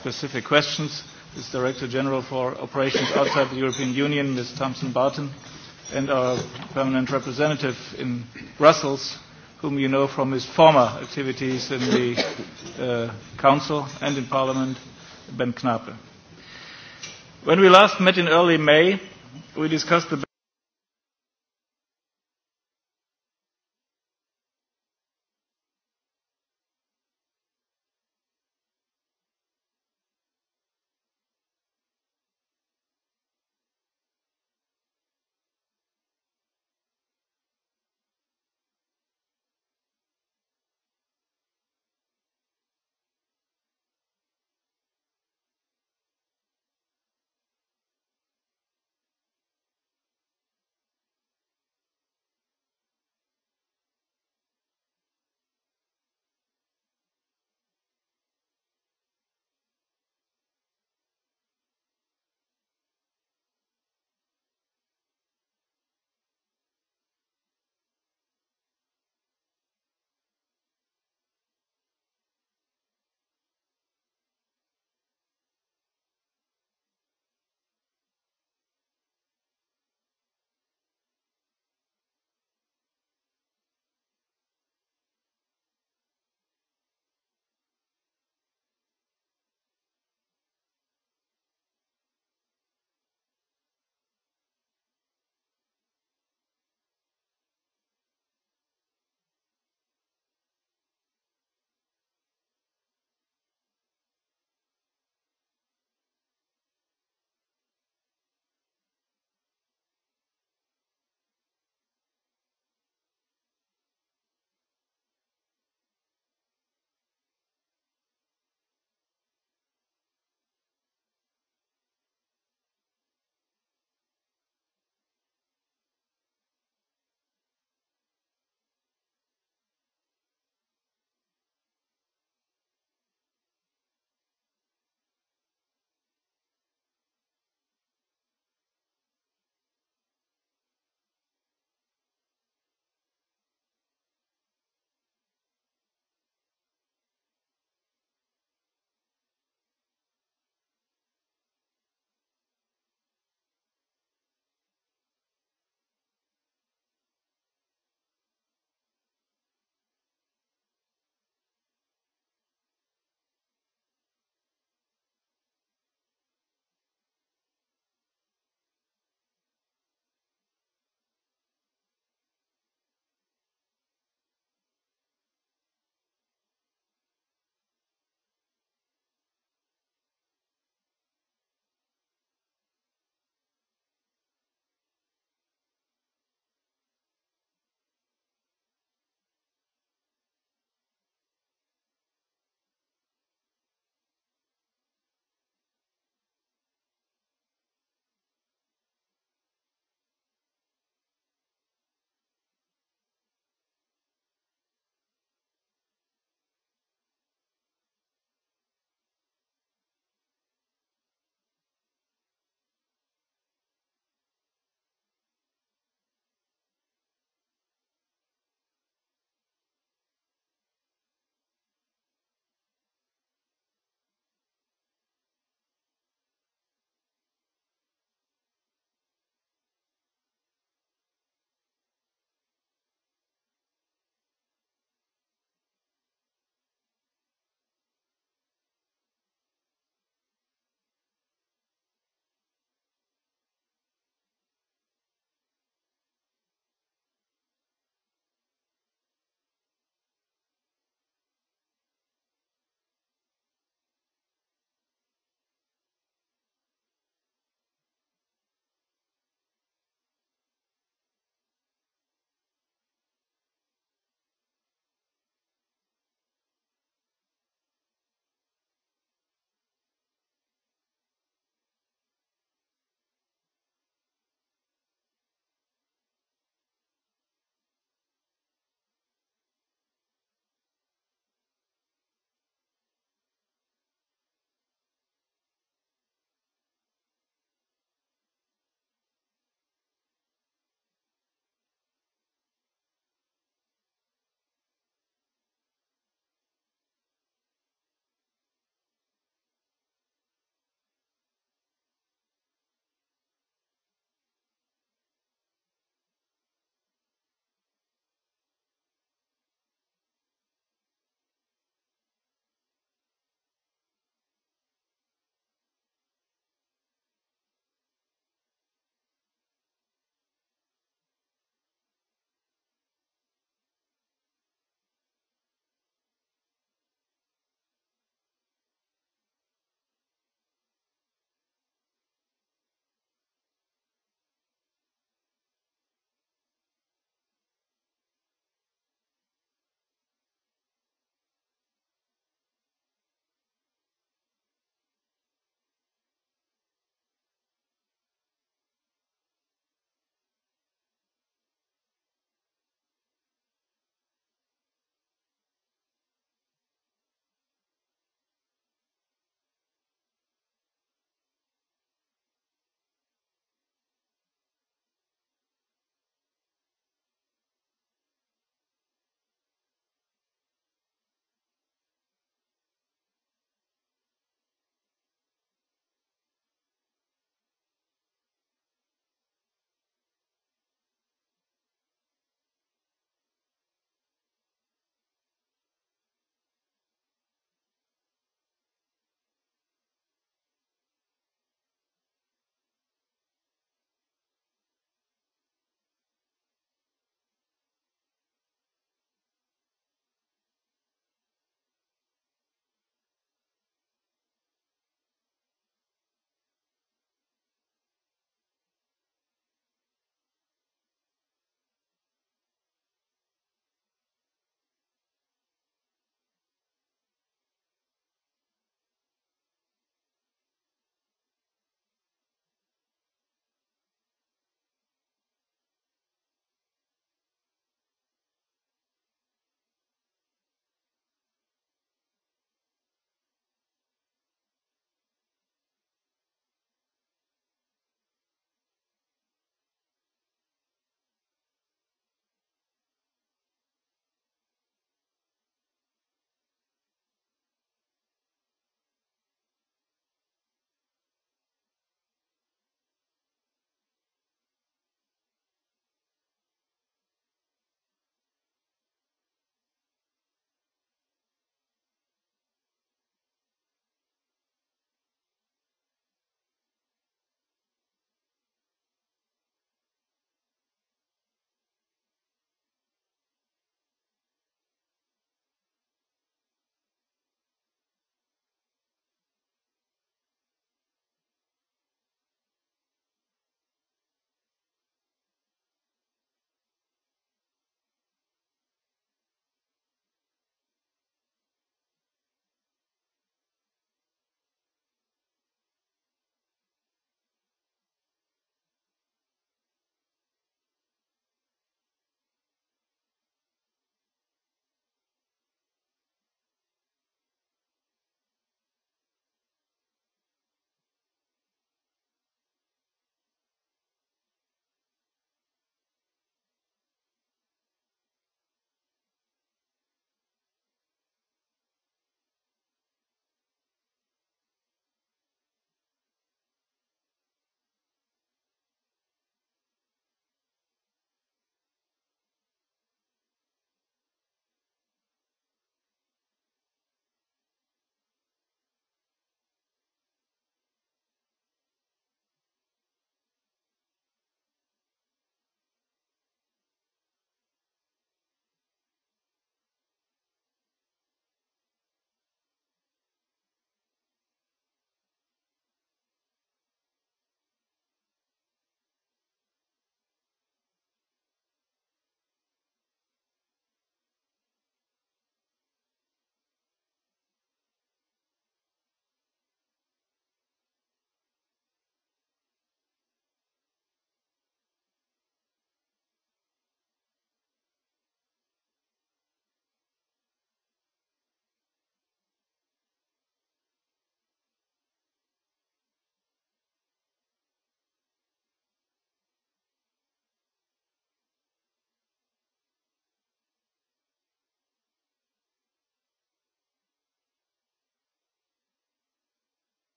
Specific questions this Director General for Operations outside the European Union, Ms. Thompson Barton, and our permanent representative in Brussels, whom you know from his former activities in the Council and in Parliament, Ben Knape. When we last met in early May, we discussed the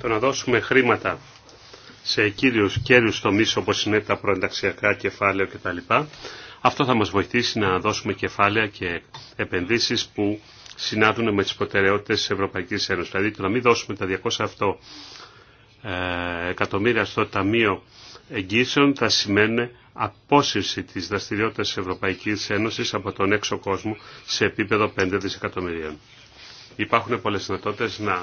το να δώσουμε χρήματα σε κύριους κέριους τομείς όπως είναι τα προενταξιακά κεφάλαια κτλ. Αυτό θα μας βοηθήσει να δώσουμε κεφάλαια και επενδύσεις που συνάδουν με τις προτεραιότητες της Ευρωπαϊκής Ένωσης. Δηλαδή το να μην δώσουμε τα 200 ε, εκατομμύρια στο Ταμείο Εγγύσεων θα σημαίνει απόσυρση της δραστηριότητας της Ευρωπαϊκής Ένωσης από τον έξω κόσμο σε επίπεδο 5 δισεκατομμυρίων. Υπάρχουν πολλές δυνατότητε να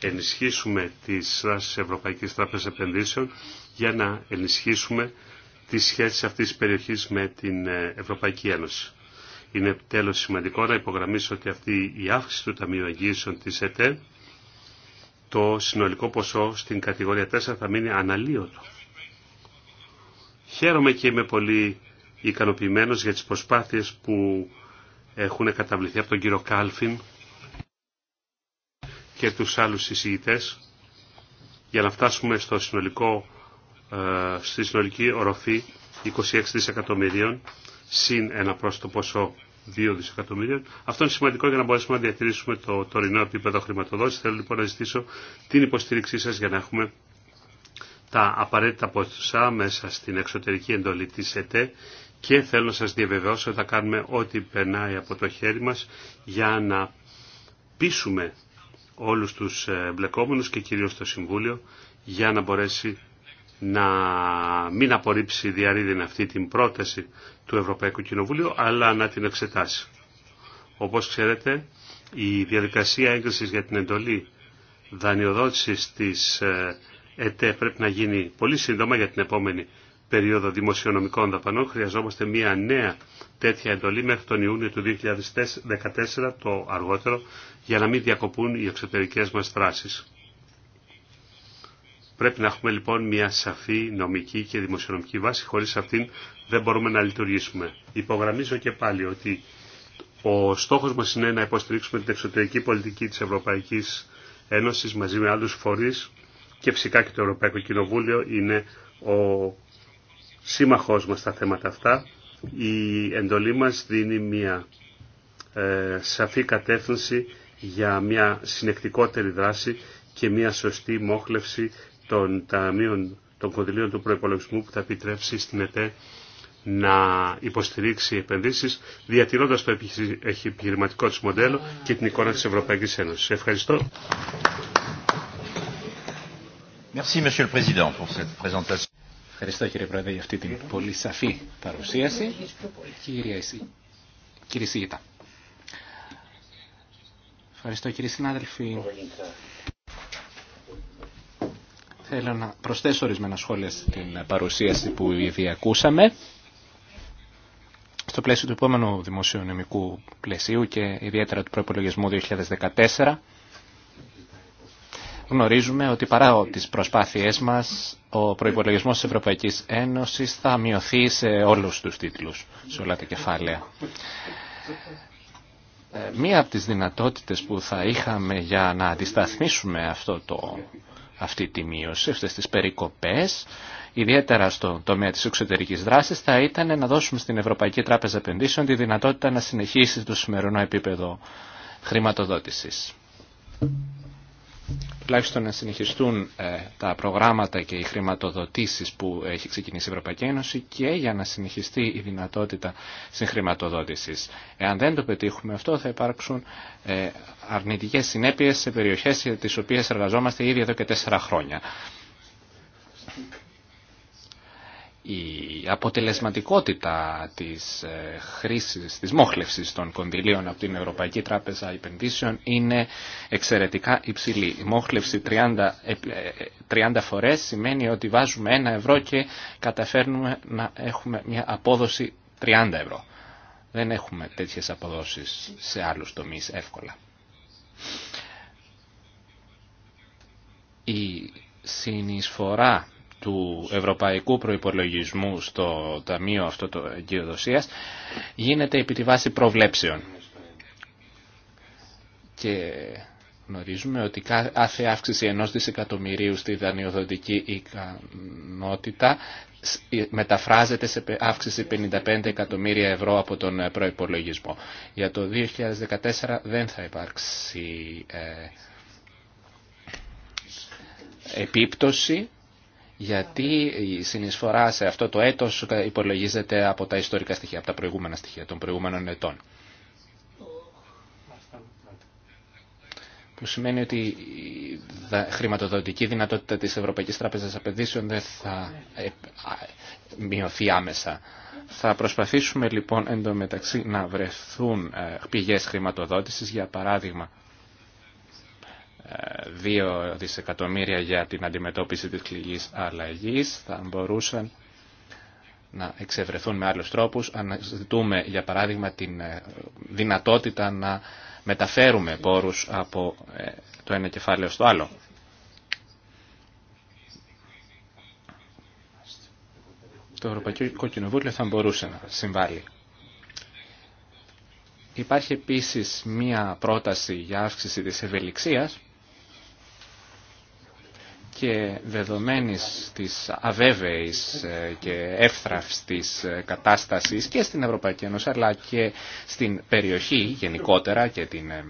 ενισχύσουμε τις δράσεις της Ευρωπαϊκής Τράπεζας Επενδύσεων για να ενισχύσουμε τις σχέσεις αυτής της περιοχής με την ε, Ευρωπαϊκή Ένωση. Είναι τέλος σημαντικό να υπογραμμίσω ότι αυτή η αύξηση του Ταμείου Εγγύησεων της ΕΤΕ το συνολικό ποσό στην κατηγορία 4 θα μείνει αναλύωτο. Χαίρομαι και είμαι πολύ ικανοποιημένος για τις προσπάθειες που έχουν καταβληθεί από τον κύριο Κάλφιν και τους άλλους συζητητές για να φτάσουμε στο συνολικό, ε, στη συνολική οροφή 26 δισεκατομμυρίων συν ένα πρόσθετο ποσό 2 δισεκατομμυρίων. Αυτό είναι σημαντικό για να μπορέσουμε να διατηρήσουμε το τωρινό επίπεδο χρηματοδότηση. Θέλω λοιπόν να ζητήσω την υποστήριξή σας για να έχουμε τα απαραίτητα ποσά μέσα στην εξωτερική εντολή της ΕΤΕ και θέλω να σας διαβεβαιώσω ότι θα κάνουμε ό,τι περνάει από το χέρι μας για να πείσουμε όλους τους ε, εμπλεκόμενους και κυρίως το Συμβούλιο για να μπορέσει να μην απορρίψει διαρρήδην αυτή την πρόταση του Ευρωπαϊκού Κοινοβουλίου αλλά να την εξετάσει. Όπως ξέρετε η διαδικασία έγκρισης για την εντολή δανειοδότησης της ε, ΕΤΕ πρέπει να γίνει πολύ σύντομα για την επόμενη περίοδο δημοσιονομικών δαπανών. Χρειαζόμαστε μια νέα τέτοια εντολή μέχρι τον Ιούνιο του 2014 το αργότερο για να μην διακοπούν οι εξωτερικές μας δράσεις. Πρέπει να έχουμε λοιπόν μια σαφή νομική και δημοσιονομική βάση, χωρίς αυτήν δεν μπορούμε να λειτουργήσουμε. Υπογραμμίζω και πάλι ότι ο στόχος μας είναι να υποστηρίξουμε την εξωτερική πολιτική της Ευρωπαϊκής Ένωσης μαζί με άλλους φορείς και φυσικά και το Ευρωπαϊκό Κοινοβούλιο είναι ο σύμμαχός μας στα θέματα αυτά. Η εντολή μας δίνει μια ε, σαφή κατεύθυνση για μια συνεκτικότερη δράση και μια σωστή μόχλευση των ταμείων των κονδυλίων του προϋπολογισμού που θα επιτρέψει στην ΕΤΕ να υποστηρίξει επενδύσεις διατηρώντας το επιχειρηματικό της μοντέλο και την εικόνα της Ευρωπαϊκής Ένωσης. Ευχαριστώ. Merci, Ευχαριστώ κύριε Πρόεδρε για αυτή την πολύ σαφή παρουσίαση. Κύριε Σίγητα. Ευχαριστώ κύριοι συνάδελφοι. Θέλω να προσθέσω ορισμένα σχόλια στην παρουσίαση που ήδη ακούσαμε. Στο πλαίσιο του επόμενου δημοσιονομικού πλαισίου και ιδιαίτερα του προπολογισμού 2014, γνωρίζουμε ότι παρά τις προσπάθειές μας ο προϋπολογισμός της Ευρωπαϊκής Ένωσης θα μειωθεί σε όλους τους τίτλους, σε όλα τα κεφάλαια. Ε, μία από τις δυνατότητες που θα είχαμε για να αντισταθμίσουμε αυτό το, αυτή τη μείωση, αυτές τις περικοπές, ιδιαίτερα στον τομέα της εξωτερικής δράσης, θα ήταν να δώσουμε στην Ευρωπαϊκή Τράπεζα Επενδύσεων τη δυνατότητα να συνεχίσει το σημερινό επίπεδο χρηματοδότησης τουλάχιστον να συνεχιστούν ε, τα προγράμματα και οι χρηματοδοτήσεις που έχει ξεκινήσει η Ευρωπαϊκή Ένωση και για να συνεχιστεί η δυνατότητα συγχρηματοδότησης. Εάν δεν το πετύχουμε αυτό θα υπάρξουν ε, αρνητικές συνέπειες σε περιοχές τι τις οποίες εργαζόμαστε ήδη εδώ και τέσσερα χρόνια η αποτελεσματικότητα της ε, χρήσης, της μόχλευσης των κονδυλίων από την Ευρωπαϊκή Τράπεζα Επενδύσεων είναι εξαιρετικά υψηλή. Η μόχλευση 30, 30 ε, φορές σημαίνει ότι βάζουμε ένα ευρώ και καταφέρνουμε να έχουμε μια απόδοση 30 ευρώ. Δεν έχουμε τέτοιες αποδόσεις σε άλλους τομείς εύκολα. Η συνεισφορά του Ευρωπαϊκού Προϋπολογισμού στο Ταμείο αυτό το εγκυοδοσίας γίνεται επί τη βάση προβλέψεων. Και γνωρίζουμε ότι κάθε αύξηση ενός δισεκατομμυρίου στη δανειοδοτική ικανότητα μεταφράζεται σε αύξηση 55 εκατομμύρια ευρώ από τον ε, προϋπολογισμό. Για το 2014 δεν θα υπάρξει ε, επίπτωση γιατί η συνεισφορά σε αυτό το έτος υπολογίζεται από τα ιστορικά στοιχεία, από τα προηγούμενα στοιχεία των προηγούμενων ετών. Που σημαίνει ότι η χρηματοδοτική δυνατότητα της Ευρωπαϊκής Τράπεζας Απαιδήσεων δεν θα ε, μειωθεί άμεσα. Θα προσπαθήσουμε λοιπόν εντωμεταξύ να βρεθούν ε, πηγές χρηματοδότησης, για παράδειγμα 2 δισεκατομμύρια για την αντιμετώπιση της κλιγής αλλαγής θα μπορούσαν να εξευρεθούν με άλλους τρόπους. Αναζητούμε, για παράδειγμα, την ε, δυνατότητα να μεταφέρουμε πόρους από ε, το ένα κεφάλαιο στο άλλο. Το Ευρωπαϊκό Κοινοβούλιο θα μπορούσε να συμβάλλει. Υπάρχει επίσης μία πρόταση για αύξηση της ευελιξίας και δεδομένης της αβέβαιης ε, και εύθραυστης ε, κατάστασης και στην Ευρωπαϊκή Ένωση αλλά και στην περιοχή γενικότερα και την ε,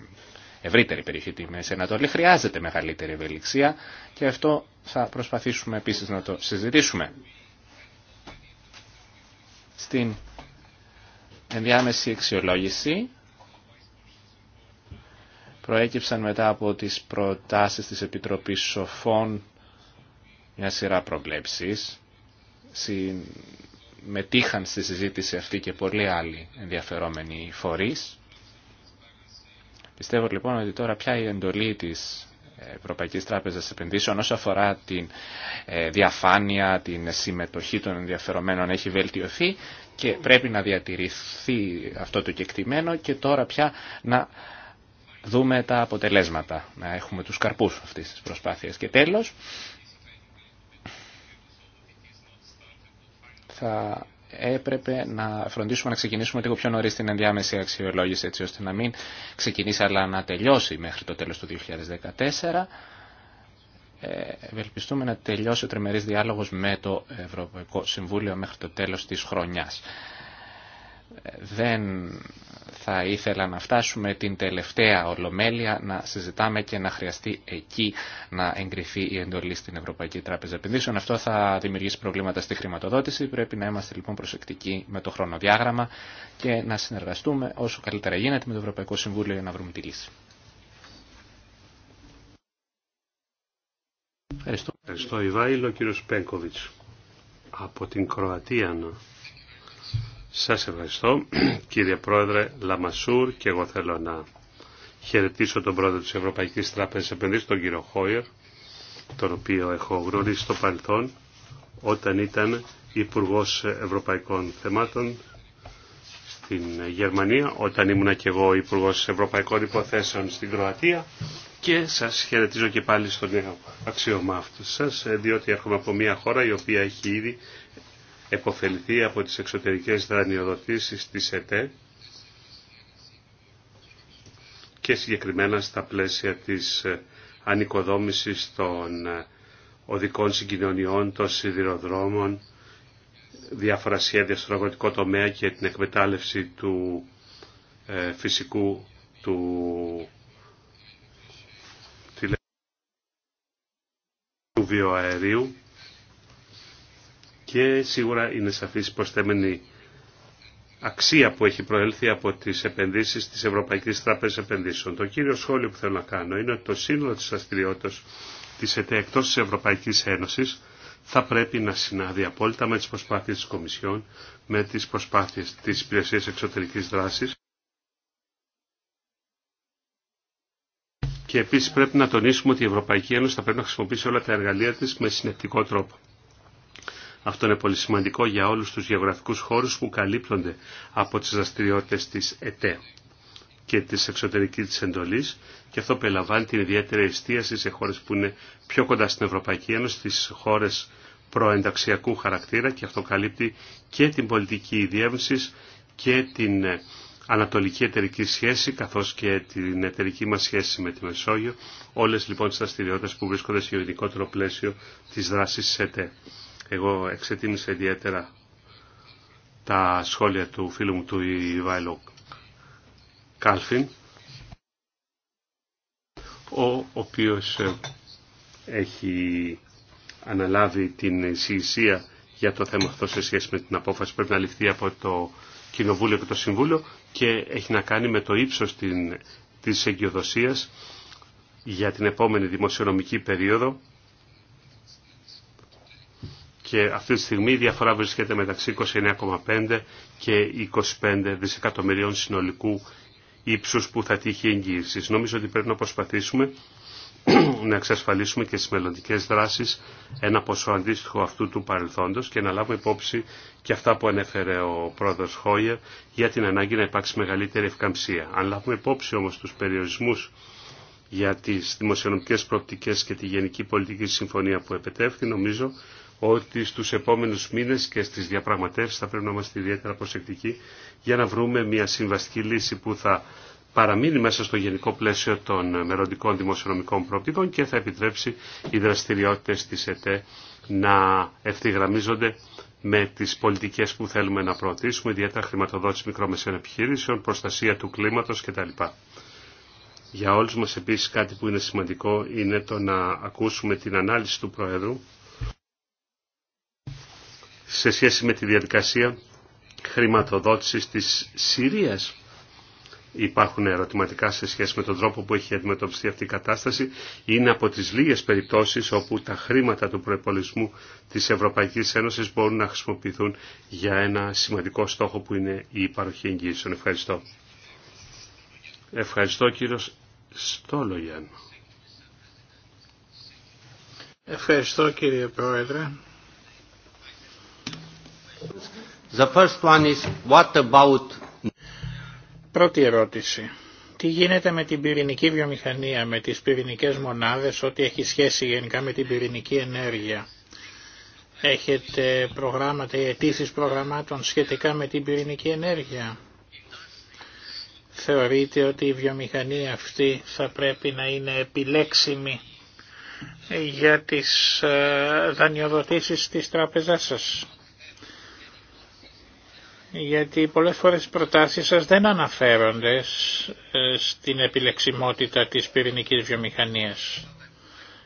ευρύτερη περιοχή τη Μέση Ανατολή χρειάζεται μεγαλύτερη ευελιξία και αυτό θα προσπαθήσουμε επίσης να το συζητήσουμε. Στην ενδιάμεση αξιολόγηση προέκυψαν μετά από τις προτάσεις της Επιτροπής Σοφών μια σειρά προβλέψεις. Συμμετείχαν στη συζήτηση αυτή και πολλοί άλλοι ενδιαφερόμενοι φορείς. Πιστεύω λοιπόν ότι τώρα πια η εντολή της Ευρωπαϊκής Τράπεζας Επενδύσεων όσο αφορά την ε, διαφάνεια, την συμμετοχή των ενδιαφερομένων έχει βελτιωθεί και πρέπει να διατηρηθεί αυτό το κεκτημένο και τώρα πια να δούμε τα αποτελέσματα, να έχουμε τους καρπούς αυτής της προσπάθειας. Και τέλος, θα έπρεπε να φροντίσουμε να ξεκινήσουμε λίγο πιο νωρίς την ενδιάμεση αξιολόγηση έτσι ώστε να μην ξεκινήσει αλλά να τελειώσει μέχρι το τέλος του 2014. Ε, ευελπιστούμε να τελειώσει ο τριμερής διάλογος με το Ευρωπαϊκό Συμβούλιο μέχρι το τέλος της χρονιάς δεν θα ήθελα να φτάσουμε την τελευταία ολομέλεια να συζητάμε και να χρειαστεί εκεί να εγκριθεί η εντολή στην Ευρωπαϊκή Τράπεζα Επενδύσεων. Αυτό θα δημιουργήσει προβλήματα στη χρηματοδότηση. Πρέπει να είμαστε λοιπόν προσεκτικοί με το χρονοδιάγραμμα και να συνεργαστούμε όσο καλύτερα γίνεται με το Ευρωπαϊκό Συμβούλιο για να βρούμε τη λύση. Ευχαριστώ. Ευχαριστώ σας ευχαριστώ κύριε Πρόεδρε Λαμασούρ και εγώ θέλω να χαιρετήσω τον πρόεδρο της Ευρωπαϊκής Τράπεζας Επενδύσεων, τον κύριο Χόιερ, τον οποίο έχω γνωρίσει στο παρελθόν όταν ήταν υπουργό Ευρωπαϊκών Θεμάτων στην Γερμανία, όταν ήμουνα και εγώ υπουργό Ευρωπαϊκών Υποθέσεων στην Κροατία και σας χαιρετίζω και πάλι στον αξίωμα σα, σας, διότι έρχομαι από μια χώρα η οποία έχει ήδη επωφεληθεί από τις εξωτερικές δανειοδοτήσεις της ΕΤΕ και συγκεκριμένα στα πλαίσια της ε, ανικοδόμησης των ε, οδικών συγκοινωνιών, των σιδηροδρόμων, διάφορα σχέδια στον αγροτικό τομέα και την εκμετάλλευση του ε, φυσικού του του βιοαερίου και σίγουρα είναι σαφής προσθέμενη αξία που έχει προέλθει από τις επενδύσεις της Ευρωπαϊκής Τράπεζας Επενδύσεων. Το κύριο σχόλιο που θέλω να κάνω είναι ότι το σύνολο της δραστηριότητα της ΕΤΕ εκτός της Ευρωπαϊκής Ένωσης θα πρέπει να συνάδει απόλυτα με τις προσπάθειες της Κομισιόν, με τις προσπάθειες της Υπηρεσίας Εξωτερικής Δράσης. Και επίσης πρέπει να τονίσουμε ότι η Ευρωπαϊκή Ένωση θα πρέπει να χρησιμοποιήσει όλα τα εργαλεία της με συνεκτικό τρόπο. Αυτό είναι πολύ σημαντικό για όλους τους γεωγραφικούς χώρους που καλύπτονται από τις δραστηριότητε της ΕΤΕ και της εξωτερικής της εντολής και αυτό περιλαμβάνει την ιδιαίτερη εστίαση σε χώρες που είναι πιο κοντά στην Ευρωπαϊκή Ένωση, στις χώρες προενταξιακού χαρακτήρα και αυτό καλύπτει και την πολιτική διεύνηση και την ε, ανατολική εταιρική σχέση καθώς και την εταιρική μας σχέση με τη Μεσόγειο, όλες λοιπόν τις δραστηριότητε που βρίσκονται σε ειδικότερο πλαίσιο της δράσης ΣΕΤΕ. Εγώ εξετίμησα ιδιαίτερα τα σχόλια του φίλου μου του Ιβάιλο Κάλφιν, ο οποίος ε, έχει αναλάβει την εισηγησία για το θέμα αυτό σε σχέση με την απόφαση που πρέπει να ληφθεί από το Κοινοβούλιο και το Συμβούλιο και έχει να κάνει με το ύψος της εγκυοδοσίας για την επόμενη δημοσιονομική περίοδο και αυτή τη στιγμή η διαφορά βρίσκεται μεταξύ 29,5 και 25 δισεκατομμυρίων συνολικού ύψους που θα τύχει εγγύησης. Νομίζω ότι πρέπει να προσπαθήσουμε να εξασφαλίσουμε και στις μελλοντικέ δράσεις ένα ποσό αντίστοιχο αυτού του παρελθόντος και να λάβουμε υπόψη και αυτά που ανέφερε ο πρόεδρος Χόιερ για την ανάγκη να υπάρξει μεγαλύτερη ευκαμψία. Αν λάβουμε υπόψη όμως τους περιορισμούς για τις δημοσιονομικές προοπτικές και τη Γενική Πολιτική Συμφωνία που επετεύχθη, νομίζω ότι στους επόμενους μήνες και στις διαπραγματεύσεις θα πρέπει να είμαστε ιδιαίτερα προσεκτικοί για να βρούμε μια συμβαστική λύση που θα παραμείνει μέσα στο γενικό πλαίσιο των μελλοντικών δημοσιονομικών προοπτικών και θα επιτρέψει οι δραστηριότητες της ΕΤΕ να ευθυγραμμίζονται με τις πολιτικές που θέλουμε να προωθήσουμε, ιδιαίτερα χρηματοδότηση μικρομεσαίων επιχειρήσεων, προστασία του κλίματος κτλ. Για όλους μας επίσης κάτι που είναι σημαντικό είναι το να ακούσουμε την ανάλυση του Προέδρου σε σχέση με τη διαδικασία χρηματοδότησης της Συρίας. Υπάρχουν ερωτηματικά σε σχέση με τον τρόπο που έχει αντιμετωπιστεί αυτή η κατάσταση. Είναι από τις λίγες περιπτώσεις όπου τα χρήματα του προεπολισμού της Ευρωπαϊκής Ένωσης μπορούν να χρησιμοποιηθούν για ένα σημαντικό στόχο που είναι η παροχή εγγύησεων. Ευχαριστώ. Ευχαριστώ Κύριο Στόλογιαν. Ευχαριστώ κύριε Πρόεδρε. The first one is what about... Πρώτη ερώτηση. Τι γίνεται με την πυρηνική βιομηχανία, με τις πυρηνικές μονάδες, ό,τι έχει σχέση γενικά με την πυρηνική ενέργεια. Έχετε προγράμματα ή αιτήσει προγραμμάτων σχετικά με την πυρηνική ενέργεια. Θεωρείτε ότι η βιομηχανία αυτή θα πρέπει να είναι επιλέξιμη για τις ε, δανειοδοτήσεις της τράπεζάς σας γιατί πολλές φορές οι προτάσεις σας δεν αναφέρονται ε, στην επιλεξιμότητα της πυρηνικής βιομηχανίας.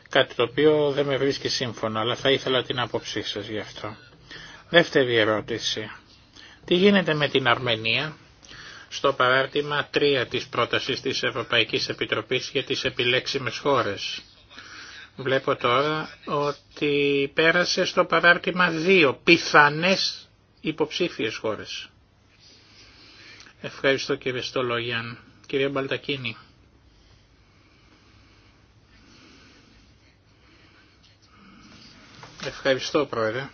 Κάτι το οποίο δεν με βρίσκει σύμφωνο, αλλά θα ήθελα την άποψή σας γι' αυτό. Δεύτερη ερώτηση. Τι γίνεται με την Αρμενία στο παράρτημα 3 της πρότασης της Ευρωπαϊκής Επιτροπής για τις επιλέξιμες χώρες. Βλέπω τώρα ότι πέρασε στο παράρτημα 2 πιθανές υποψήφιες χώρες. Ευχαριστώ κύριε Στολογιάν. Κυρία Μπαλτακίνη. Ευχαριστώ πρόεδρε.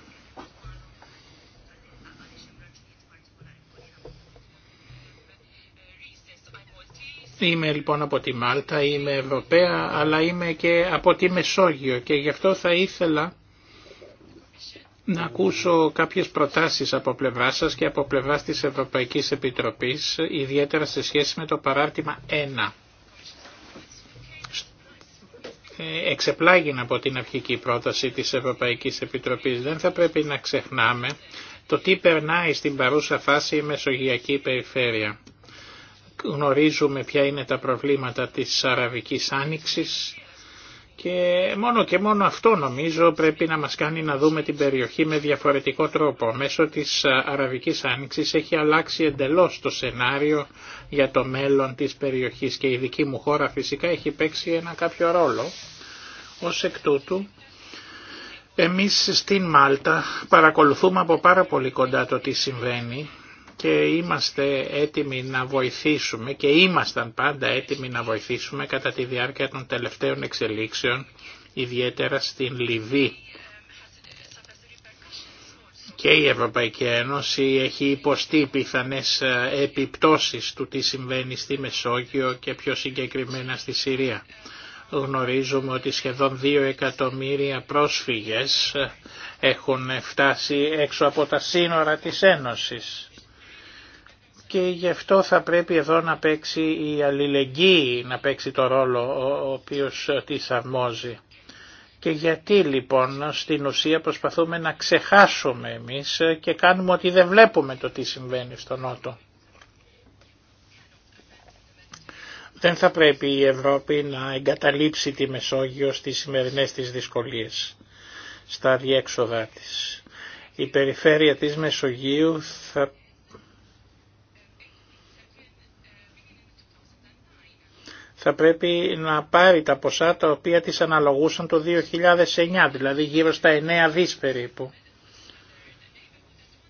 Είμαι λοιπόν από τη Μάλτα, είμαι Ευρωπαία, αλλά είμαι και από τη Μεσόγειο και γι' αυτό θα ήθελα να ακούσω κάποιες προτάσεις από πλευρά σας και από πλευρά της Ευρωπαϊκής Επιτροπής, ιδιαίτερα σε σχέση με το παράρτημα 1. Εξεπλάγει από την αρχική πρόταση της Ευρωπαϊκής Επιτροπής. Δεν θα πρέπει να ξεχνάμε το τι περνάει στην παρούσα φάση η Μεσογειακή Περιφέρεια. Γνωρίζουμε ποια είναι τα προβλήματα της Αραβικής Άνοιξης, και μόνο και μόνο αυτό νομίζω πρέπει να μας κάνει να δούμε την περιοχή με διαφορετικό τρόπο. Μέσω της Αραβικής Άνοιξης έχει αλλάξει εντελώς το σενάριο για το μέλλον της περιοχής και η δική μου χώρα φυσικά έχει παίξει ένα κάποιο ρόλο. Ως εκ τούτου, εμείς στην Μάλτα παρακολουθούμε από πάρα πολύ κοντά το τι συμβαίνει και είμαστε έτοιμοι να βοηθήσουμε και ήμασταν πάντα έτοιμοι να βοηθήσουμε κατά τη διάρκεια των τελευταίων εξελίξεων, ιδιαίτερα στην Λιβύη. Και η Ευρωπαϊκή Ένωση έχει υποστεί πιθανές ε, επιπτώσεις του τι συμβαίνει στη Μεσόγειο και πιο συγκεκριμένα στη Συρία. Γνωρίζουμε ότι σχεδόν δύο εκατομμύρια πρόσφυγες ε, έχουν φτάσει έξω από τα σύνορα της Ένωσης και γι' αυτό θα πρέπει εδώ να παίξει η αλληλεγγύη, να παίξει το ρόλο ο οποίος τη αρμόζει. Και γιατί λοιπόν στην ουσία προσπαθούμε να ξεχάσουμε εμείς και κάνουμε ότι δεν βλέπουμε το τι συμβαίνει στον Νότο. Δεν θα πρέπει η Ευρώπη να εγκαταλείψει τη Μεσόγειο στις σημερινές της δυσκολίες, στα διέξοδά της. Η περιφέρεια της Μεσογείου θα θα πρέπει να πάρει τα ποσά τα οποία της αναλογούσαν το 2009, δηλαδή γύρω στα 9 δις περίπου.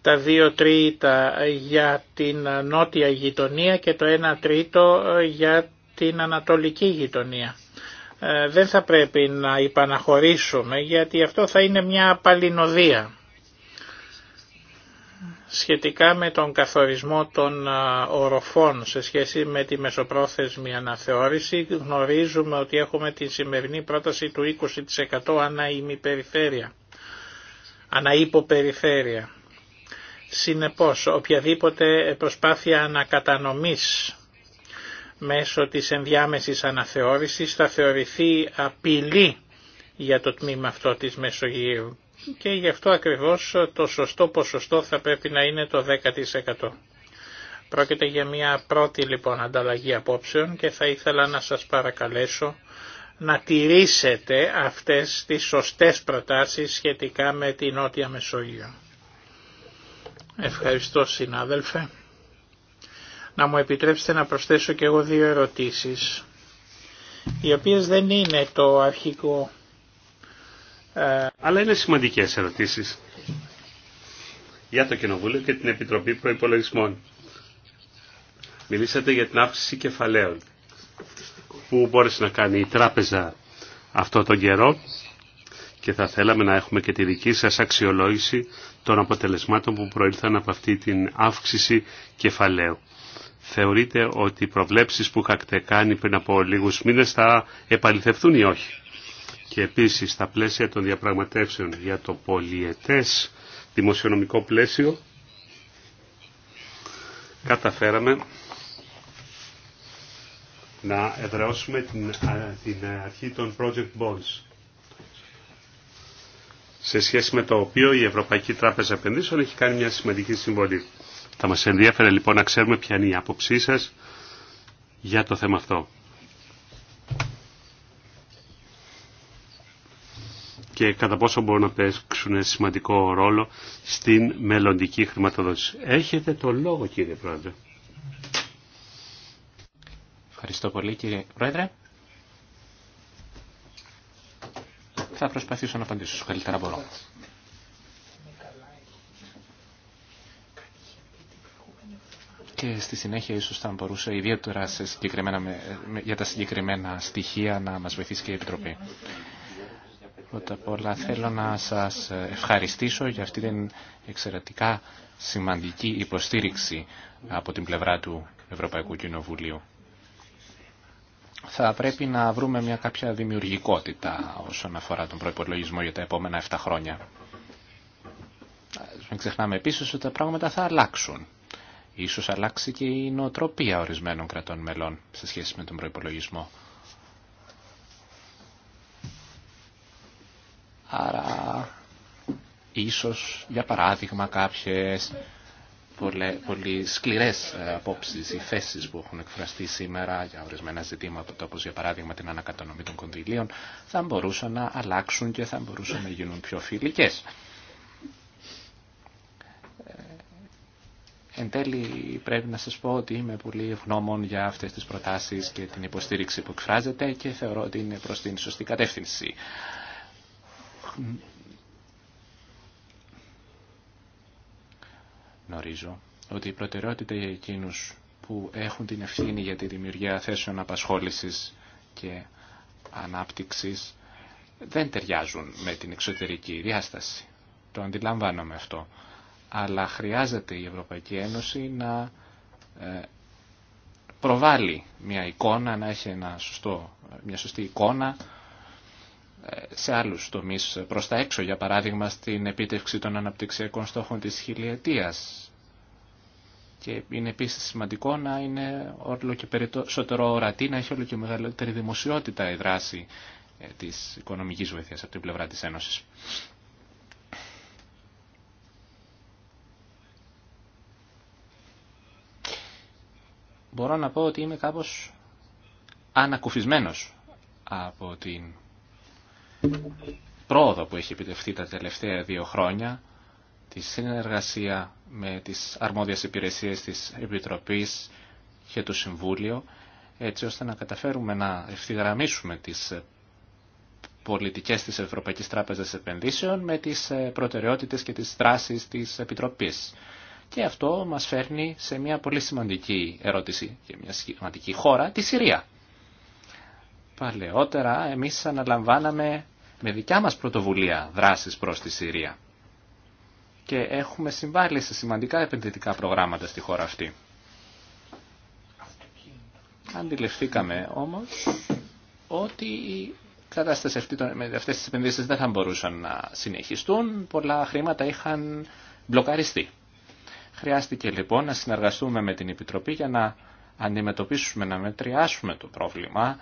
Τα 2 τρίτα για την νότια γειτονία και το 1 τρίτο για την ανατολική γειτονία. Ε, δεν θα πρέπει να υπαναχωρήσουμε γιατί αυτό θα είναι μια παλινοδία σχετικά με τον καθορισμό των οροφών σε σχέση με τη μεσοπρόθεσμη αναθεώρηση γνωρίζουμε ότι έχουμε την σημερινή πρόταση του 20% ανά ημιπεριφέρεια, ανά Συνεπώς, οποιαδήποτε προσπάθεια ανακατανομής μέσω της ενδιάμεσης αναθεώρησης θα θεωρηθεί απειλή για το τμήμα αυτό της Μεσογείου και γι' αυτό ακριβώς το σωστό ποσοστό θα πρέπει να είναι το 10%. Πρόκειται για μια πρώτη λοιπόν ανταλλαγή απόψεων και θα ήθελα να σας παρακαλέσω να τηρήσετε αυτές τις σωστές προτάσεις σχετικά με την Νότια Μεσόγειο. Ευχαριστώ συνάδελφε. Να μου επιτρέψετε να προσθέσω και εγώ δύο ερωτήσεις, οι οποίες δεν είναι το αρχικό ε, αλλά είναι σημαντικές ερωτήσεις για το Κοινοβούλιο και την Επιτροπή προπολογισμών. Μιλήσατε για την αύξηση κεφαλαίων που μπόρεσε να κάνει η τράπεζα αυτό τον καιρό και θα θέλαμε να έχουμε και τη δική σας αξιολόγηση των αποτελεσμάτων που προήλθαν από αυτή την αύξηση κεφαλαίου. Θεωρείτε ότι οι προβλέψεις που είχατε κάνει πριν από λίγους μήνες θα επαληθευτούν ή όχι και επίσης στα πλαίσια των διαπραγματεύσεων για το πολιετές δημοσιονομικό πλαίσιο καταφέραμε να εδραιώσουμε την, την αρχή των project bonds σε σχέση με το οποίο η Ευρωπαϊκή Τράπεζα Επενδύσεων έχει κάνει μια σημαντική συμβολή. Θα μας ενδιαφέρε λοιπόν να ξέρουμε ποια είναι η άποψή σας για το θέμα αυτό. και κατά πόσο μπορούν να παίξουν σημαντικό ρόλο στην μελλοντική χρηματοδότηση. Έχετε το λόγο κύριε Πρόεδρε. Ευχαριστώ πολύ κύριε Πρόεδρε. Θα προσπαθήσω να απαντήσω σου καλύτερα μπορώ. Και στη συνέχεια ίσως θα μπορούσε ιδιαίτερα για τα συγκεκριμένα στοιχεία να μας βοηθήσει και η Επιτροπή. Πρώτα απ' όλα θέλω να σας ευχαριστήσω για αυτή την εξαιρετικά σημαντική υποστήριξη από την πλευρά του Ευρωπαϊκού Κοινοβουλίου. Θα πρέπει να βρούμε μια κάποια δημιουργικότητα όσον αφορά τον προϋπολογισμό για τα επόμενα 7 χρόνια. Μην ξεχνάμε επίσης ότι τα πράγματα θα αλλάξουν. Ίσως αλλάξει και η νοοτροπία ορισμένων κρατών μελών σε σχέση με τον προϋπολογισμό. Άρα, ίσως, για παράδειγμα, κάποιες πολύ σκληρές ε, απόψεις ή θέσεις που έχουν εκφραστεί σήμερα για ορισμένα ζητήματα, όπως για παράδειγμα την ανακατανομή των κονδυλίων, θα μπορούσαν να αλλάξουν και θα μπορούσαν να γίνουν πιο φιλικές. Ε, εν τέλει πρέπει να σας πω ότι είμαι πολύ ευγνώμων για αυτές τις προτάσεις και την υποστήριξη που εκφράζεται και θεωρώ ότι είναι προς την σωστή κατεύθυνση. Γνωρίζω ότι η προτεραιότητα για εκείνους που έχουν την ευθύνη για τη δημιουργία θέσεων απασχόλησης και ανάπτυξης δεν ταιριάζουν με την εξωτερική διάσταση. Το αντιλαμβάνομαι αυτό. Αλλά χρειάζεται η Ευρωπαϊκή Ένωση να ε, προβάλλει μια εικόνα, να έχει μια σωστή εικόνα σε άλλους τομείς προς τα έξω, για παράδειγμα στην επίτευξη των αναπτυξιακών στόχων της χιλιετίας. Και είναι επίσης σημαντικό να είναι όλο και περισσότερο ορατή, να έχει όλο και μεγαλύτερη δημοσιότητα η δράση ε, της οικονομικής βοήθειας από την πλευρά της Ένωσης. Μπορώ να πω ότι είμαι κάπως ανακουφισμένος από την πρόοδο που έχει επιτευχθεί τα τελευταία δύο χρόνια, τη συνεργασία με τις αρμόδιες υπηρεσίες της Επιτροπής και του Συμβούλιο, έτσι ώστε να καταφέρουμε να ευθυγραμμίσουμε τις πολιτικές της Ευρωπαϊκής Τράπεζας Επενδύσεων με τις ε, προτεραιότητες και τις δράσεις της Επιτροπής. Και αυτό μας φέρνει σε μια πολύ σημαντική ερώτηση και μια σημαντική χώρα, τη Συρία. Παλαιότερα εμείς αναλαμβάναμε με δικιά μας πρωτοβουλία δράσεις προς τη Συρία και έχουμε συμβάλει σε σημαντικά επενδυτικά προγράμματα στη χώρα αυτή. Αντιληφθήκαμε όμως ότι η κατάσταση αυτή, αυτές τις επενδύσεις δεν θα μπορούσαν να συνεχιστούν. Πολλά χρήματα είχαν μπλοκαριστεί. Χρειάστηκε λοιπόν να συνεργαστούμε με την Επιτροπή για να αντιμετωπίσουμε, να μετριάσουμε το πρόβλημα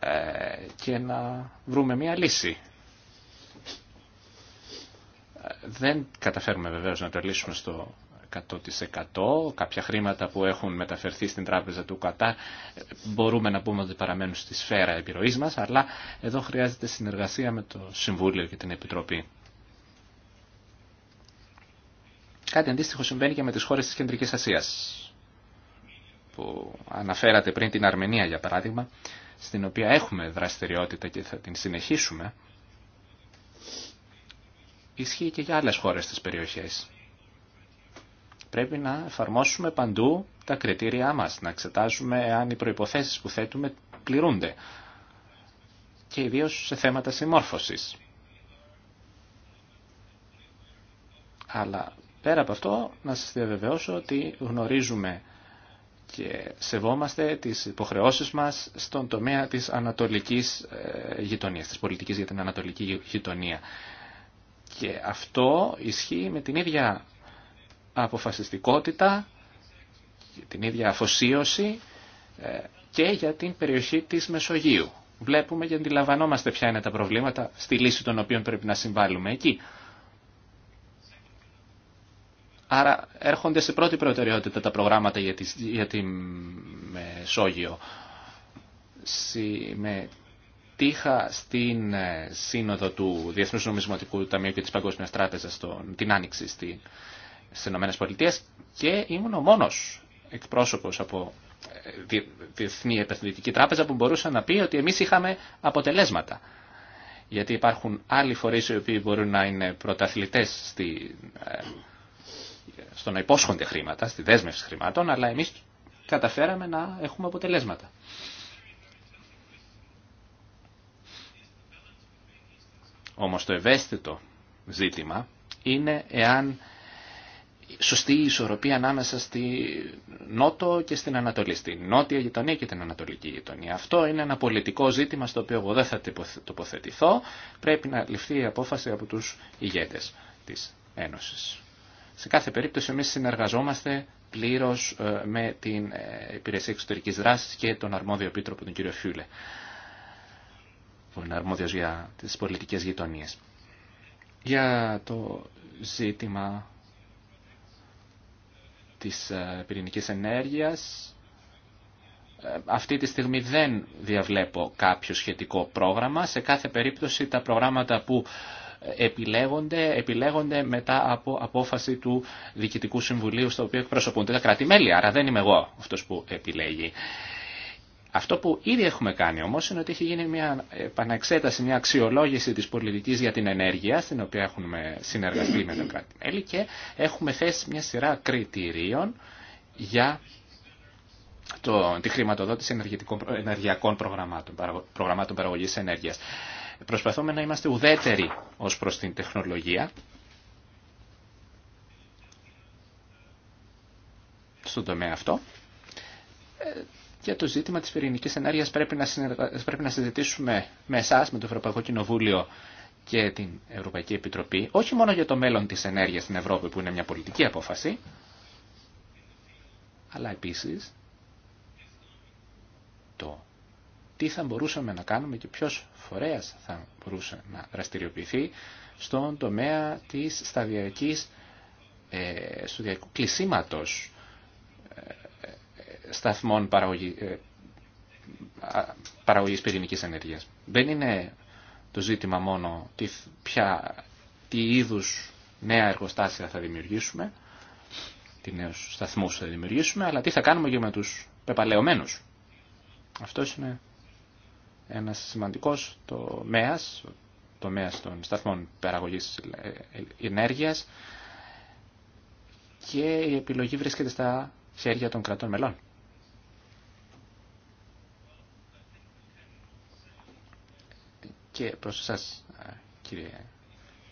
ε, και να βρούμε μια λύση. Δεν καταφέρουμε βεβαίως να το λύσουμε στο 100%. Κάποια χρήματα που έχουν μεταφερθεί στην τράπεζα του Κατάρ μπορούμε να πούμε ότι παραμένουν στη σφαίρα επιρροής μας, αλλά εδώ χρειάζεται συνεργασία με το Συμβούλιο και την Επιτροπή. Κάτι αντίστοιχο συμβαίνει και με τις χώρες της Κεντρικής Ασίας, που αναφέρατε πριν την Αρμενία για παράδειγμα, στην οποία έχουμε δραστηριότητα και θα την συνεχίσουμε, ισχύει και για άλλες χώρες της περιοχής. Πρέπει να εφαρμόσουμε παντού τα κριτήριά μας, να εξετάζουμε αν οι προϋποθέσεις που θέτουμε πληρούνται και ιδίως σε θέματα συμμόρφωσης. Αλλά πέρα από αυτό να σας διαβεβαιώσω ότι γνωρίζουμε και σεβόμαστε τις υποχρεώσεις μας στον τομέα της ανατολικής ε, γειτονίας, της πολιτικής για την ανατολική γειτονία. Και αυτό ισχύει με την ίδια αποφασιστικότητα, την ίδια αφοσίωση ε, και για την περιοχή της Μεσογείου. Βλέπουμε και αντιλαμβανόμαστε ποια είναι τα προβλήματα στη λύση των οποίων πρέπει να συμβάλλουμε εκεί. Άρα έρχονται σε πρώτη προτεραιότητα τα προγράμματα για τη, για τη Μεσόγειο. Συμμετείχα στην ε, σύνοδο του Διεθνούς Νομισματικού Ταμείου και της Παγκόσμιας Τράπεζας την Άνοιξη στη, στις ΗΠΑ και ήμουν ο μόνος εκπρόσωπος από ε, Διεθνή Επενδυτική Τράπεζα που μπορούσε να πει ότι εμείς είχαμε αποτελέσματα. Γιατί υπάρχουν άλλοι φορείς οι οποίοι μπορούν να είναι πρωταθλητές στη ε, στο να υπόσχονται χρήματα, στη δέσμευση χρημάτων, αλλά εμείς καταφέραμε να έχουμε αποτελέσματα. Όμως το ευαίσθητο ζήτημα είναι εάν σωστή η ισορροπία ανάμεσα στη Νότο και στην Ανατολή, στη Νότια γειτονία και την Ανατολική γειτονία. Αυτό είναι ένα πολιτικό ζήτημα στο οποίο εγώ δεν θα τοποθετηθώ. Πρέπει να ληφθεί η απόφαση από τους ηγέτες της Ένωσης. Σε κάθε περίπτωση εμείς συνεργαζόμαστε πλήρως ε, με την ε, Υπηρεσία Εξωτερικής Δράσης και τον αρμόδιο επίτροπο, τον κύριο Φιούλε, που είναι αρμόδιος για τις πολιτικές γειτονίες. Για το ζήτημα της ε, πυρηνικής ενέργειας, αυτή τη στιγμή δεν διαβλέπω κάποιο σχετικό πρόγραμμα. Σε κάθε περίπτωση τα προγράμματα που επιλέγονται, επιλέγονται μετά από απόφαση του Διοικητικού Συμβουλίου στο οποίο εκπροσωπούνται τα κράτη-μέλη. Άρα δεν είμαι εγώ αυτός που επιλέγει. Αυτό που ήδη έχουμε κάνει όμως είναι ότι έχει γίνει μια επαναξέταση, μια αξιολόγηση της πολιτικής για την ενέργεια, στην οποία έχουμε συνεργαστεί με τα κράτη-μέλη και έχουμε θέσει μια σειρά κριτηρίων για το, τη χρηματοδότηση ενεργειακών προγραμμάτων, προγραμμάτων παραγωγής ενέργειας. Προσπαθούμε να είμαστε ουδέτεροι ως προς την τεχνολογία στον τομέα αυτό. Ε, για το ζήτημα της πυρηνικής ενέργειας πρέπει να, πρέπει να συζητήσουμε με εσά, με το Ευρωπαϊκό Κοινοβούλιο και την Ευρωπαϊκή Επιτροπή, όχι μόνο για το μέλλον της ενέργειας στην Ευρώπη που είναι μια πολιτική απόφαση, αλλά επίσης το τι θα μπορούσαμε να κάνουμε και ποιος φορέας θα μπορούσε να δραστηριοποιηθεί στον τομέα της σταδιακής, ε, σταδιακού κλεισίματος ε, σταθμών παραγωγή, ε, παραγωγής πυρηνικής ενέργειας. Δεν είναι το ζήτημα μόνο τι, ποια, τι είδους νέα εργοστάσια θα δημιουργήσουμε, τι νέους σταθμούς θα δημιουργήσουμε, αλλά τι θα κάνουμε και με τους πεπαλαιωμένους. Αυτό είναι ένας σημαντικός το ΜΕΑΣ των σταθμών παραγωγής ενέργειας και η επιλογή βρίσκεται στα χέρια των κρατών μελών. Και προς εσάς, κύριε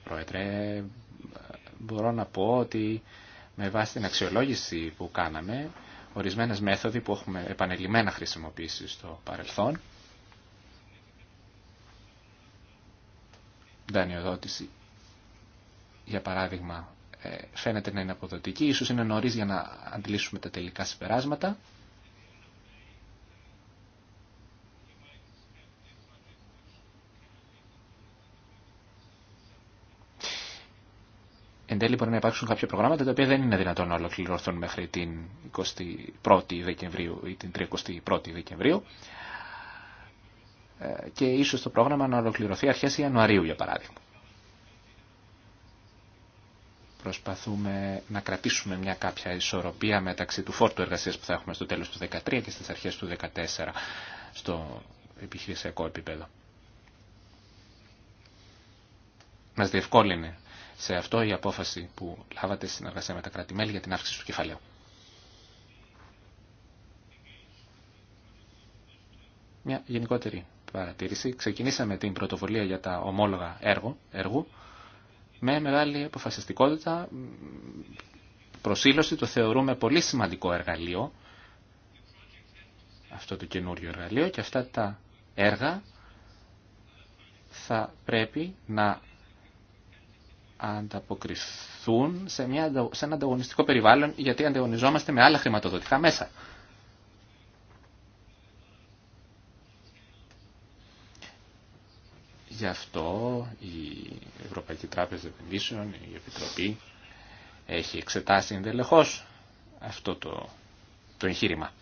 Πρόεδρε, μπορώ να πω ότι με βάση την αξιολόγηση που κάναμε, ορισμένες μέθοδοι που έχουμε επανελειμμένα χρησιμοποιήσει στο παρελθόν, δανειοδότηση, για παράδειγμα, ε, φαίνεται να είναι αποδοτική. Ίσως είναι νωρίς για να αντιλήσουμε τα τελικά συμπεράσματα. Εν τέλει μπορεί να υπάρξουν κάποια προγράμματα τα οποία δεν είναι δυνατόν να ολοκληρωθούν μέχρι την 21η Δεκεμβρίου ή την 31η Δεκεμβρίου και ίσως το πρόγραμμα να ολοκληρωθεί αρχές Ιανουαρίου για παράδειγμα. Προσπαθούμε να κρατήσουμε μια κάποια ισορροπία μεταξύ του φόρτου εργασίας που θα έχουμε στο τέλος του 2013 και στις αρχές του 2014 στο επιχειρησιακό επίπεδο. Μας διευκόλυνε σε αυτό η απόφαση που λάβατε στην εργασία με τα κρατη για την αύξηση του κεφαλαίου. Μια γενικότερη παρατήρηση. Ξεκινήσαμε την πρωτοβουλία για τα ομόλογα έργο, έργου με μεγάλη αποφασιστικότητα. Προσήλωση το θεωρούμε πολύ σημαντικό εργαλείο, αυτό το καινούριο εργαλείο και αυτά τα έργα θα πρέπει να ανταποκριθούν σε, μια, σε ένα ανταγωνιστικό περιβάλλον γιατί ανταγωνιζόμαστε με άλλα χρηματοδοτικά μέσα. Γι' αυτό η Ευρωπαϊκή Τράπεζα Επενδύσεων, η Επιτροπή, έχει εξετάσει εντελεχώς αυτό το, το εγχείρημα.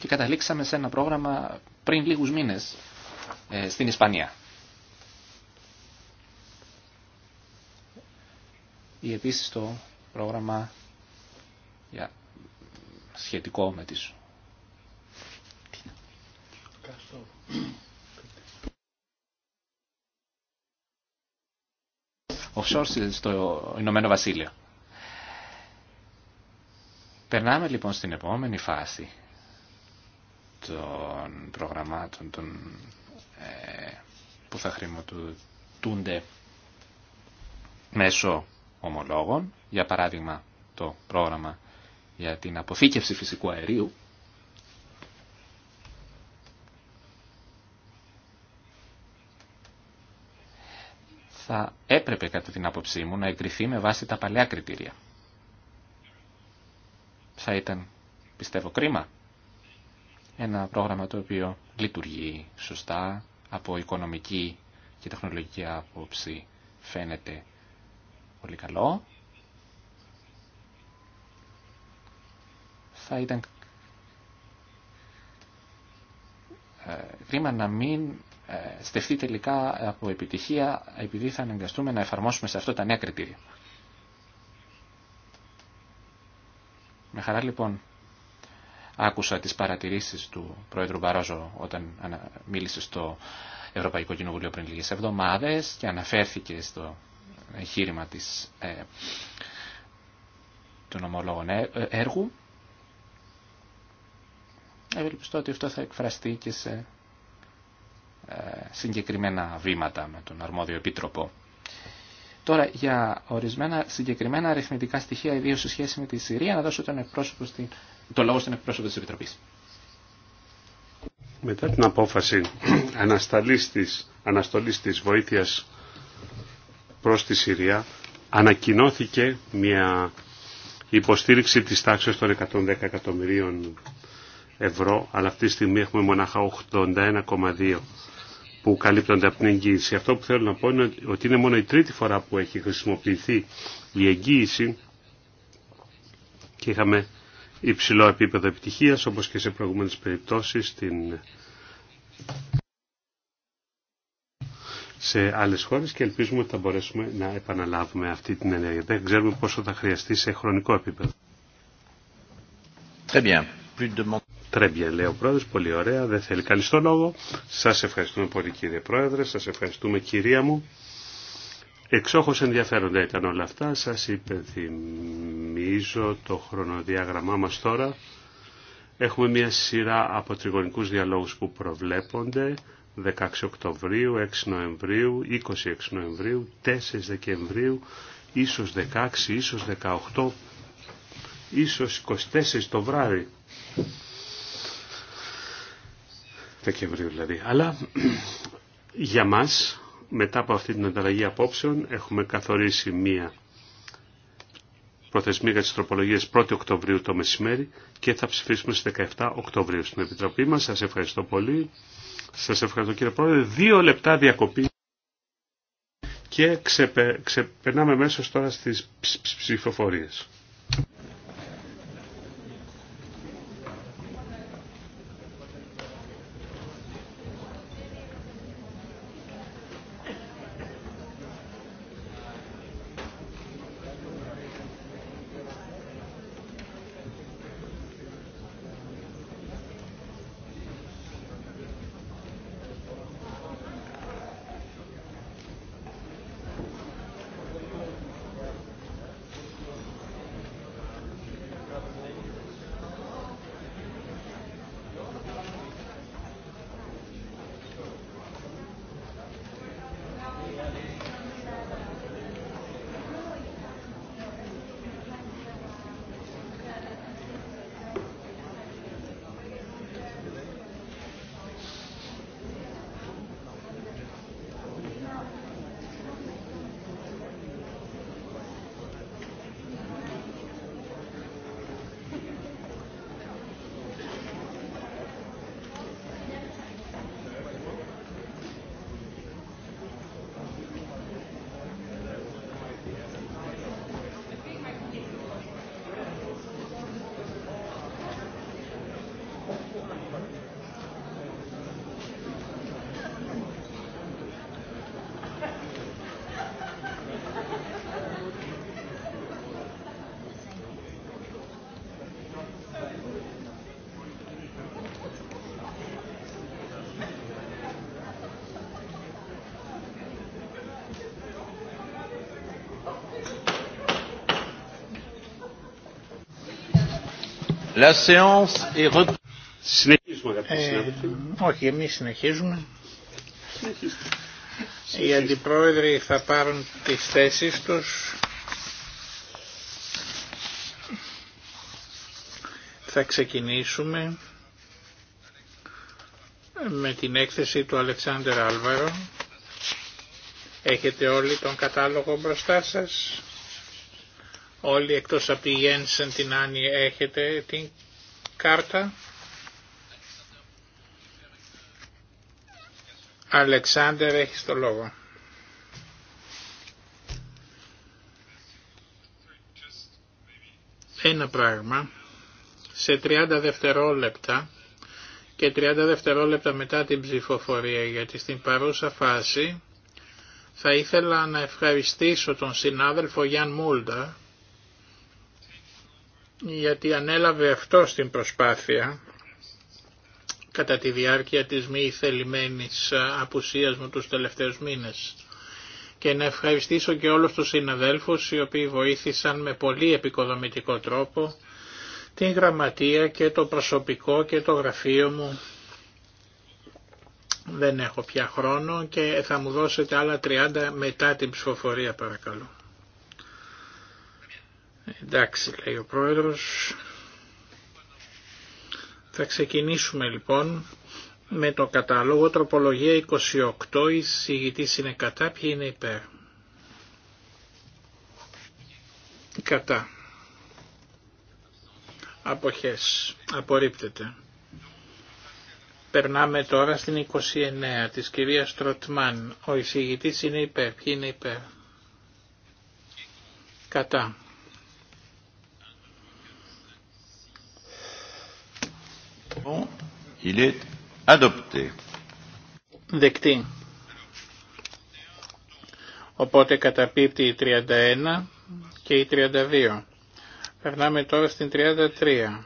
Και καταλήξαμε σε ένα πρόγραμμα πριν λίγους μήνες ε, στην Ισπανία. Ή επίσης το πρόγραμμα για, σχετικό με τις offshore στο Ηνωμένο Βασίλειο. Περνάμε λοιπόν στην επόμενη φάση των προγραμμάτων των, ε, που θα χρηματοδοτούνται μέσω ομολόγων. Για παράδειγμα το πρόγραμμα για την αποθήκευση φυσικού αερίου θα έπρεπε κατά την άποψή μου να εγκριθεί με βάση τα παλιά κριτήρια. Θα ήταν, πιστεύω, κρίμα. Ένα πρόγραμμα το οποίο λειτουργεί σωστά από οικονομική και τεχνολογική άποψη φαίνεται πολύ καλό. θα ήταν ε, κρίμα να μην ε, στεφτεί τελικά από επιτυχία επειδή θα αναγκαστούμε να εφαρμόσουμε σε αυτό τα νέα κριτήρια. Με χαρά λοιπόν άκουσα τις παρατηρήσεις του Πρόεδρου Μπαρόζο όταν μίλησε στο Ευρωπαϊκό Κοινοβουλίο πριν λίγες εβδομάδες και αναφέρθηκε στο εγχείρημα της, ε, των ε, έργου ευελπιστώ ότι αυτό θα εκφραστεί και σε ε, συγκεκριμένα βήματα με τον αρμόδιο επίτροπο. Τώρα, για ορισμένα συγκεκριμένα αριθμητικά στοιχεία, ιδίω σε σχέση με τη Συρία, να δώσω τον εκπρόσωπο στην... το λόγο στον εκπρόσωπο τη Επιτροπή. Μετά την απόφαση αναστολή της, αναστολής της βοήθειας προς τη Συρία, ανακοινώθηκε μια υποστήριξη της τάξης των 110 εκατομμυρίων ευρώ, αλλά αυτή τη στιγμή έχουμε μονάχα 81,2 που καλύπτονται από την εγγύηση. Αυτό που θέλω να πω είναι ότι είναι μόνο η τρίτη φορά που έχει χρησιμοποιηθεί η εγγύηση και είχαμε υψηλό επίπεδο επιτυχίας όπως και σε προηγούμενες περιπτώσεις σε άλλες χώρες και ελπίζουμε ότι θα μπορέσουμε να επαναλάβουμε αυτή την ενέργεια. Δεν ξέρουμε πόσο θα χρειαστεί σε χρονικό επίπεδο. Très bien. de... Τρέμπια λέει ο πρόεδρος, πολύ ωραία, δεν θέλει καλή στο λόγο. Σας ευχαριστούμε πολύ κύριε πρόεδρε, σας ευχαριστούμε κυρία μου. Εξόχως ενδιαφέροντα ήταν όλα αυτά, σας υπενθυμίζω το χρονοδιάγραμμά μας τώρα. Έχουμε μια σειρά από τριγωνικούς διαλόγους που προβλέπονται 16 Οκτωβρίου, 6 Νοεμβρίου, 26 Νοεμβρίου, 4 Δεκεμβρίου, ίσως 16, ίσως 18, ίσως 24 το βράδυ. Δεκεμβρίου δηλαδή. Αλλά για μας, μετά από αυτή την ανταλλαγή απόψεων, έχουμε καθορίσει μία προθεσμία για τις τροπολογίες 1η Οκτωβρίου το μεσημέρι και θα ψηφίσουμε στις 17 Οκτωβρίου στην Επιτροπή μας. Σας ευχαριστώ πολύ. Σας ευχαριστώ κύριε Πρόεδρε. Δύο λεπτά διακοπή και ξεπερνάμε μέσω τώρα στις ψηφοφορίες. La Συνεχίζουμε ε, Όχι, εμείς συνεχίζουμε. Οι αντιπρόεδροι θα πάρουν τις θέσεις τους. Θα ξεκινήσουμε με την έκθεση του Αλεξάνδρου Άλβαρο. Έχετε όλοι τον κατάλογο μπροστά σας. Όλοι εκτός από τη Γένσεν την Άννη έχετε την κάρτα. Αλεξάνδερ έχει το λόγο. Ένα πράγμα σε 30 δευτερόλεπτα και 30 δευτερόλεπτα μετά την ψηφοφορία γιατί στην παρούσα φάση θα ήθελα να ευχαριστήσω τον συνάδελφο Γιάν Μούλτα γιατί ανέλαβε αυτό στην προσπάθεια κατά τη διάρκεια της μη θελημένης απουσίας μου τους τελευταίους μήνες. Και να ευχαριστήσω και όλους τους συναδέλφους οι οποίοι βοήθησαν με πολύ επικοδομητικό τρόπο την γραμματεία και το προσωπικό και το γραφείο μου. Δεν έχω πια χρόνο και θα μου δώσετε άλλα 30 μετά την ψηφοφορία παρακαλώ. Εντάξει, λέει ο πρόεδρος. Θα ξεκινήσουμε λοιπόν με το κατάλογο τροπολογία 28, η είναι κατά, ποιοι είναι υπέρ. Κατά. Αποχές. Απορρίπτεται. Περνάμε τώρα στην 29 της κυρία Τροτμάν. Ο εισηγητής είναι υπέρ. Ποιοι είναι υπέρ. Κατά. Il Δεκτή. Οπότε καταπίπτει η 31 και η 32. Περνάμε τώρα στην 33.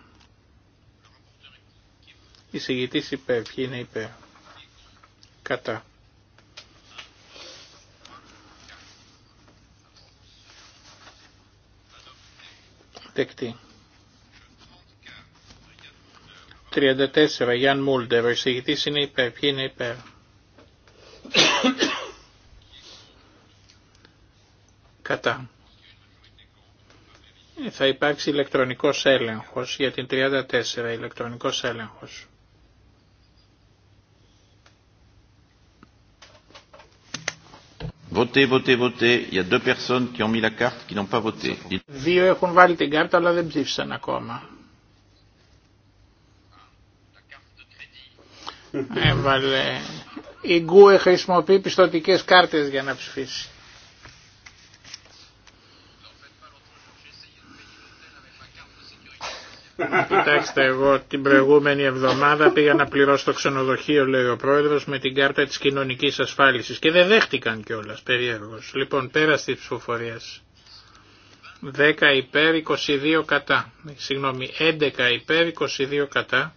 Η συγητής υπέρ. Ποιοι είναι υπέρ. Κατά. Δεκτή. 34, Γιάν Μούλντερ. ο εισηγητής είναι υπέρ, ποιοι είναι υπέρ. Κατά. Ε, θα υπάρξει ηλεκτρονικός έλεγχος για την 34, ηλεκτρονικός έλεγχος. Il y personnes qui ont mis la carte qui n'ont pas voté. Δύο έχουν βάλει την κάρτα αλλά δεν ψήφισαν ακόμα. Έβαλε. Ε, Η Γκούε χρησιμοποιεί πιστοτικές κάρτες για να ψηφίσει. Κοιτάξτε, εγώ την προηγούμενη εβδομάδα πήγα να πληρώσω το ξενοδοχείο, λέει ο πρόεδρος, με την κάρτα της κοινωνικής ασφάλισης και δεν δέχτηκαν κιόλα, περίεργο. Λοιπόν, πέρα στις ψηφοφορία. 10 υπέρ, 22 κατά. Συγγνώμη, 11 υπέρ, 22 κατά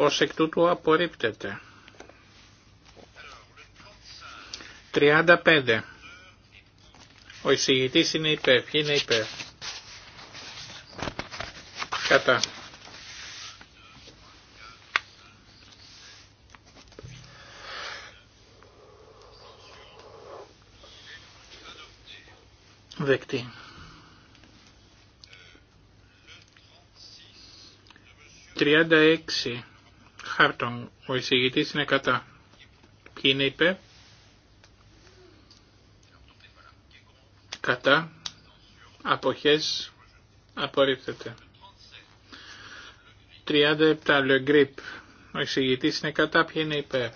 ως εκ τούτου απορρίπτεται. 35. Ο εισηγητής είναι υπέρ. Ποιοι είναι υπέρ. Κατά. Δεκτή. Τριάντα έξι. Ο εισηγητή είναι κατά. Ποιοι είναι υπέρ. Κατά. Αποχέ. Απορρίπτεται. 37. Λεγκρίπ. Ο εισηγητή είναι κατά. Ποιοι είναι υπέρ.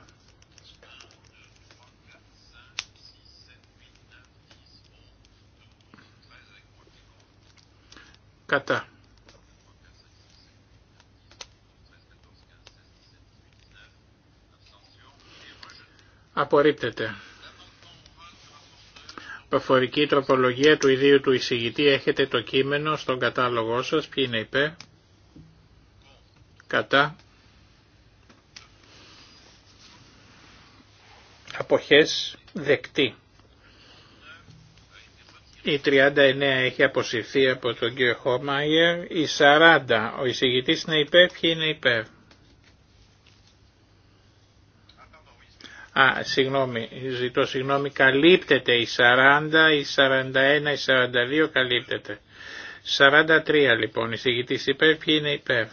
Απορρίπτεται. Προφορική τροπολογία του ιδίου του εισηγητή έχετε το κείμενο στον κατάλογό σας. Ποιοι είναι υπέρ. Κατά. Αποχές δεκτή. Η 39 έχει αποσυρθεί από τον κύριο Χόμαγερ. Η 40. Ο εισηγητής είναι υπέρ. Ποιοι είναι υπέρ. Α, συγγνώμη, ζητώ συγγνώμη, καλύπτεται η 40, η 41, η 42 καλύπτεται. 43 λοιπόν, η συγγητής υπέρ, ποιοι είναι υπέρ.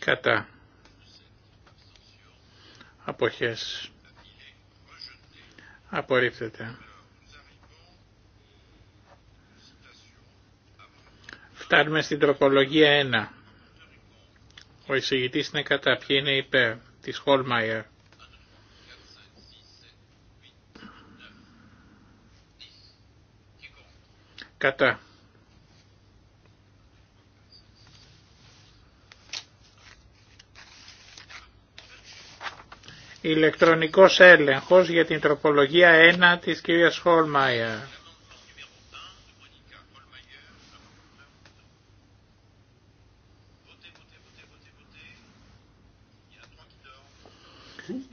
Κατά. Αποχές. Απορρίπτεται. Φτάνουμε στην τροπολογία 1. Ο εισηγητής είναι κατά. Ποιοι είναι υπέρ της Χολμάιερ. Κατά. Ηλεκτρονικός έλεγχος για την τροπολογία 1 της κυρίας Χολμάιερ.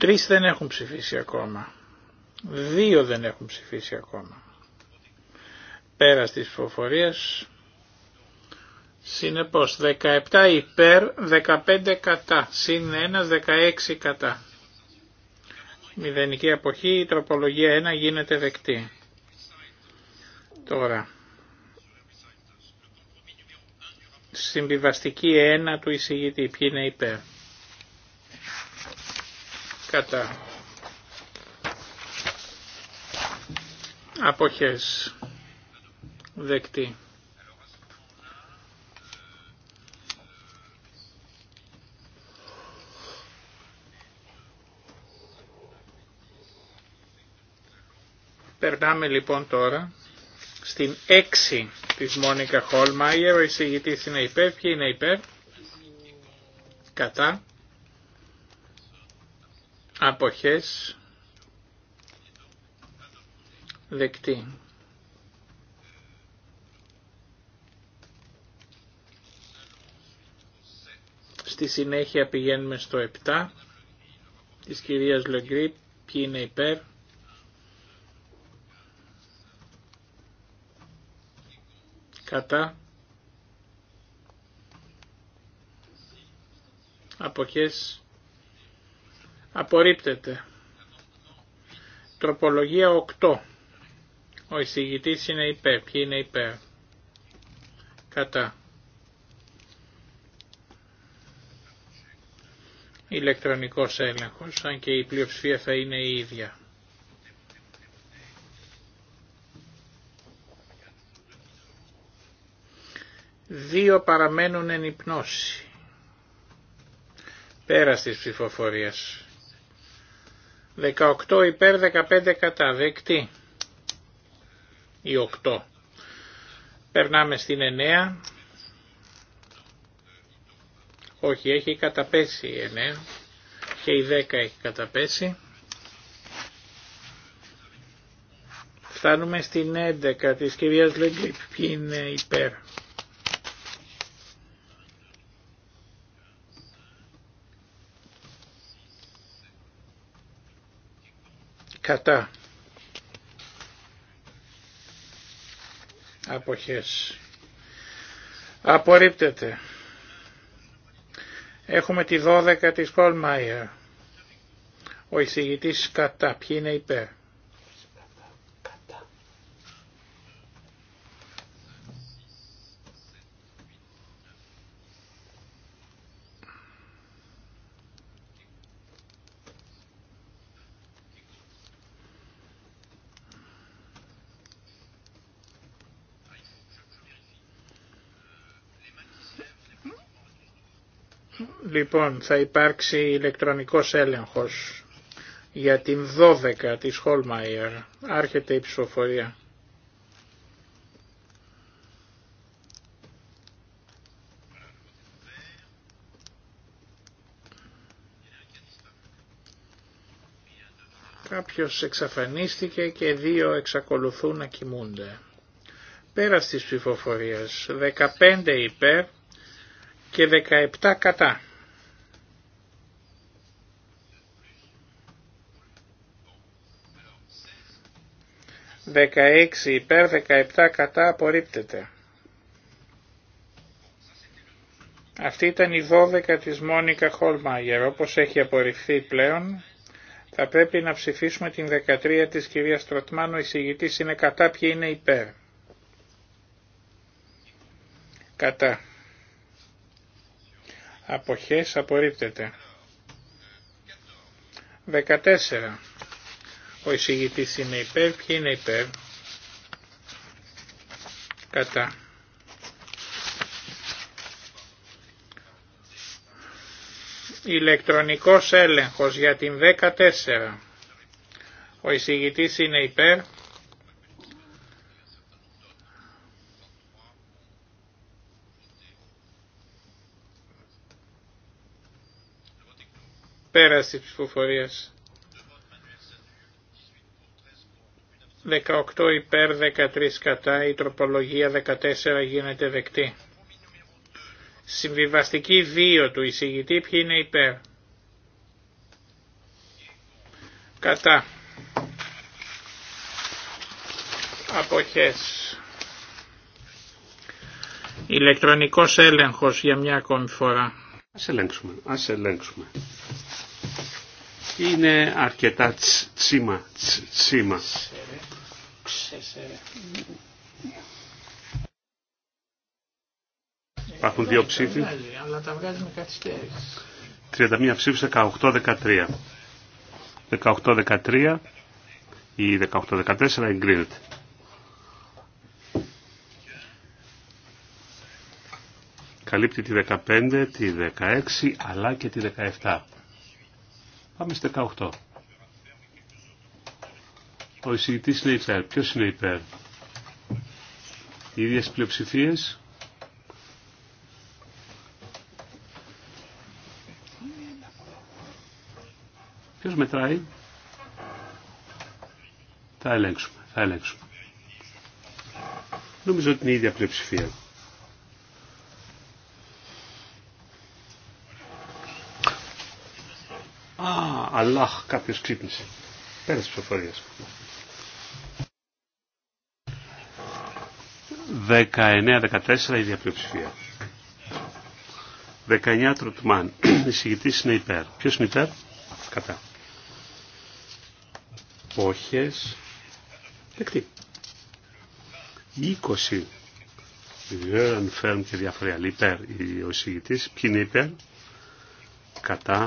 Τρεις δεν έχουν ψηφίσει ακόμα. Δύο δεν έχουν ψηφίσει ακόμα. Πέρα στις φοφορίες. Συνεπώς 17 υπέρ, 15 κατά. Συν 1, 16 κατά. Μηδενική αποχή, η τροπολογία 1 γίνεται δεκτή. Τώρα. Συμβιβαστική 1 του εισηγητή. Ποιοι είναι υπέρ κατά αποχές δεκτή Περνάμε λοιπόν τώρα στην έξι της Μόνικα Χολμάιερ, ο εισηγητής είναι υπέρ, ποιοι είναι υπέρ, κατά, αποχές δεκτή. Στη συνέχεια πηγαίνουμε στο 7 της κυρίας Λεγκρή, ποιοι είναι υπέρ, κατά, αποχές Απορρίπτεται. Τροπολογία 8. Ο εισηγητής είναι υπέρ. Ποιοι είναι υπέρ. Κατά. Ηλεκτρονικός έλεγχος, αν και η πλειοψηφία θα είναι η ίδια. Δύο παραμένουν εν υπνώση. Πέρας της ψηφοφορίας. 18 υπέρ 15 κατά δεκτή ή 8. Περνάμε στην 9. Όχι, έχει καταπέσει η 9 και η 10 έχει καταπέσει. Φτάνουμε στην 11 της κυρίας Λέγκλιπ. Ποιοι είναι υπέρ. κατά αποχές απορρίπτεται έχουμε τη 12 της Κολμάια ο εισηγητής κατά ποιοι είναι υπέρ Λοιπόν, θα υπάρξει ηλεκτρονικός έλεγχος για την 12 της Χολμαϊερ. Άρχεται η ψηφοφορία. Κάποιος εξαφανίστηκε και δύο εξακολουθούν να κοιμούνται. Πέρα στις ψηφοφορίες 15 υπέρ και 17 κατά. 16 υπέρ 17 κατά απορρίπτεται. Αυτή ήταν η 12 της Μόνικα Χολμάγερ. Όπως έχει απορριφθεί πλέον, θα πρέπει να ψηφίσουμε την 13 της κυρίας Στροτμάνου. Η συγητής είναι κατά, ποιοι είναι υπέρ. Κατά. Αποχές απορρίπτεται. 14. Ο εισηγητής είναι υπέρ. Ποιοι είναι υπέρ. Κατά. Ηλεκτρονικός έλεγχος για την 14. Ο εισηγητής είναι υπέρ. Πέραση ψηφοφορίας. 18 υπέρ 13 κατά, η τροπολογία 14 γίνεται δεκτή. Συμβιβαστική 2 του εισηγητή, ποιοι είναι υπέρ. Κατά. Αποχές. Ηλεκτρονικός έλεγχος για μια ακόμη φορά. Ας ελέγξουμε, ας ελέγξουμε. Είναι αρκετά τσίμα, τσίμα. Υπάρχουν δύο ψήφοι. Αλλά τα βγάζουμε καθυστέρηση. 31 ψήφους, 18-13. 18-13 ή 18-14 εγκρίνεται. Καλύπτει τη 15, τη 16 αλλά και τη 17. Πάμε στη 18. Ο εισηγητή είναι υπέρ. Ποιο είναι υπέρ. Οι ίδιες πλειοψηφίε. Ποιο μετράει. Θα ελέγξουμε. Θα ελέγξουμε. Νομίζω ότι είναι η ίδια πλειοψηφία. Α, αλλάχ, κάποιος ξύπνησε. Πέρασε ψηφοφορίας. 19-14 η διαπλειοψηφία. 19 τροτμάν. Η συγκητής η συγητη υπέρ. Ποιο είναι υπέρ? Κατά. Οχιες. Δεκτή. 20. Βιέραν φέρν και διάφοροι υπέρ. Ο εισηγητή. ποιοι είναι υπέρ? Κατά.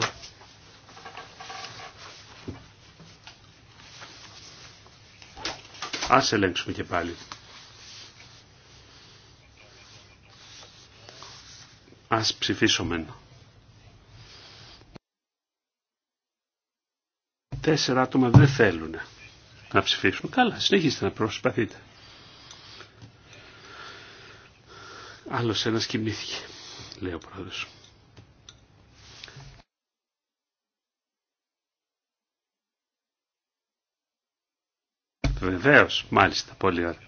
Ας ελέγξουμε και πάλι. Ας ψηφίσουμε. Τέσσερα άτομα δεν θέλουν να ψηφίσουν. Καλά, συνεχίστε να προσπαθείτε. Άλλος ένας κοιμήθηκε, λέει ο πρόεδρος. Βεβαίως, μάλιστα, πολύ ωραία.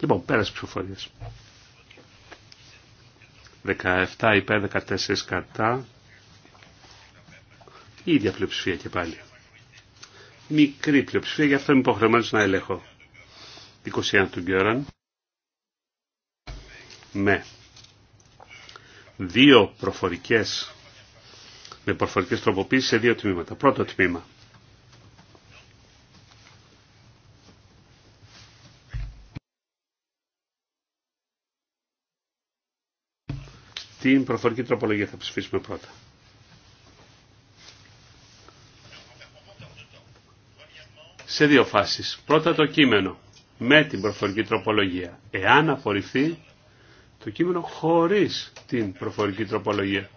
Λοιπόν, πέρασε ψηφοφορίας. 17 υπέρ 14 κατά. Η ίδια πλειοψηφία και πάλι. Μικρή πλειοψηφία, γι' αυτό είμαι υποχρεωμένο να ελέγχω. 21 του Γκέραν. Με δύο προφορικές με προφορικές τροποποίησεις σε δύο τμήματα. Πρώτο τμήμα. την προφορική τροπολογία θα ψηφίσουμε πρώτα. Σε δύο φάσεις. Πρώτα το κείμενο με την προφορική τροπολογία. Εάν απορριφθεί το κείμενο χωρίς την προφορική τροπολογία.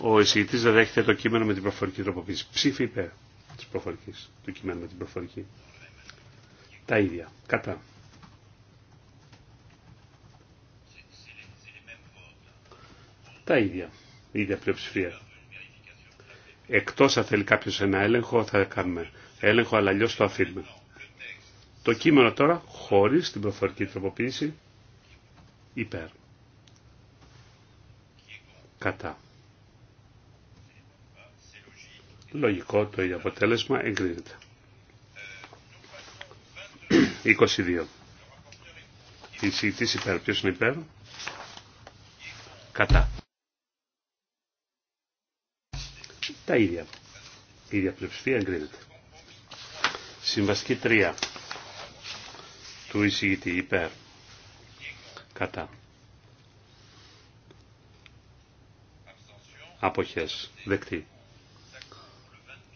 Ο εισηγητή δεν δέχεται το κείμενο με την προφορική τροποποίηση. Ψήφι υπέρ τη προφορική. Το κείμενο με την προφορική. Τα ίδια. Κατά. τα ίδια. Η ίδια πλειοψηφία. Εκτός αν θέλει κάποιος ένα έλεγχο θα κάνουμε έλεγχο αλλά αλλιώ το αφήνουμε. Το κείμενο τώρα χωρίς την προφορική τροποποίηση υπέρ. Κατά. Λογικό το ίδιο αποτέλεσμα εγκρίνεται. 22. Η συζήτηση υπέρ. Ποιος είναι υπέρ. Κατά. Τα ίδια. Η ίδια πλειοψηφία εγκρίνεται. Συμβαστική 3 του εισηγητή υπέρ κατά αποχές δεκτή.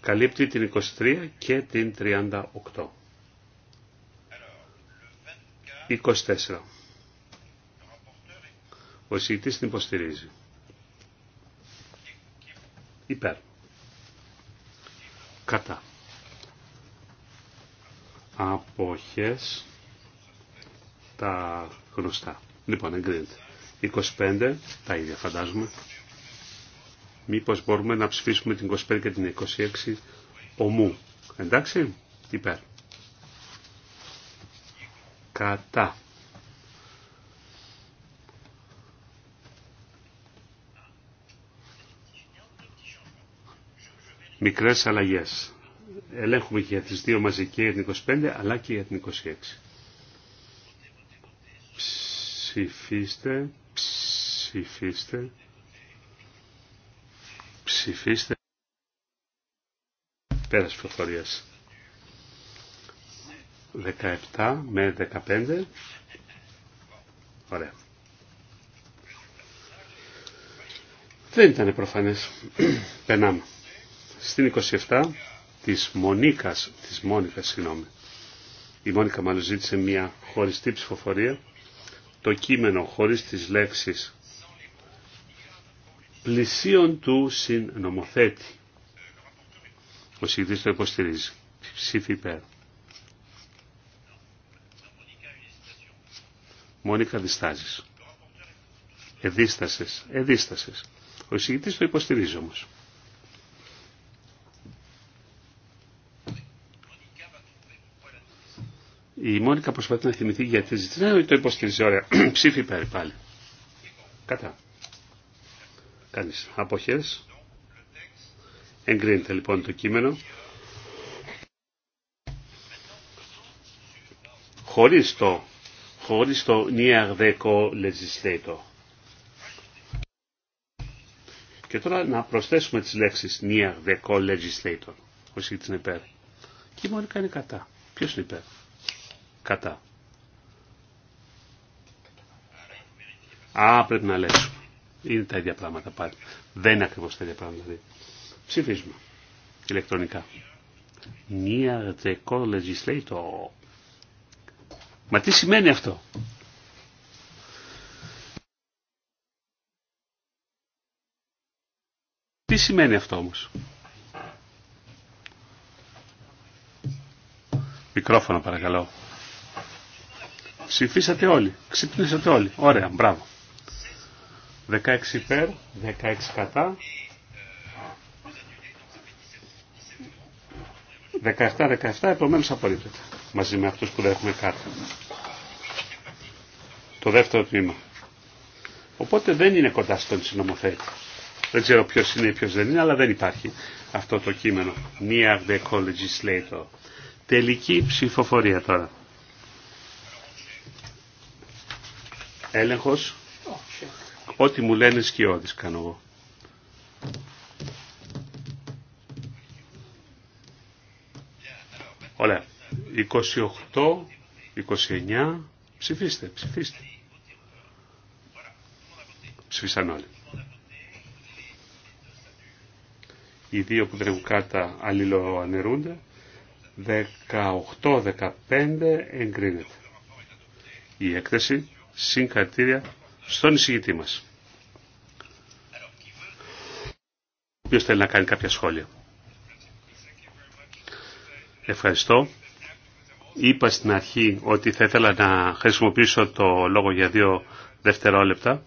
Καλύπτει την 23 και την 38. 24. Ο εισηγητής την υποστηρίζει. Υπέρ κατά αποχές τα γνωστά. Λοιπόν, εγκρίνεται. 25, τα ίδια φαντάζομαι. Μήπως μπορούμε να ψηφίσουμε την 25 και την 26 ομού. Εντάξει, υπέρ. Κατά. μικρές αλλαγές. Ελέγχουμε και για τις δύο μαζί και για την 25 αλλά και για την 26. Ψηφίστε, ψηφίστε, ψηφίστε. Πέρας προφορίας. 17 με 15. Ωραία. Δεν ήταν προφανές. Περνάμε στην 27 της Μονίκας, της Μόνικας, συγγνώμη. Η Μόνικα μάλλον ζήτησε μια χωριστή ψηφοφορία. Το κείμενο χωρίς τις λέξεις πλησίον του συνομοθέτη. Ο συγκεκριτής το υποστηρίζει. Ψήφι υπέρ. Μόνικα διστάζεις. Εδίστασες. Εδίστασες. Ο συγκεκριτής το υποστηρίζει όμως. Η Μόνικα προσπαθεί να θυμηθεί γιατί ζητάει να το υποστηρίζει. Ωραία. Ψήφι υπέρ πάλι. Κατά. Κανείς. Αποχές. Εγκρίνεται λοιπόν το κείμενο. Χωρίς το, χωρίς το νιαγδέκο legislator. Και τώρα να προσθέσουμε τις λέξεις near the legislator. Ο είναι υπέρ. Και η Μόνικα είναι κατά. Ποιος είναι υπέρ. Κατά. Α, πρέπει να λέξω. Είναι τα ίδια πράγματα πάλι. Δεν είναι ακριβώς τα ίδια πράγματα. Δηλαδή. Ψηφίζουμε. Ηλεκτρονικά. Near the core legislator. Μα τι σημαίνει αυτό. Τι σημαίνει αυτό όμως. Μικρόφωνο παρακαλώ. Ψηφίσατε όλοι. Ξυπνήσατε όλοι. Ωραία, μπράβο. 16 υπέρ, 16 κατά. 17-17, επομένως απορρίπτεται. Μαζί με αυτούς που δεν έχουμε κάρτα. Το δεύτερο τμήμα. Οπότε δεν είναι κοντά στον συνομοθέτη. Δεν ξέρω ποιο είναι ή ποιο δεν είναι, αλλά δεν υπάρχει αυτό το κείμενο. Near the co-legislator. Τελική ψηφοφορία τώρα. έλεγχος. Ό,τι μου λένε σκιώδης κάνω εγώ. Ωραία. 28, 29, ψηφίστε, ψηφίστε. Ψηφίσαν όλοι. Οι δύο που δεν έχουν κάρτα αλληλοανερούνται. 18-15 εγκρίνεται. Η έκθεση Συγχαρητήρια στον εισηγητή μας. Ο θέλει να κάνει κάποια σχόλια. Ευχαριστώ. Είπα στην αρχή ότι θα ήθελα να χρησιμοποιήσω το λόγο για δύο δευτερόλεπτα.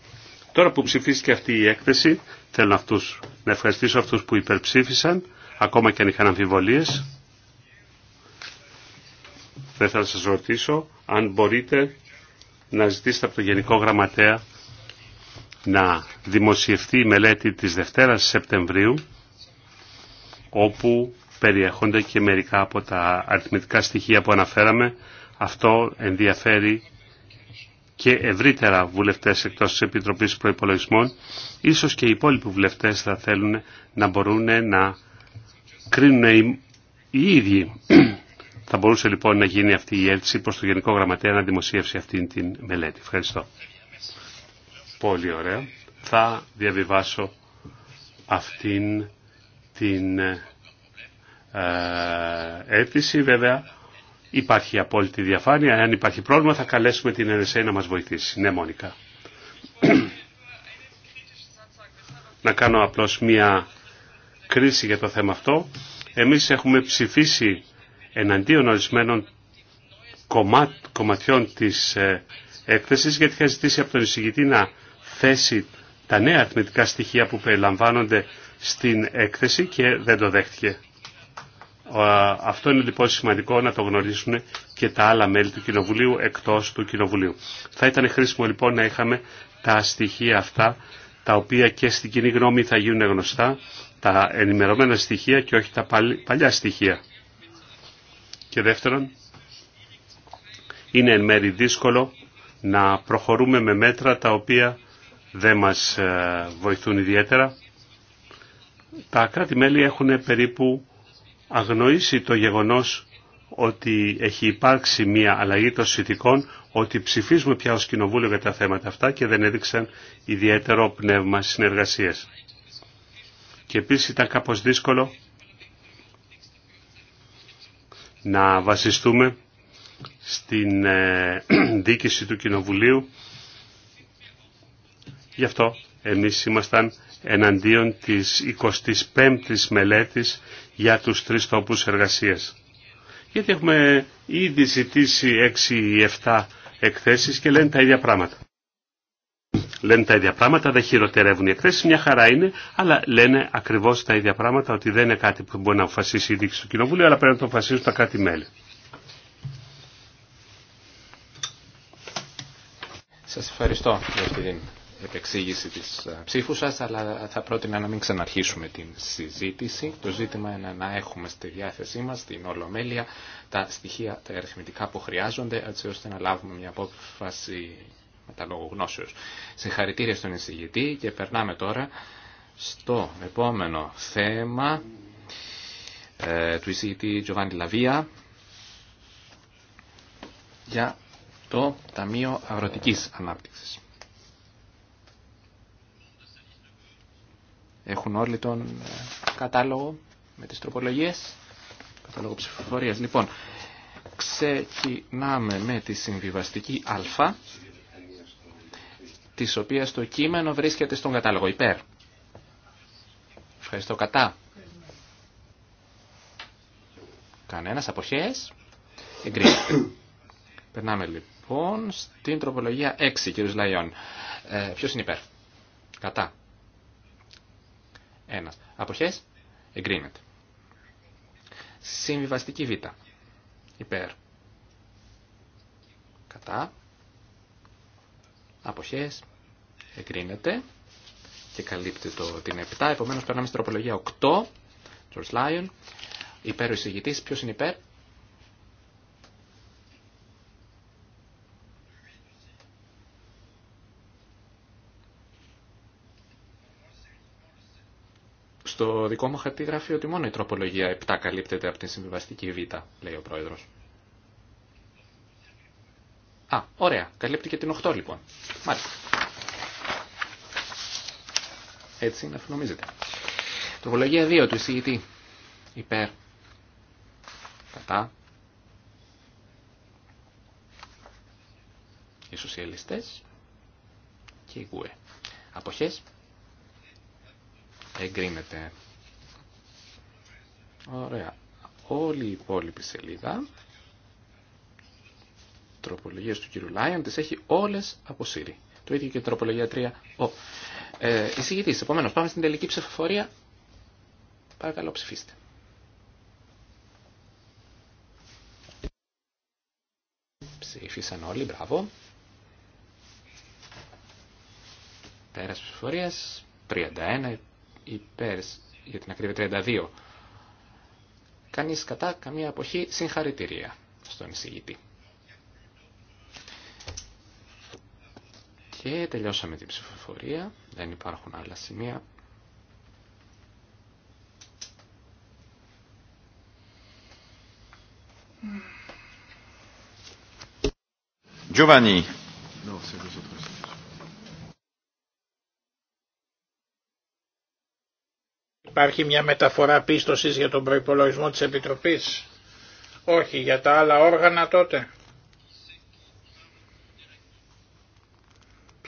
Τώρα που ψηφίστηκε αυτή η έκθεση, θέλω αυτούς, να ευχαριστήσω αυτούς που υπερψήφισαν, ακόμα και αν είχαν αμφιβολίες. Δεν θα σας ρωτήσω αν μπορείτε να ζητήσετε από το Γενικό Γραμματέα να δημοσιευτεί η μελέτη της Δευτέρας Σεπτεμβρίου όπου περιέχονται και μερικά από τα αριθμητικά στοιχεία που αναφέραμε. Αυτό ενδιαφέρει και ευρύτερα βουλευτές εκτός της Επιτροπής Προϋπολογισμών. Ίσως και οι υπόλοιποι βουλευτές θα θέλουν να μπορούν να κρίνουν οι ίδιοι θα μπορούσε λοιπόν να γίνει αυτή η έλτιση προς το Γενικό Γραμματέα να δημοσίευσει αυτή την μελέτη. Ευχαριστώ. Πολύ ωραία. Θα διαβιβάσω αυτήν την ε, αίτηση. Βέβαια υπάρχει απόλυτη διαφάνεια. Αν υπάρχει πρόβλημα θα καλέσουμε την NSA να μας βοηθήσει. Ναι Μόνικα. να κάνω απλώς μία κρίση για το θέμα αυτό. Εμείς έχουμε ψηφίσει εναντίον ορισμένων κομμάτ, κομματιών της ε, έκθεσης γιατί είχα ζητήσει από τον εισηγητή να θέσει τα νέα αριθμητικά στοιχεία που περιλαμβάνονται στην έκθεση και δεν το δέχτηκε. Αυτό είναι λοιπόν σημαντικό να το γνωρίσουν και τα άλλα μέλη του Κοινοβουλίου εκτός του Κοινοβουλίου. Θα ήταν χρήσιμο λοιπόν να είχαμε τα στοιχεία αυτά τα οποία και στην κοινή γνώμη θα γίνουν γνωστά, τα ενημερωμένα στοιχεία και όχι τα παλιά στοιχεία. Και δεύτερον, είναι εν μέρη δύσκολο να προχωρούμε με μέτρα τα οποία δεν μας ε, βοηθούν ιδιαίτερα. Τα κράτη-μέλη έχουν περίπου αγνοήσει το γεγονός ότι έχει υπάρξει μια αλλαγή των συνθηκών, ότι ψηφίζουμε πια ως Κοινοβούλιο για τα θέματα αυτά και δεν έδειξαν ιδιαίτερο πνεύμα συνεργασίας. Και επίσης ήταν κάπως δύσκολο να βασιστούμε στην ε, δίκηση του Κοινοβουλίου. Γι' αυτό εμείς ήμασταν εναντίον της 25ης μελέτης για τους τρεις τόπους εργασίας. Γιατί έχουμε ήδη ζητήσει 6 ή 7 εκθέσεις και λένε τα ίδια πράγματα λένε τα ίδια πράγματα, δεν χειροτερεύουν οι εκθέσει, μια χαρά είναι, αλλά λένε ακριβώ τα ίδια πράγματα ότι δεν είναι κάτι που μπορεί να αποφασίσει η δίκηση του Κοινοβουλίου, αλλά πρέπει να το αποφασίσουν τα κράτη-μέλη. Σα ευχαριστώ για την επεξήγηση τη ε, ψήφου σα, αλλά θα πρότεινα να μην ξαναρχίσουμε την συζήτηση. Το ζήτημα είναι να έχουμε στη διάθεσή μα την Ολομέλεια, τα στοιχεία, τα αριθμητικά που χρειάζονται, έτσι ώστε να λάβουμε μια απόφαση με τα λόγω Συγχαρητήρια στον εισηγητή και περνάμε τώρα στο επόμενο θέμα ε, του εισηγητή Τζοβάνι Λαβία για το Ταμείο Αγροτικής Ανάπτυξης. Έχουν όλοι τον ε, κατάλογο με τις τροπολογίες. Κατάλογο ψηφοφορίας. Λοιπόν, ξεκινάμε με τη συμβιβαστική α της οποίας το κείμενο βρίσκεται στον κατάλογο υπέρ. Ευχαριστώ κατά. Κανένας αποχές. Εγκρίνεται. Περνάμε λοιπόν στην τροπολογία 6, κύριος Λαϊόν. Ε, ποιος είναι υπέρ. Κατά. Ένας. Αποχές. Εγκρίνεται. Συμβιβαστική β. Υπέρ. Κατά αποχές, εγκρίνεται και καλύπτει το, την 7. Επομένως περνάμε στην τροπολογία 8, George Lyon, υπέρ ο εισηγητής, ποιος είναι υπέρ, στο δικό μου χαρτί γράφει ότι μόνο η τροπολογία 7 καλύπτεται από την συμβιβαστική Β, λέει ο πρόεδρος. Α, ωραία. Καλύπτει και την 8 λοιπόν. Μάλιστα. Έτσι να αφηνομίζεται. Τροπολογία 2 του εισηγητή. Υπέρ. Κατά. Οι σοσιαλιστές και η γουέ Αποχές. Εγκρίνεται. Ωραία. Όλη η υπόλοιπη σελίδα τροπολογίες του κύριου Λάιον τι έχει όλες αποσύρει. Το ίδιο και η τροπολογία 3. Ο ε, εισηγητής, πάμε στην τελική ψηφοφορία. Παρακαλώ ψηφίστε. Ψήφισαν όλοι, μπράβο. Πέρας ψηφοφορία, 31 υπέρ για την ακρίβεια 32. Κάνει κατά καμία αποχή συγχαρητήρια στον εισηγητή. Και τελειώσαμε την ψηφοφορία. Δεν υπάρχουν άλλα σημεία. Giovanni. Υπάρχει μια μεταφορά πίστοσης για τον προϋπολογισμό της Επιτροπής. Όχι, για τα άλλα όργανα τότε.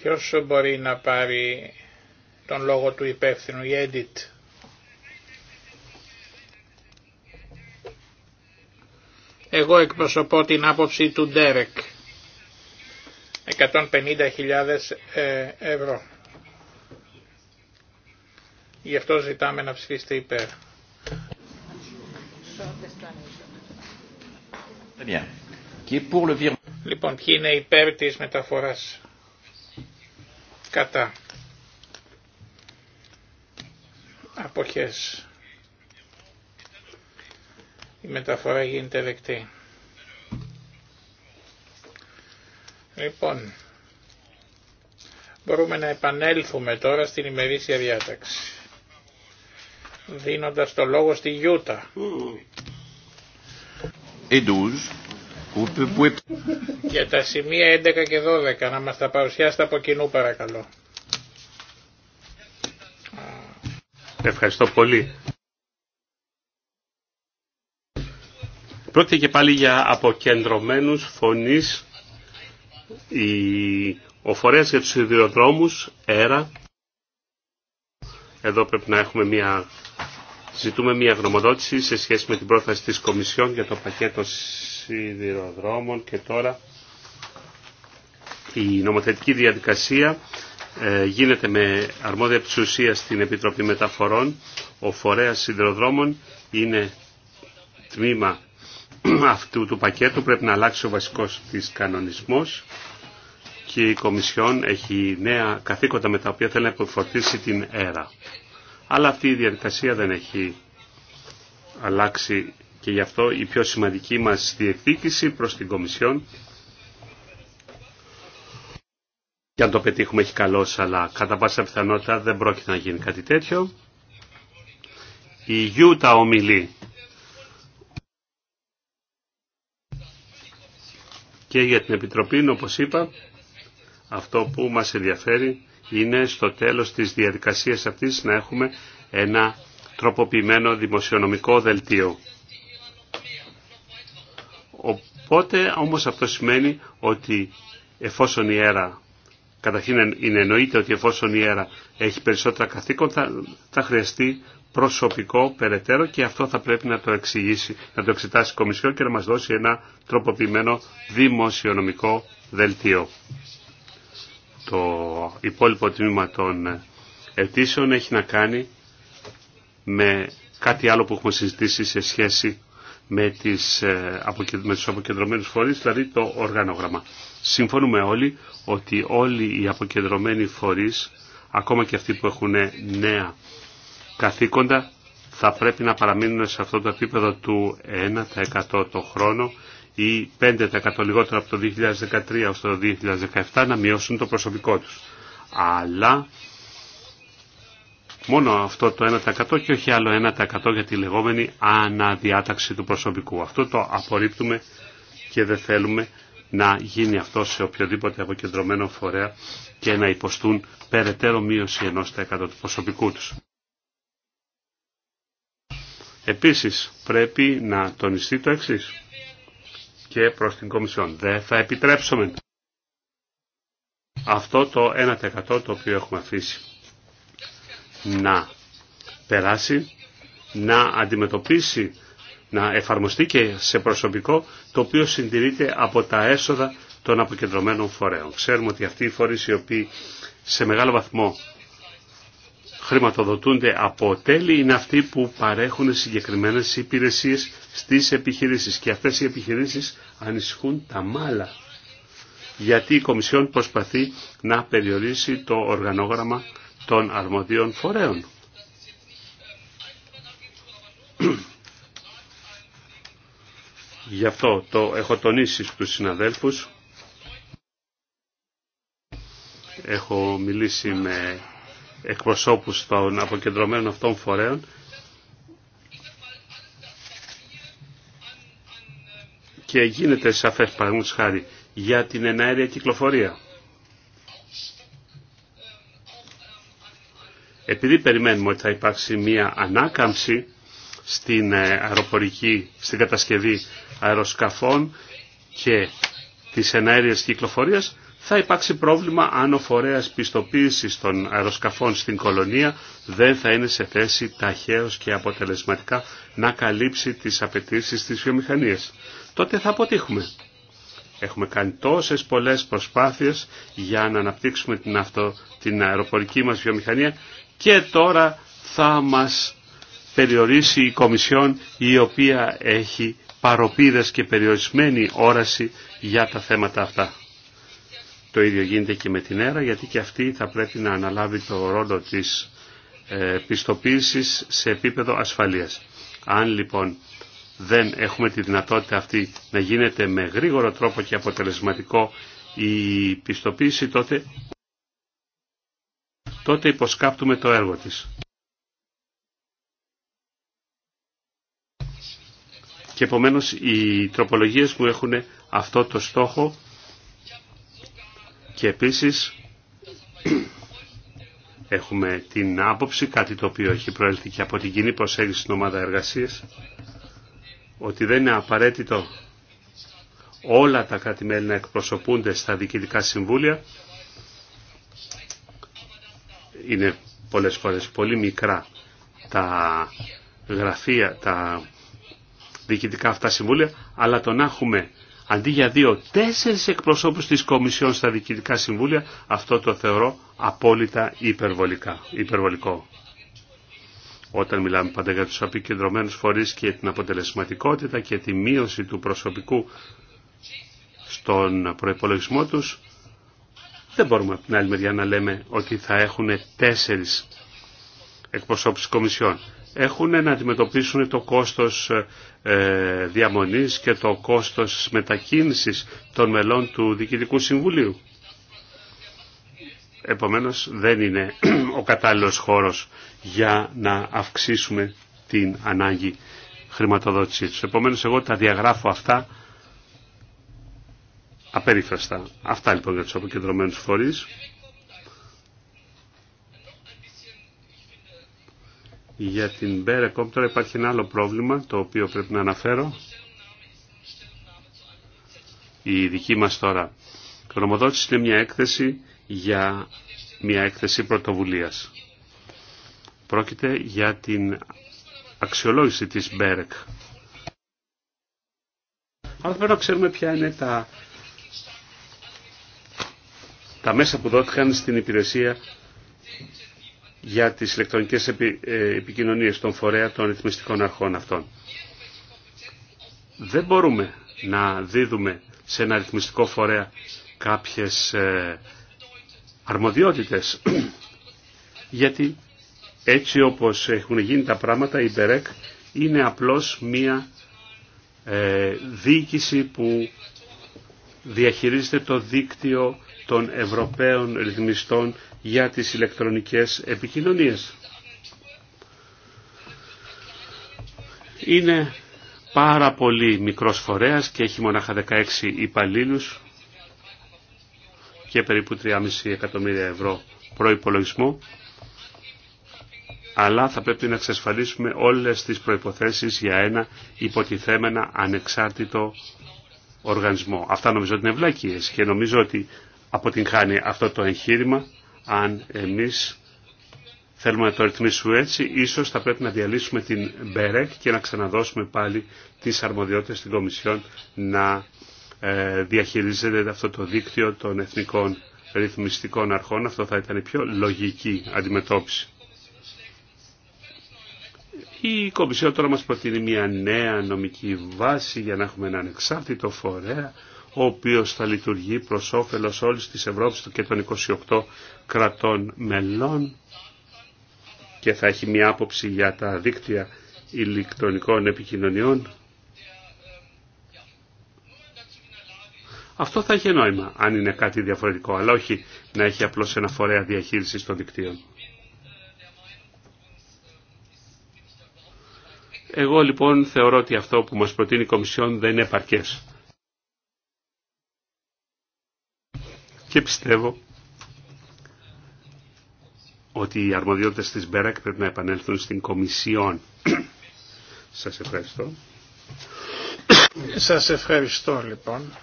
Ποιος μπορεί να πάρει τον λόγο του υπεύθυνου, η edit. Εγώ εκπροσωπώ την άποψη του Ντέρεκ. 150.000 ε, ευρώ. Γι' αυτό ζητάμε να ψηφίσετε υπέρ. Λοιπόν, ποιοι είναι υπέρ της μεταφοράς κατά αποχές. Η μεταφορά γίνεται δεκτή. Λοιπόν, μπορούμε να επανέλθουμε τώρα στην ημερήσια διάταξη. Δίνοντας το λόγο στη Γιούτα. Για τα σημεία 11 και 12 να μας τα παρουσιάσετε από κοινού παρακαλώ. Ευχαριστώ πολύ. Πρόκειται και πάλι για αποκεντρωμένους φωνής ο φορέας για τους ιδιοδρόμους ΕΡΑ. Εδώ πρέπει να έχουμε μια, ζητούμε μια γνωμοδότηση σε σχέση με την πρόταση της Κομισιόν για το πακέτο σιδηροδρόμων και τώρα η νομοθετική διαδικασία ε, γίνεται με αρμόδια ουσίας στην Επιτροπή Μεταφορών. Ο φορέας σιδηροδρόμων είναι τμήμα αυτού του πακέτου. Πρέπει να αλλάξει ο βασικός της κανονισμός και η Κομισιόν έχει νέα καθήκοντα με τα οποία θέλει να υποφορτήσει την ΕΡΑ. Αλλά αυτή η διαδικασία δεν έχει αλλάξει και γι' αυτό η πιο σημαντική μας διεκδίκηση προς την Κομισιόν και αν το πετύχουμε έχει καλό αλλά κατά πάσα πιθανότητα δεν πρόκειται να γίνει κάτι τέτοιο. Η Γιούτα ομιλεί. Και για την Επιτροπή, όπως είπα, αυτό που μας ενδιαφέρει είναι στο τέλος της διαδικασίας αυτής να έχουμε ένα τροποποιημένο δημοσιονομικό δελτίο. Οπότε όμως αυτό σημαίνει ότι εφόσον η ΕΡΑ, καταρχήν είναι εννοείται ότι εφόσον η ΕΡΑ έχει περισσότερα καθήκοντα, θα χρειαστεί προσωπικό περαιτέρω και αυτό θα πρέπει να το εξηγήσει, να το εξετάσει η Κομισιό και να μας δώσει ένα τροποποιημένο δημοσιονομικό δελτίο. Το υπόλοιπο τμήμα των αιτήσεων έχει να κάνει με κάτι άλλο που έχουμε συζητήσει σε σχέση με, τις, ε, με τους αποκεντρωμένους φορείς, δηλαδή το οργανόγραμμα. Συμφωνούμε όλοι ότι όλοι οι αποκεντρωμένοι φορείς, ακόμα και αυτοί που έχουν νέα καθήκοντα, θα πρέπει να παραμείνουν σε αυτό το επίπεδο του 1% το χρόνο ή 5% λιγότερο από το 2013 ως το 2017 να μειώσουν το προσωπικό τους. Αλλά μόνο αυτό το 1% και όχι άλλο 1% για τη λεγόμενη αναδιάταξη του προσωπικού. Αυτό το απορρίπτουμε και δεν θέλουμε να γίνει αυτό σε οποιοδήποτε αποκεντρωμένο φορέα και να υποστούν περαιτέρω μείωση 1% του προσωπικού τους. Επίσης πρέπει να τονιστεί το εξής και προς την Κομισιόν. Δεν θα επιτρέψουμε αυτό το 1% το οποίο έχουμε αφήσει να περάσει, να αντιμετωπίσει, να εφαρμοστεί και σε προσωπικό το οποίο συντηρείται από τα έσοδα των αποκεντρωμένων φορέων. Ξέρουμε ότι αυτοί οι φορείς οι οποίοι σε μεγάλο βαθμό χρηματοδοτούνται από τέλη είναι αυτοί που παρέχουν συγκεκριμένες υπηρεσίες στις επιχειρήσεις και αυτές οι επιχειρήσεις ανησυχούν τα μάλα γιατί η Κομισιόν προσπαθεί να περιορίσει το οργανόγραμμα των αρμοδίων φορέων. Γι' αυτό το έχω τονίσει στους συναδέλφους. Έχω μιλήσει με εκπροσώπους των αποκεντρωμένων αυτών φορέων και γίνεται σαφές παραδείγματος χάρη για την εναέρια κυκλοφορία. Επειδή περιμένουμε ότι θα υπάρξει μια ανάκαμψη στην ε, αεροπορική, στην κατασκευή αεροσκαφών και της εναέριας κυκλοφορίας, θα υπάρξει πρόβλημα αν ο φορέας πιστοποίησης των αεροσκαφών στην κολονία δεν θα είναι σε θέση ταχαίως και αποτελεσματικά να καλύψει τις απαιτήσει της βιομηχανίας. Τότε θα αποτύχουμε. Έχουμε κάνει τόσες πολλές προσπάθειες για να αναπτύξουμε την, αυτο, την αεροπορική μας βιομηχανία και τώρα θα μας περιορίσει η Κομισιόν η οποία έχει παροπίδες και περιορισμένη όραση για τα θέματα αυτά. Το ίδιο γίνεται και με την ΕΡΑ γιατί και αυτή θα πρέπει να αναλάβει το ρόλο της ε, πιστοποίησης σε επίπεδο ασφαλείας. Αν λοιπόν δεν έχουμε τη δυνατότητα αυτή να γίνεται με γρήγορο τρόπο και αποτελεσματικό η πιστοποίηση τότε τότε υποσκάπτουμε το έργο της. Και επομένως οι τροπολογίες μου έχουν αυτό το στόχο και επίσης έχουμε την άποψη, κάτι το οποίο έχει προέλθει και από την κοινή προσέγγιση στην ομάδα εργασίες, ότι δεν είναι απαραίτητο όλα τα κράτη-μέλη να εκπροσωπούνται στα διοικητικά συμβούλια, είναι πολλές φορές πολύ μικρά τα γραφεία, τα διοικητικά αυτά συμβούλια, αλλά τον έχουμε αντί για δύο, τέσσερις εκπροσώπους της Κομισιόν στα διοικητικά συμβούλια, αυτό το θεωρώ απόλυτα υπερβολικά, υπερβολικό. Όταν μιλάμε πάντα για τους αποκεντρωμένους φορείς και την αποτελεσματικότητα και τη μείωση του προσωπικού στον προϋπολογισμό τους, δεν μπορούμε από την άλλη μεριά να λέμε ότι θα έχουν τέσσερις εκπροσώπους κομισιών. Έχουν να αντιμετωπίσουν το κόστος ε, διαμονής και το κόστος μετακίνησης των μελών του Διοικητικού Συμβουλίου. Επομένως δεν είναι ο κατάλληλος χώρος για να αυξήσουμε την ανάγκη χρηματοδότησή τους. Επομένως εγώ τα διαγράφω αυτά απερίφραστα. Αυτά λοιπόν για τους αποκεντρωμένους φορείς. Για την Berecom τώρα υπάρχει ένα άλλο πρόβλημα το οποίο πρέπει να αναφέρω. Η δική μας τώρα γνωμοδότηση είναι μια έκθεση για μια έκθεση πρωτοβουλίας. Πρόκειται για την αξιολόγηση της Μπέρεκ. Αλλά πρέπει να ξέρουμε ποια είναι τα τα μέσα που δόθηκαν στην υπηρεσία για τις ηλεκτρονικές επι, ε, επικοινωνίες των φορέα των ρυθμιστικών αρχών αυτών. Δεν μπορούμε να δίδουμε σε ένα ρυθμιστικό φορέα κάποιες ε, αρμοδιότητες γιατί έτσι όπως έχουν γίνει τα πράγματα η Μπερέκ είναι απλώς μία ε, διοίκηση που διαχειρίζεται το δίκτυο των Ευρωπαίων ρυθμιστών για τις ηλεκτρονικές επικοινωνίες. Είναι πάρα πολύ μικρός φορέας και έχει μονάχα 16 υπαλλήλους και περίπου 3,5 εκατομμύρια ευρώ προϋπολογισμό αλλά θα πρέπει να εξασφαλίσουμε όλες τις προϋποθέσεις για ένα υποτιθέμενα ανεξάρτητο οργανισμό. Αυτά νομίζω ότι είναι βλάκιες και νομίζω ότι αποτυγχάνει αυτό το εγχείρημα αν εμείς θέλουμε να το ρυθμίσουμε έτσι, ίσως θα πρέπει να διαλύσουμε την ΜΠΕΡΕΚ και να ξαναδώσουμε πάλι τις αρμοδιότητες στην Κομισιόν να ε, διαχειρίζεται αυτό το δίκτυο των εθνικών ρυθμιστικών αρχών. Αυτό θα ήταν η πιο λογική αντιμετώπιση. Η Κομισιόν τώρα μας προτείνει μια νέα νομική βάση για να έχουμε έναν εξάρτητο φορέα ο οποίος θα λειτουργεί προς όφελος όλης της Ευρώπης και των 28 κρατών μελών και θα έχει μια άποψη για τα δίκτυα ηλεκτρονικών επικοινωνιών. Αυτό θα έχει νόημα αν είναι κάτι διαφορετικό, αλλά όχι να έχει απλώς ένα φορέα διαχείρισης των δικτύων. Εγώ λοιπόν θεωρώ ότι αυτό που μας προτείνει η Κομισιόν δεν είναι επαρκές. και πιστεύω ότι οι αρμοδιότητες της ΜΠΕΡΑΚ πρέπει να επανέλθουν στην Κομισιόν. Σας ευχαριστώ. Σας ευχαριστώ λοιπόν.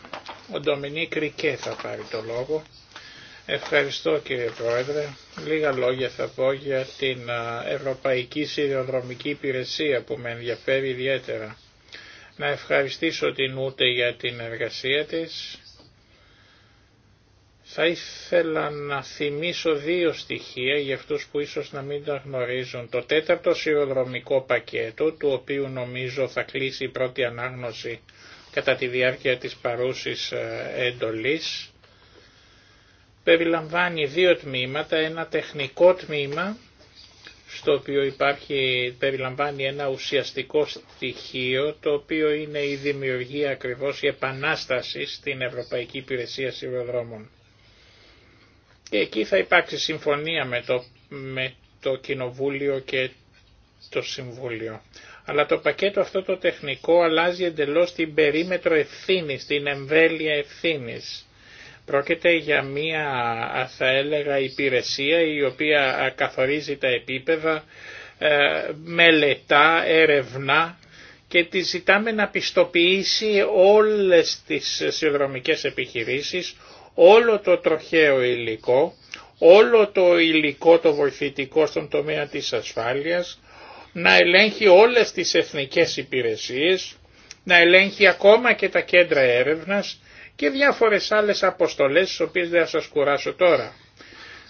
Ο Ντομινίκ Ρικέ θα πάρει το λόγο. Ευχαριστώ κύριε Πρόεδρε. Λίγα λόγια θα πω για την Ευρωπαϊκή Σιδηροδρομική Υπηρεσία που με ενδιαφέρει ιδιαίτερα. Να ευχαριστήσω την Ούτε για την εργασία της θα ήθελα να θυμίσω δύο στοιχεία για αυτούς που ίσως να μην τα γνωρίζουν. Το τέταρτο σιροδρομικό πακέτο, του οποίου νομίζω θα κλείσει η πρώτη ανάγνωση κατά τη διάρκεια της παρούσης έντολης, ε, περιλαμβάνει δύο τμήματα, ένα τεχνικό τμήμα, στο οποίο υπάρχει, περιλαμβάνει ένα ουσιαστικό στοιχείο, το οποίο είναι η δημιουργία ακριβώς η επανάσταση στην Ευρωπαϊκή Υπηρεσία Σιδηροδρόμων εκεί θα υπάρξει συμφωνία με το, Κοινοβούλιο και το Συμβούλιο. Αλλά το πακέτο αυτό το τεχνικό αλλάζει εντελώς την περίμετρο ευθύνης, την εμβέλεια ευθύνης. Πρόκειται για μία, θα έλεγα, υπηρεσία η οποία καθορίζει τα επίπεδα, ε, μελετά, ερευνά και τη ζητάμε να πιστοποιήσει όλες τις συνδρομικές επιχειρήσεις, όλο το τροχαίο υλικό, όλο το υλικό το βοηθητικό στον τομέα της ασφάλειας, να ελέγχει όλες τις εθνικές υπηρεσίες, να ελέγχει ακόμα και τα κέντρα έρευνας και διάφορες άλλες αποστολές, τις οποίες δεν θα σας κουράσω τώρα.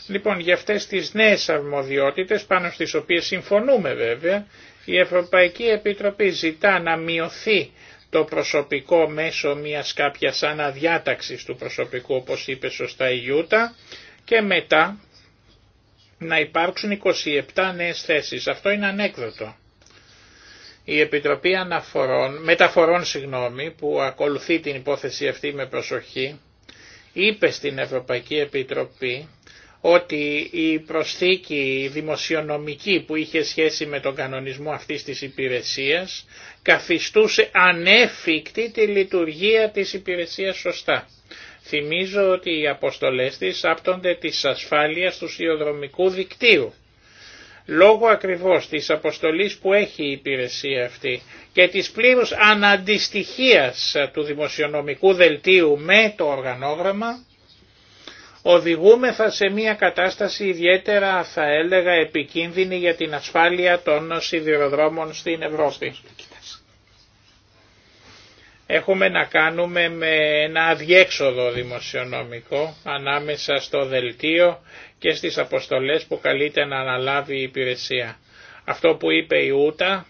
Λοιπόν, για αυτές τις νέες αρμοδιότητες, πάνω στις οποίες συμφωνούμε βέβαια, η Ευρωπαϊκή Επιτροπή ζητά να μειωθεί το προσωπικό μέσω μιας κάποιας αναδιάταξης του προσωπικού όπως είπε σωστά η Γιούτα και μετά να υπάρξουν 27 νέες θέσεις. Αυτό είναι ανέκδοτο. Η Επιτροπή Αναφορών, Μεταφορών συγγνώμη, που ακολουθεί την υπόθεση αυτή με προσοχή είπε στην Ευρωπαϊκή Επιτροπή ότι η προσθήκη δημοσιονομική που είχε σχέση με τον κανονισμό αυτής της υπηρεσίας καθιστούσε ανέφικτη τη λειτουργία της υπηρεσίας σωστά. Θυμίζω ότι οι αποστολές της άπτονται της ασφάλειας του σιωδρομικού δικτύου. Λόγω ακριβώς της αποστολής που έχει η υπηρεσία αυτή και της πλήρους αναντιστοιχίας του δημοσιονομικού δελτίου με το οργανόγραμμα, οδηγούμεθα σε μια κατάσταση ιδιαίτερα θα έλεγα επικίνδυνη για την ασφάλεια των σιδηροδρόμων στην Ευρώπη. Έχουμε να κάνουμε με ένα αδιέξοδο δημοσιονομικό ανάμεσα στο δελτίο και στις αποστολές που καλείται να αναλάβει η υπηρεσία. Αυτό που είπε η Ούτα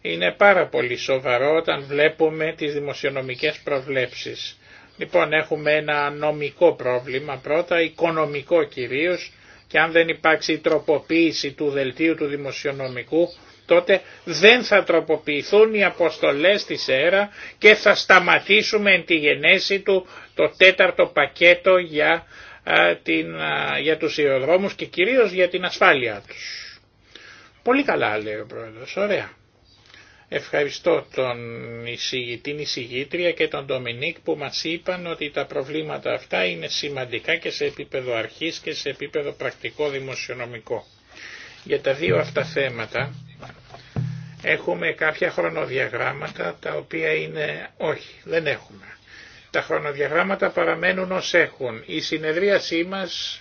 είναι πάρα πολύ σοβαρό όταν βλέπουμε τις δημοσιονομικές προβλέψεις. Λοιπόν έχουμε ένα νομικό πρόβλημα πρώτα, οικονομικό κυρίως και αν δεν υπάρξει η τροποποίηση του δελτίου του δημοσιονομικού τότε δεν θα τροποποιηθούν οι αποστολές της ΕΡΑ και θα σταματήσουμε εν τη γενέση του το τέταρτο πακέτο για, α, την, για τους ιεροδρόμους και κυρίως για την ασφάλεια τους. Πολύ καλά λέει ο Πρόεδρος, ωραία. Ευχαριστώ τον την εισηγήτρια και τον Ντομινίκ που μας είπαν ότι τα προβλήματα αυτά είναι σημαντικά και σε επίπεδο αρχής και σε επίπεδο πρακτικό δημοσιονομικό. Για τα δύο αυτά θέματα έχουμε κάποια χρονοδιαγράμματα τα οποία είναι... όχι, δεν έχουμε. Τα χρονοδιαγράμματα παραμένουν ως έχουν. Η συνεδρίασή μας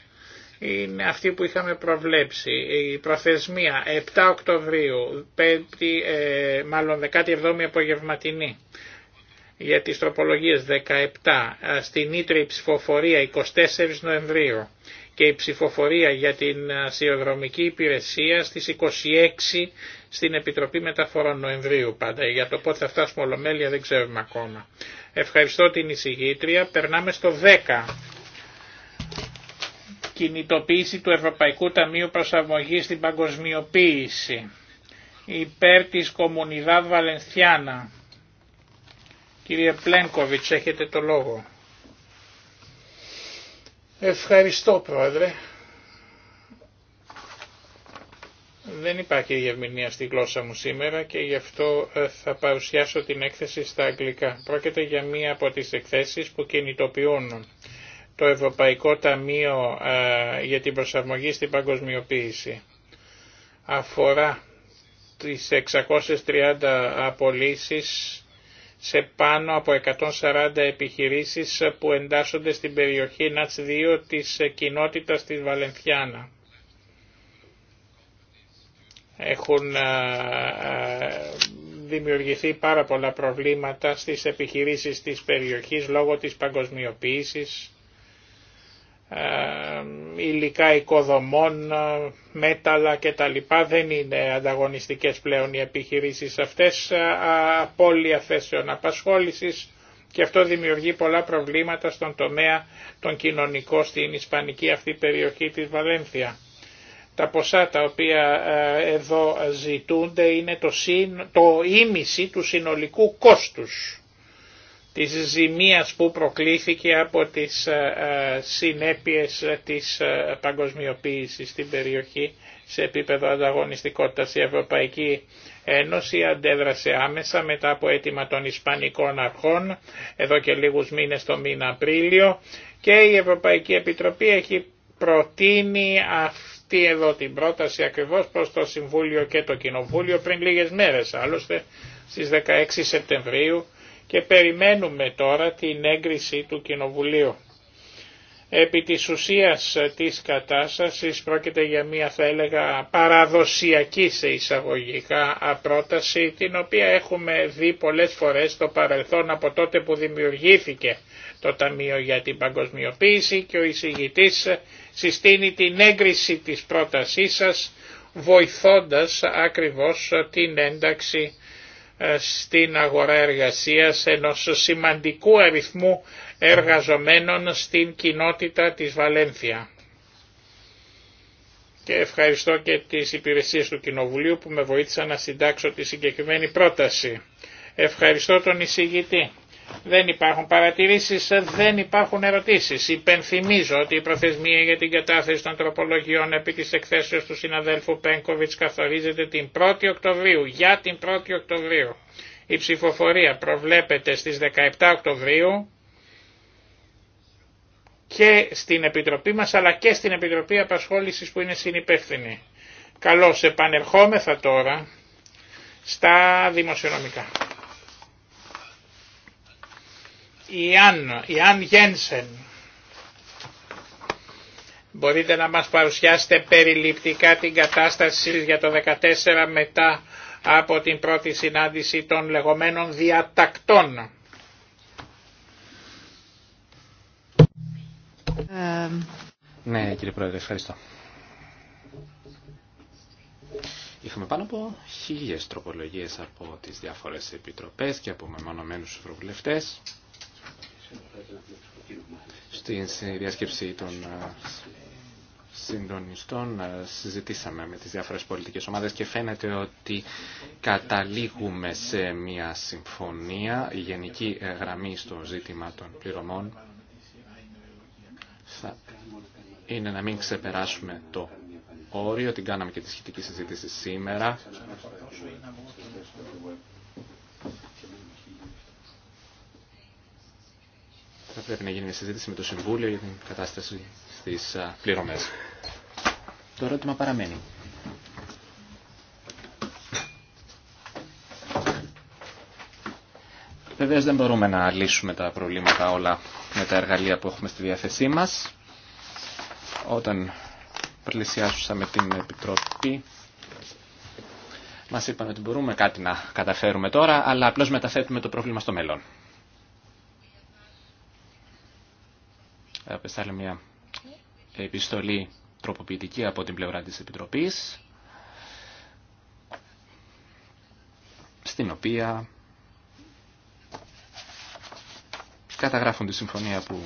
είναι αυτή που είχαμε προβλέψει. Η προθεσμία 7 Οκτωβρίου, 5, ε, μάλλον 17η απογευματινή για τις τροπολογίες 17, ε, στην Ήτρη η ψηφοφορία 24 Νοεμβρίου και η ψηφοφορία για την ασιοδρομική ε, υπηρεσία στις 26 στην Επιτροπή Μεταφορών Νοεμβρίου πάντα. Για το πότε θα φτάσουμε ολομέλεια δεν ξέρουμε ακόμα. Ευχαριστώ την εισηγήτρια. Περνάμε στο 10 κινητοποίηση του Ευρωπαϊκού Ταμείου Προσαρμογής στην Παγκοσμιοποίηση υπέρ της Κομμουνιδά Βαλενθιάνα. Κύριε Πλένκοβιτς, έχετε το λόγο. Ευχαριστώ Πρόεδρε. Δεν υπάρχει διευμηνία στη γλώσσα μου σήμερα και γι' αυτό ε, θα παρουσιάσω την έκθεση στα αγγλικά. Πρόκειται για μία από τις εκθέσεις που κινητοποιούν το Ευρωπαϊκό Ταμείο ε, για την Προσαρμογή στην Παγκοσμιοποίηση. Αφορά τις 630 απολύσεις σε πάνω από 140 επιχειρήσεις που εντάσσονται στην περιοχή ΝΑΤΣ 2 της κοινότητας της Βαλενθιάνα. Έχουν ε, ε, δημιουργηθεί πάρα πολλά προβλήματα στις επιχειρήσεις της περιοχής λόγω της παγκοσμιοποίησης υλικά οικοδομών, μέταλλα κτλ. Δεν είναι ανταγωνιστικές πλέον οι επιχειρήσεις αυτές, απώλεια θέσεων απασχόλησης και αυτό δημιουργεί πολλά προβλήματα στον τομέα των κοινωνικών στην ισπανική αυτή περιοχή της Βαλένθια. Τα ποσά τα οποία ε, εδώ ζητούνται είναι το, συν, το ίμιση του συνολικού κόστους της ζημίας που προκλήθηκε από τις ε, ε, συνέπειες της ε, παγκοσμιοποίησης στην περιοχή σε επίπεδο ανταγωνιστικότητας. Η Ευρωπαϊκή Ένωση αντέδρασε άμεσα μετά από αίτημα των Ισπανικών αρχών εδώ και λίγους μήνες το μήνα Απρίλιο και η Ευρωπαϊκή Επιτροπή έχει προτείνει αυτή εδώ την πρόταση ακριβώς προς το Συμβούλιο και το Κοινοβούλιο πριν λίγες μέρες άλλωστε στις 16 Σεπτεμβρίου και περιμένουμε τώρα την έγκριση του Κοινοβουλίου. Επί της ουσίας της κατάστασης πρόκειται για μια θα έλεγα παραδοσιακή σε εισαγωγικά απρόταση την οποία έχουμε δει πολλές φορές στο παρελθόν από τότε που δημιουργήθηκε το Ταμείο για την Παγκοσμιοποίηση και ο εισηγητής συστήνει την έγκριση της πρότασής σας βοηθώντας ακριβώς την ένταξη ε, στην αγορά εργασίας ενός σημαντικού αριθμού εργαζομένων στην κοινότητα της Βαλένθια. Και ευχαριστώ και τις υπηρεσίες του Κοινοβουλίου που με βοήθησαν να συντάξω τη συγκεκριμένη πρόταση. Ευχαριστώ τον εισηγητή. Δεν υπάρχουν παρατηρήσεις, δεν υπάρχουν ερωτήσεις. Υπενθυμίζω ότι η προθεσμία για την κατάθεση των τροπολογιών επί της εκθέσεως του συναδέλφου Πένκοβιτς καθορίζεται την 1η Οκτωβρίου, για την 1η Οκτωβρίου. Η ψηφοφορία προβλέπεται στις 17 Οκτωβρίου και στην Επιτροπή μας αλλά και στην Επιτροπή Απασχόλησης που είναι συνυπεύθυνη. Καλώς επανερχόμεθα τώρα στα δημοσιονομικά. Ιάν, Ιάν Γένσεν. Μπορείτε να μας παρουσιάσετε περιληπτικά την κατάσταση για το 14 μετά από την πρώτη συνάντηση των λεγόμενων διατακτών. Ε, ναι κύριε Πρόεδρε, ευχαριστώ. Είχαμε πάνω από χίλιες τροπολογίες από τις διάφορες επιτροπές και από μεμονωμένους ευρωβουλευτές. Στην διάσκεψη των ε, συντονιστών ε, συζητήσαμε με τις διάφορες πολιτικές ομάδες και φαίνεται ότι καταλήγουμε σε μια συμφωνία, η γενική ε, γραμμή στο ζήτημα των πληρωμών θα είναι να μην ξεπεράσουμε το όριο, την κάναμε και τη σχετική συζήτηση σήμερα. θα πρέπει να γίνει μια συζήτηση με το Συμβούλιο για την κατάσταση στις πληρωμέ. Το ερώτημα παραμένει. Βεβαίω δεν μπορούμε να λύσουμε τα προβλήματα όλα με τα εργαλεία που έχουμε στη διάθεσή μας. Όταν πλησιάσουσαμε την Επιτροπή μας είπαν ότι μπορούμε κάτι να καταφέρουμε τώρα, αλλά απλώ μεταθέτουμε το πρόβλημα στο μέλλον. Απεστάλλει μια επιστολή τροποποιητική από την πλευρά της Επιτροπής, στην οποία καταγράφουν τη συμφωνία που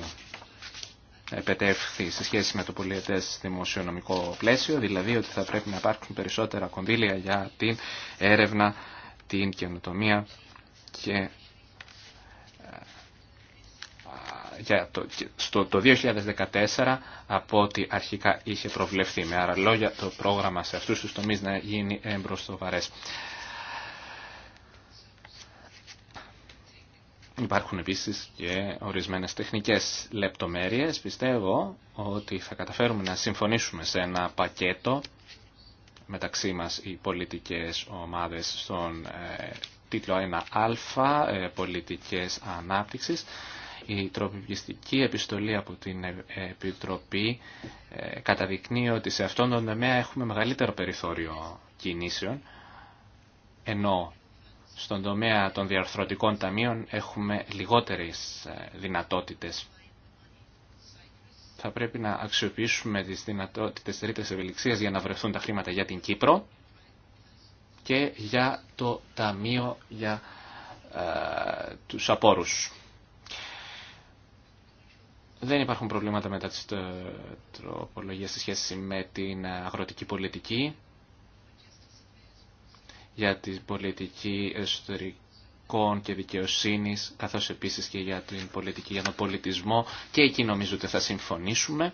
επετεύχθη σε σχέση με το πολιετές δημοσιονομικό πλαίσιο, δηλαδή ότι θα πρέπει να υπάρχουν περισσότερα κονδύλια για την έρευνα, την καινοτομία και για το, στο, το 2014 από ό,τι αρχικά είχε προβλεφθεί. Με άλλα λόγια το πρόγραμμα σε αυτούς τους τομείς να γίνει εμπροστοβαρές. Υπάρχουν επίσης και ορισμένες τεχνικές λεπτομέρειες. Πιστεύω ότι θα καταφέρουμε να συμφωνήσουμε σε ένα πακέτο μεταξύ μας οι πολιτικές ομάδες στον ε, τίτλο 1α, ε, πολιτικές ανάπτυξης, η τροπιπιστική επιστολή από την ε, Επιτροπή ε, καταδεικνύει ότι σε αυτόν τον τομέα έχουμε μεγαλύτερο περιθώριο κινήσεων, ενώ στον τομέα των διαρθρωτικών ταμείων έχουμε λιγότερες ε, δυνατότητες. Θα πρέπει να αξιοποιήσουμε τις δυνατότητες τρίτες ευελιξίας για να βρεθούν τα χρήματα για την Κύπρο και για το Ταμείο για του τους δεν υπάρχουν προβλήματα μετά τις ε, τροπολογία στη σχέση με την αγροτική πολιτική για την πολιτική εσωτερικών και δικαιοσύνης, καθώς επίσης και για την πολιτική για τον πολιτισμό και εκεί νομίζω ότι θα συμφωνήσουμε.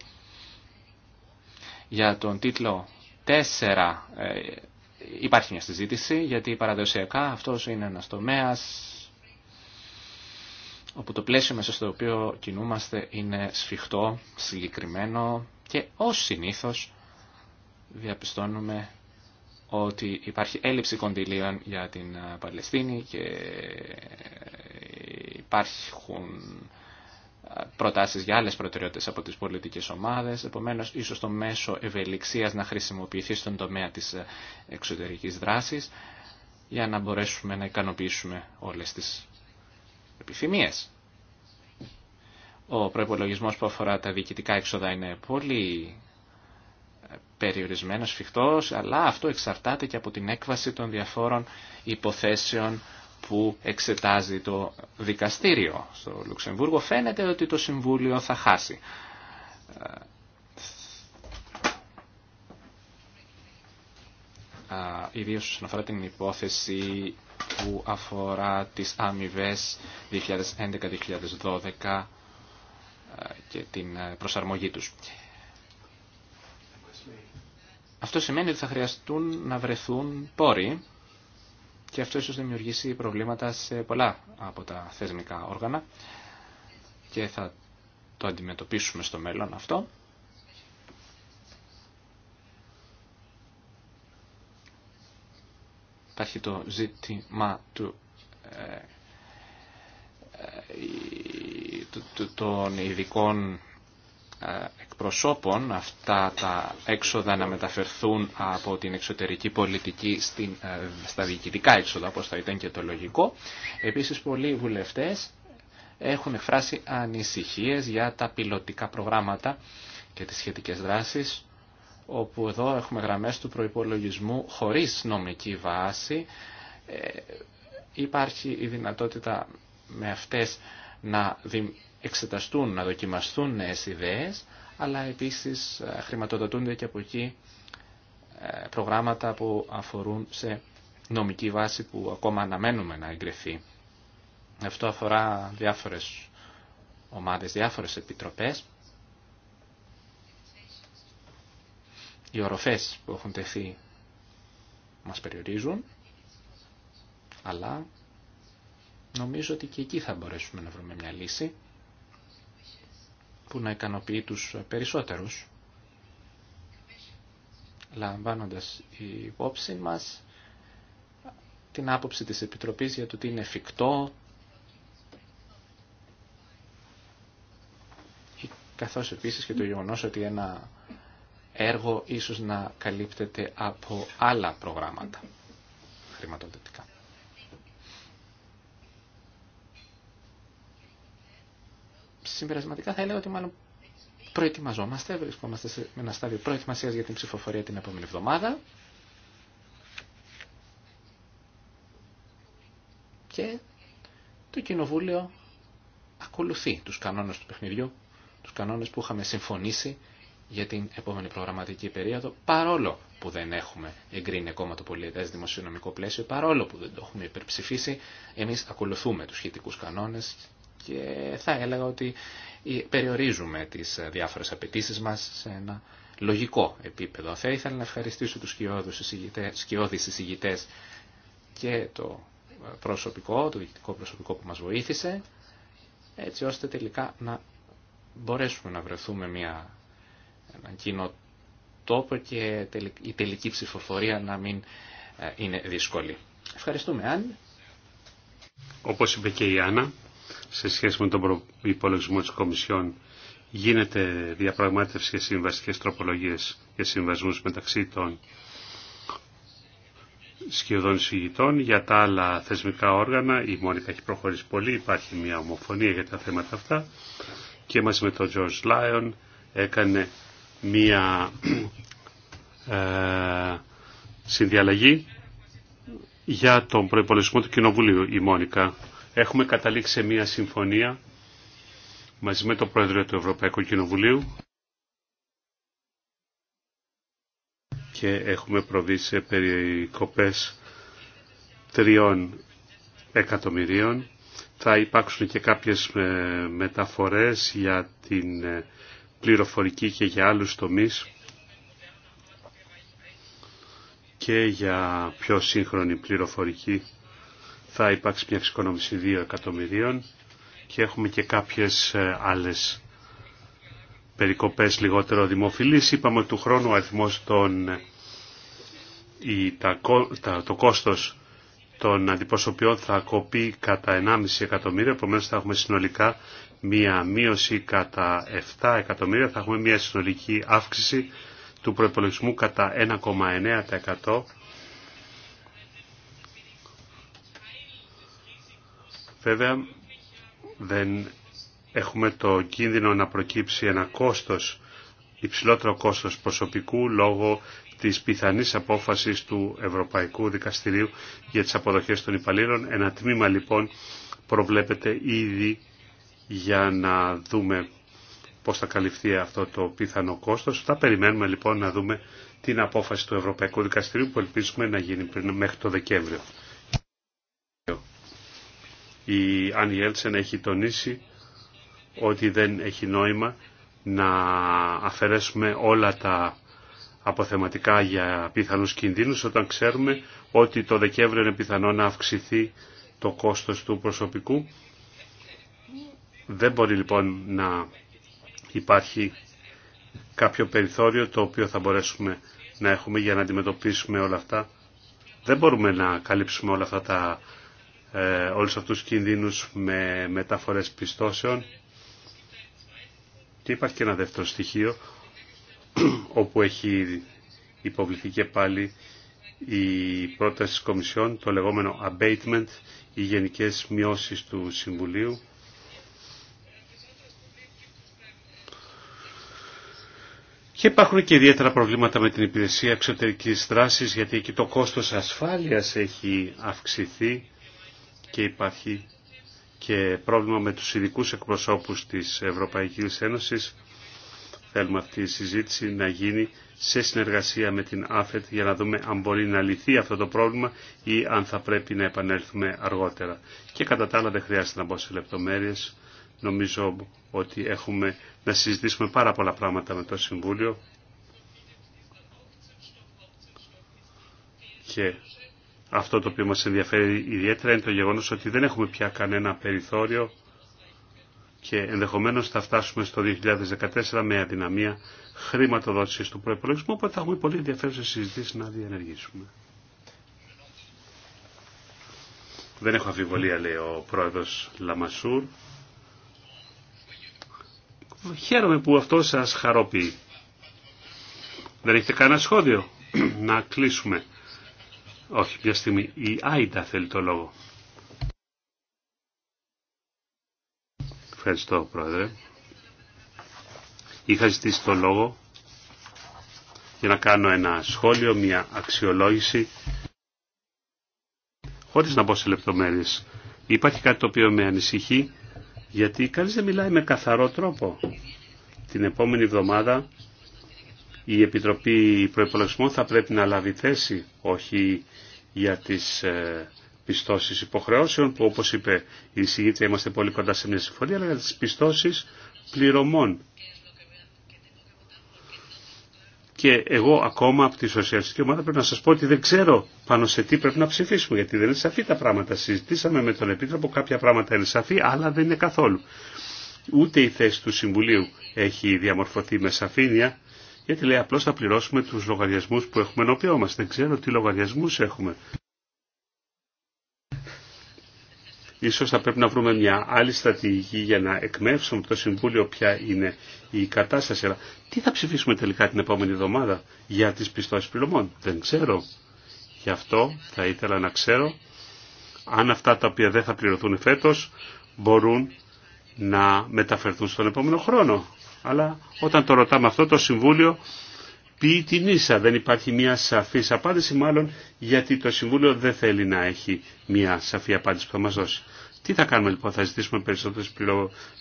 Για τον τίτλο 4 ε, υπάρχει μια συζήτηση, γιατί παραδοσιακά αυτός είναι ένας τομέας όπου το πλαίσιο μέσα στο οποίο κινούμαστε είναι σφιχτό, συγκεκριμένο και ως συνήθως διαπιστώνουμε ότι υπάρχει έλλειψη κοντιλίων για την ε, Παλαιστίνη και ε, υπάρχουν ε, προτάσεις για άλλες προτεραιότητες από τις πολιτικές ομάδες, επομένως ίσως το μέσο ευελιξίας να χρησιμοποιηθεί στον τομέα της εξωτερικής δράσης για να μπορέσουμε να ικανοποιήσουμε όλες τις επιθυμίες. Ο προϋπολογισμός που αφορά τα διοικητικά έξοδα είναι πολύ ε, περιορισμένος, φιχτός, αλλά αυτό εξαρτάται και από την έκβαση των διαφόρων υποθέσεων που εξετάζει το δικαστήριο στο Λουξεμβούργο. Φαίνεται ότι το Συμβούλιο θα χάσει. Ε, ε, ιδίως όσον αφορά την υπόθεση που αφορά τις αμοιβέ 2011-2012 ε, και την ε, προσαρμογή τους. Αυτό σημαίνει ότι θα χρειαστούν να βρεθούν πόροι και αυτό ίσως δημιουργήσει προβλήματα σε πολλά από τα θεσμικά όργανα και θα το αντιμετωπίσουμε στο μέλλον αυτό. Υπάρχει το ζήτημα του, ε, ε των ειδικών ε, εκπροσώπων αυτά τα έξοδα να μεταφερθούν από την εξωτερική πολιτική στην, ε, στα διοικητικά έξοδα, όπως θα ήταν και το λογικό. Επίσης, πολλοί βουλευτές έχουν εκφράσει ανησυχίες για τα πιλωτικά προγράμματα και τις σχετικές δράσεις όπου εδώ έχουμε γραμμές του προϋπολογισμού χωρίς νομική βάση. Ε, υπάρχει η δυνατότητα με αυτές να εξεταστούν, να δοκιμαστούν νέες ιδέες, αλλά επίσης ε, χρηματοδοτούνται και από εκεί ε, προγράμματα που αφορούν σε νομική βάση που ακόμα αναμένουμε να εγκριθεί. Αυτό αφορά διάφορες ομάδες, διάφορες επιτροπές. οι οροφές που έχουν τεθεί μας περιορίζουν, αλλά νομίζω ότι και εκεί θα μπορέσουμε να βρούμε μια λύση που να ικανοποιεί τους περισσότερους, λαμβάνοντας υπόψη μας την άποψη της Επιτροπής για το ότι είναι εφικτό, καθώς επίσης και το γεγονός ότι ένα έργο ίσως να καλύπτεται από άλλα προγράμματα χρηματοδοτικά. Συμπερασματικά θα έλεγα ότι μάλλον προετοιμαζόμαστε, βρισκόμαστε σε ένα στάδιο προετοιμασίας για την ψηφοφορία την επόμενη εβδομάδα και το Κοινοβούλιο ακολουθεί τους κανόνες του παιχνιδιού, τους κανόνες που είχαμε συμφωνήσει για την επόμενη προγραμματική περίοδο, παρόλο που δεν έχουμε εγκρίνει ακόμα το πολιτεύσιο δημοσιονομικό πλαίσιο, παρόλο που δεν το έχουμε υπερψηφίσει, εμεί ακολουθούμε του σχετικού κανόνε και θα έλεγα ότι ε, περιορίζουμε τι ε, διάφορε απαιτήσει μα σε ένα λογικό επίπεδο. Θα ήθελα να ευχαριστήσω του σκιώδει εισηγητές και το ε, προσωπικό, το διοικητικό προσωπικό που μα βοήθησε, έτσι ώστε τελικά να μπορέσουμε να βρεθούμε μια έναν κοινό τόπο και η τελική ψηφοφορία να μην ε, είναι δύσκολη. Ευχαριστούμε, άν. Όπως είπε και η Άννα, σε σχέση με τον υπολογισμό της Κομισιόν γίνεται διαπραγμάτευση για συμβαστικές τροπολογίες για συμβασμούς μεταξύ των σχεδόν συγητών Για τα άλλα θεσμικά όργανα η Μόνικα έχει προχωρήσει πολύ, υπάρχει μια ομοφωνία για τα θέματα αυτά και μαζί με τον George Lyon έκανε μία ε, συνδιαλλαγή για τον προϋπολογισμό του Κοινοβουλίου η Μόνικα. Έχουμε καταλήξει σε μία συμφωνία μαζί με τον Πρόεδρο του Ευρωπαϊκού Κοινοβουλίου και έχουμε προβεί σε περικοπές τριών εκατομμυρίων. Θα υπάρξουν και κάποιες ε, μεταφορές για την ε, πληροφορική και για άλλους τομείς και για πιο σύγχρονη πληροφορική θα υπάρξει μια εξοικονόμηση 2 εκατομμυρίων και έχουμε και κάποιες ε, άλλες περικοπές λιγότερο δημοφιλείς. Είπαμε του χρόνου ο αριθμός των... Ε, η, τα, το κόστος των αντιπροσωπιών θα κοπεί κατά 1,5 εκατομμύρια. επομένως θα έχουμε συνολικά μία μείωση κατά 7 εκατομμύρια, θα έχουμε μία συνολική αύξηση του προϋπολογισμού κατά 1,9%. Βέβαια, δεν έχουμε το κίνδυνο να προκύψει ένα κόστος, υψηλότερο κόστος προσωπικού λόγω της πιθανής απόφασης του Ευρωπαϊκού Δικαστηρίου για τις αποδοχές των υπαλλήλων. Ένα τμήμα λοιπόν προβλέπεται ήδη για να δούμε πώς θα καλυφθεί αυτό το πιθανό κόστος. Θα περιμένουμε λοιπόν να δούμε την απόφαση του Ευρωπαϊκού Δικαστηρίου που ελπίζουμε να γίνει πριν μέχρι το Δεκέμβριο. Η Άννη Έλτσεν έχει τονίσει ότι δεν έχει νόημα να αφαιρέσουμε όλα τα αποθεματικά για πιθανούς κινδύνους όταν ξέρουμε ότι το Δεκέμβριο είναι πιθανό να αυξηθεί το κόστος του προσωπικού δεν μπορεί λοιπόν να υπάρχει κάποιο περιθώριο το οποίο θα μπορέσουμε να έχουμε για να αντιμετωπίσουμε όλα αυτά. Δεν μπορούμε να καλύψουμε όλα αυτά τα, ε, όλους αυτούς τους κινδύνους με μεταφορές πιστώσεων. Και υπάρχει και ένα δεύτερο στοιχείο όπου έχει υποβληθεί και πάλι η πρόταση της Κομισιόν, το λεγόμενο abatement, οι γενικές μειώσεις του Συμβουλίου. Και υπάρχουν και ιδιαίτερα προβλήματα με την υπηρεσία εξωτερικής δράσης γιατί εκεί το κόστος ασφάλειας έχει αυξηθεί και υπάρχει και πρόβλημα με τους ειδικού εκπροσώπους της Ευρωπαϊκής Ένωσης. Θέλουμε αυτή η συζήτηση να γίνει σε συνεργασία με την ΑΦΕΤ για να δούμε αν μπορεί να λυθεί αυτό το πρόβλημα ή αν θα πρέπει να επανέλθουμε αργότερα. Και κατά τα άλλα δεν χρειάζεται να μπω σε λεπτομέρειες. Νομίζω ότι έχουμε να συζητήσουμε πάρα πολλά πράγματα με το Συμβούλιο και αυτό το οποίο μας ενδιαφέρει ιδιαίτερα είναι το γεγονός ότι δεν έχουμε πια κανένα περιθώριο και ενδεχομένως θα φτάσουμε στο 2014 με αδυναμία χρηματοδότησης του προϋπολογισμού, οπότε θα έχουμε πολύ ενδιαφέρουσες συζητήσεις να διενεργήσουμε. Δεν έχω αφιβολία, λέει ο πρόεδρος Λαμασούρ, Χαίρομαι που αυτό σας χαροποιεί. Δεν έχετε κανένα σχόλιο. Να κλείσουμε. Όχι, μια στιγμή. Η Άιντα θέλει το λόγο. Ευχαριστώ, Πρόεδρε. Είχα ζητήσει το λόγο για να κάνω ένα σχόλιο, μια αξιολόγηση, χωρίς να μπω σε λεπτομέρειες. Υπάρχει κάτι το οποίο με ανησυχεί γιατί κανείς δεν μιλάει με καθαρό τρόπο. Την επόμενη εβδομάδα η Επιτροπή Προϋπολογισμών θα πρέπει να λάβει θέση, όχι για τις ε, πιστώσεις υποχρεώσεων, που όπως είπε η συγγήτρια είμαστε πολύ κοντά σε μια συμφωνία, αλλά για τις πιστώσεις πληρωμών και εγώ ακόμα από τη Σοσιαλιστική Ομάδα πρέπει να σας πω ότι δεν ξέρω πάνω σε τι πρέπει να ψηφίσουμε, γιατί δεν είναι σαφή τα πράγματα. Συζητήσαμε με τον Επίτροπο, κάποια πράγματα είναι σαφή, αλλά δεν είναι καθόλου. Ούτε η θέση του Συμβουλίου έχει διαμορφωθεί με σαφήνεια, γιατί λέει απλώς θα πληρώσουμε τους λογαριασμούς που έχουμε ενώπιό μας. Δεν ξέρω τι λογαριασμούς έχουμε. Ίσως θα πρέπει να βρούμε μια άλλη στρατηγική για να εκμεύσουμε το Συμβούλιο ποια είναι η κατάσταση. Αλλά τι θα ψηφίσουμε τελικά την επόμενη εβδομάδα για τις πιστώσεις πληρωμών. Δεν ξέρω. Γι' αυτό θα ήθελα να ξέρω αν αυτά τα οποία δεν θα πληρωθούν φέτος μπορούν να μεταφερθούν στον επόμενο χρόνο. Αλλά όταν το ρωτάμε αυτό το Συμβούλιο πει την ίσα. Δεν υπάρχει μια σαφής απάντηση μάλλον γιατί το Συμβούλιο δεν θέλει να έχει μια σαφή απάντηση που θα μας δώσει. Τι θα κάνουμε λοιπόν, θα ζητήσουμε περισσότερες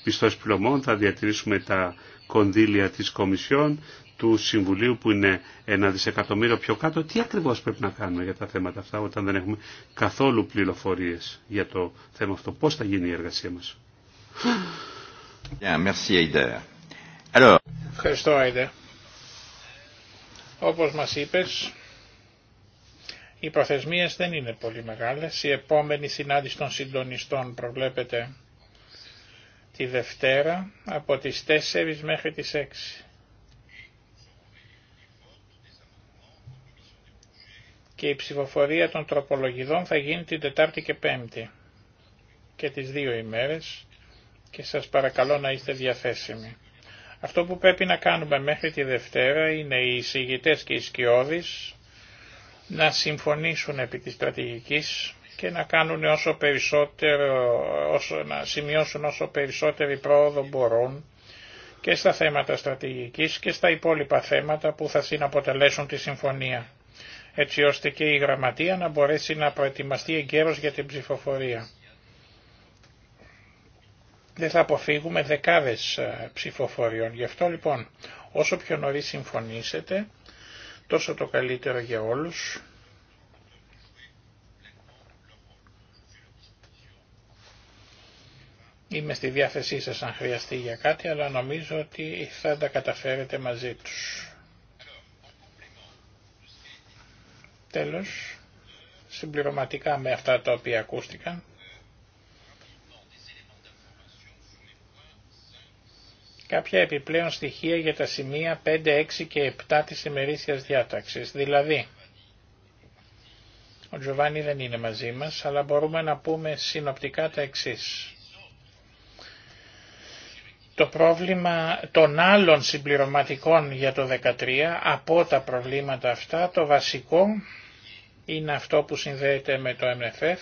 πιστώσεις πληρωμών, θα διατηρήσουμε τα κονδύλια της Κομισιόν, του Συμβουλίου που είναι ένα δισεκατομμύριο πιο κάτω. Τι ακριβώς πρέπει να κάνουμε για τα θέματα αυτά όταν δεν έχουμε καθόλου πληροφορίες για το θέμα αυτό. Πώς θα γίνει η εργασία μας. Ευχαριστώ Άιντε. Όπως μας είπες, οι προθεσμίες δεν είναι πολύ μεγάλες. Η επόμενη συνάντηση των συντονιστών προβλέπεται τη Δευτέρα από τις 4 μέχρι τις 6. Και η ψηφοφορία των τροπολογιδών θα γίνει την Τετάρτη και Πέμπτη και τις δύο ημέρες και σας παρακαλώ να είστε διαθέσιμοι. Αυτό που πρέπει να κάνουμε μέχρι τη Δευτέρα είναι οι εισηγητές και οι σκιώδεις να συμφωνήσουν επί της στρατηγικής και να κάνουν όσο περισσότερο, όσο, να σημειώσουν όσο περισσότερη πρόοδο μπορούν και στα θέματα στρατηγικής και στα υπόλοιπα θέματα που θα συναποτελέσουν τη συμφωνία, έτσι ώστε και η γραμματεία να μπορέσει να προετοιμαστεί εγκαίρως για την ψηφοφορία. Δεν θα αποφύγουμε δεκάδες ε, ψηφοφοριών. Γι' αυτό λοιπόν όσο πιο νωρίς συμφωνήσετε τόσο το καλύτερο για όλους. Είμαι στη διάθεσή σας αν χρειαστεί για κάτι, αλλά νομίζω ότι θα τα καταφέρετε μαζί τους. Τέλος, συμπληρωματικά με αυτά τα οποία ακούστηκαν, κάποια επιπλέον στοιχεία για τα σημεία 5, 6 και 7 της ημερήσιας διάταξης. Δηλαδή, ο Τζοβάνι δεν είναι μαζί μας, αλλά μπορούμε να πούμε συνοπτικά τα εξής. Το πρόβλημα των άλλων συμπληρωματικών για το 13, από τα προβλήματα αυτά, το βασικό είναι αυτό που συνδέεται με το MFF,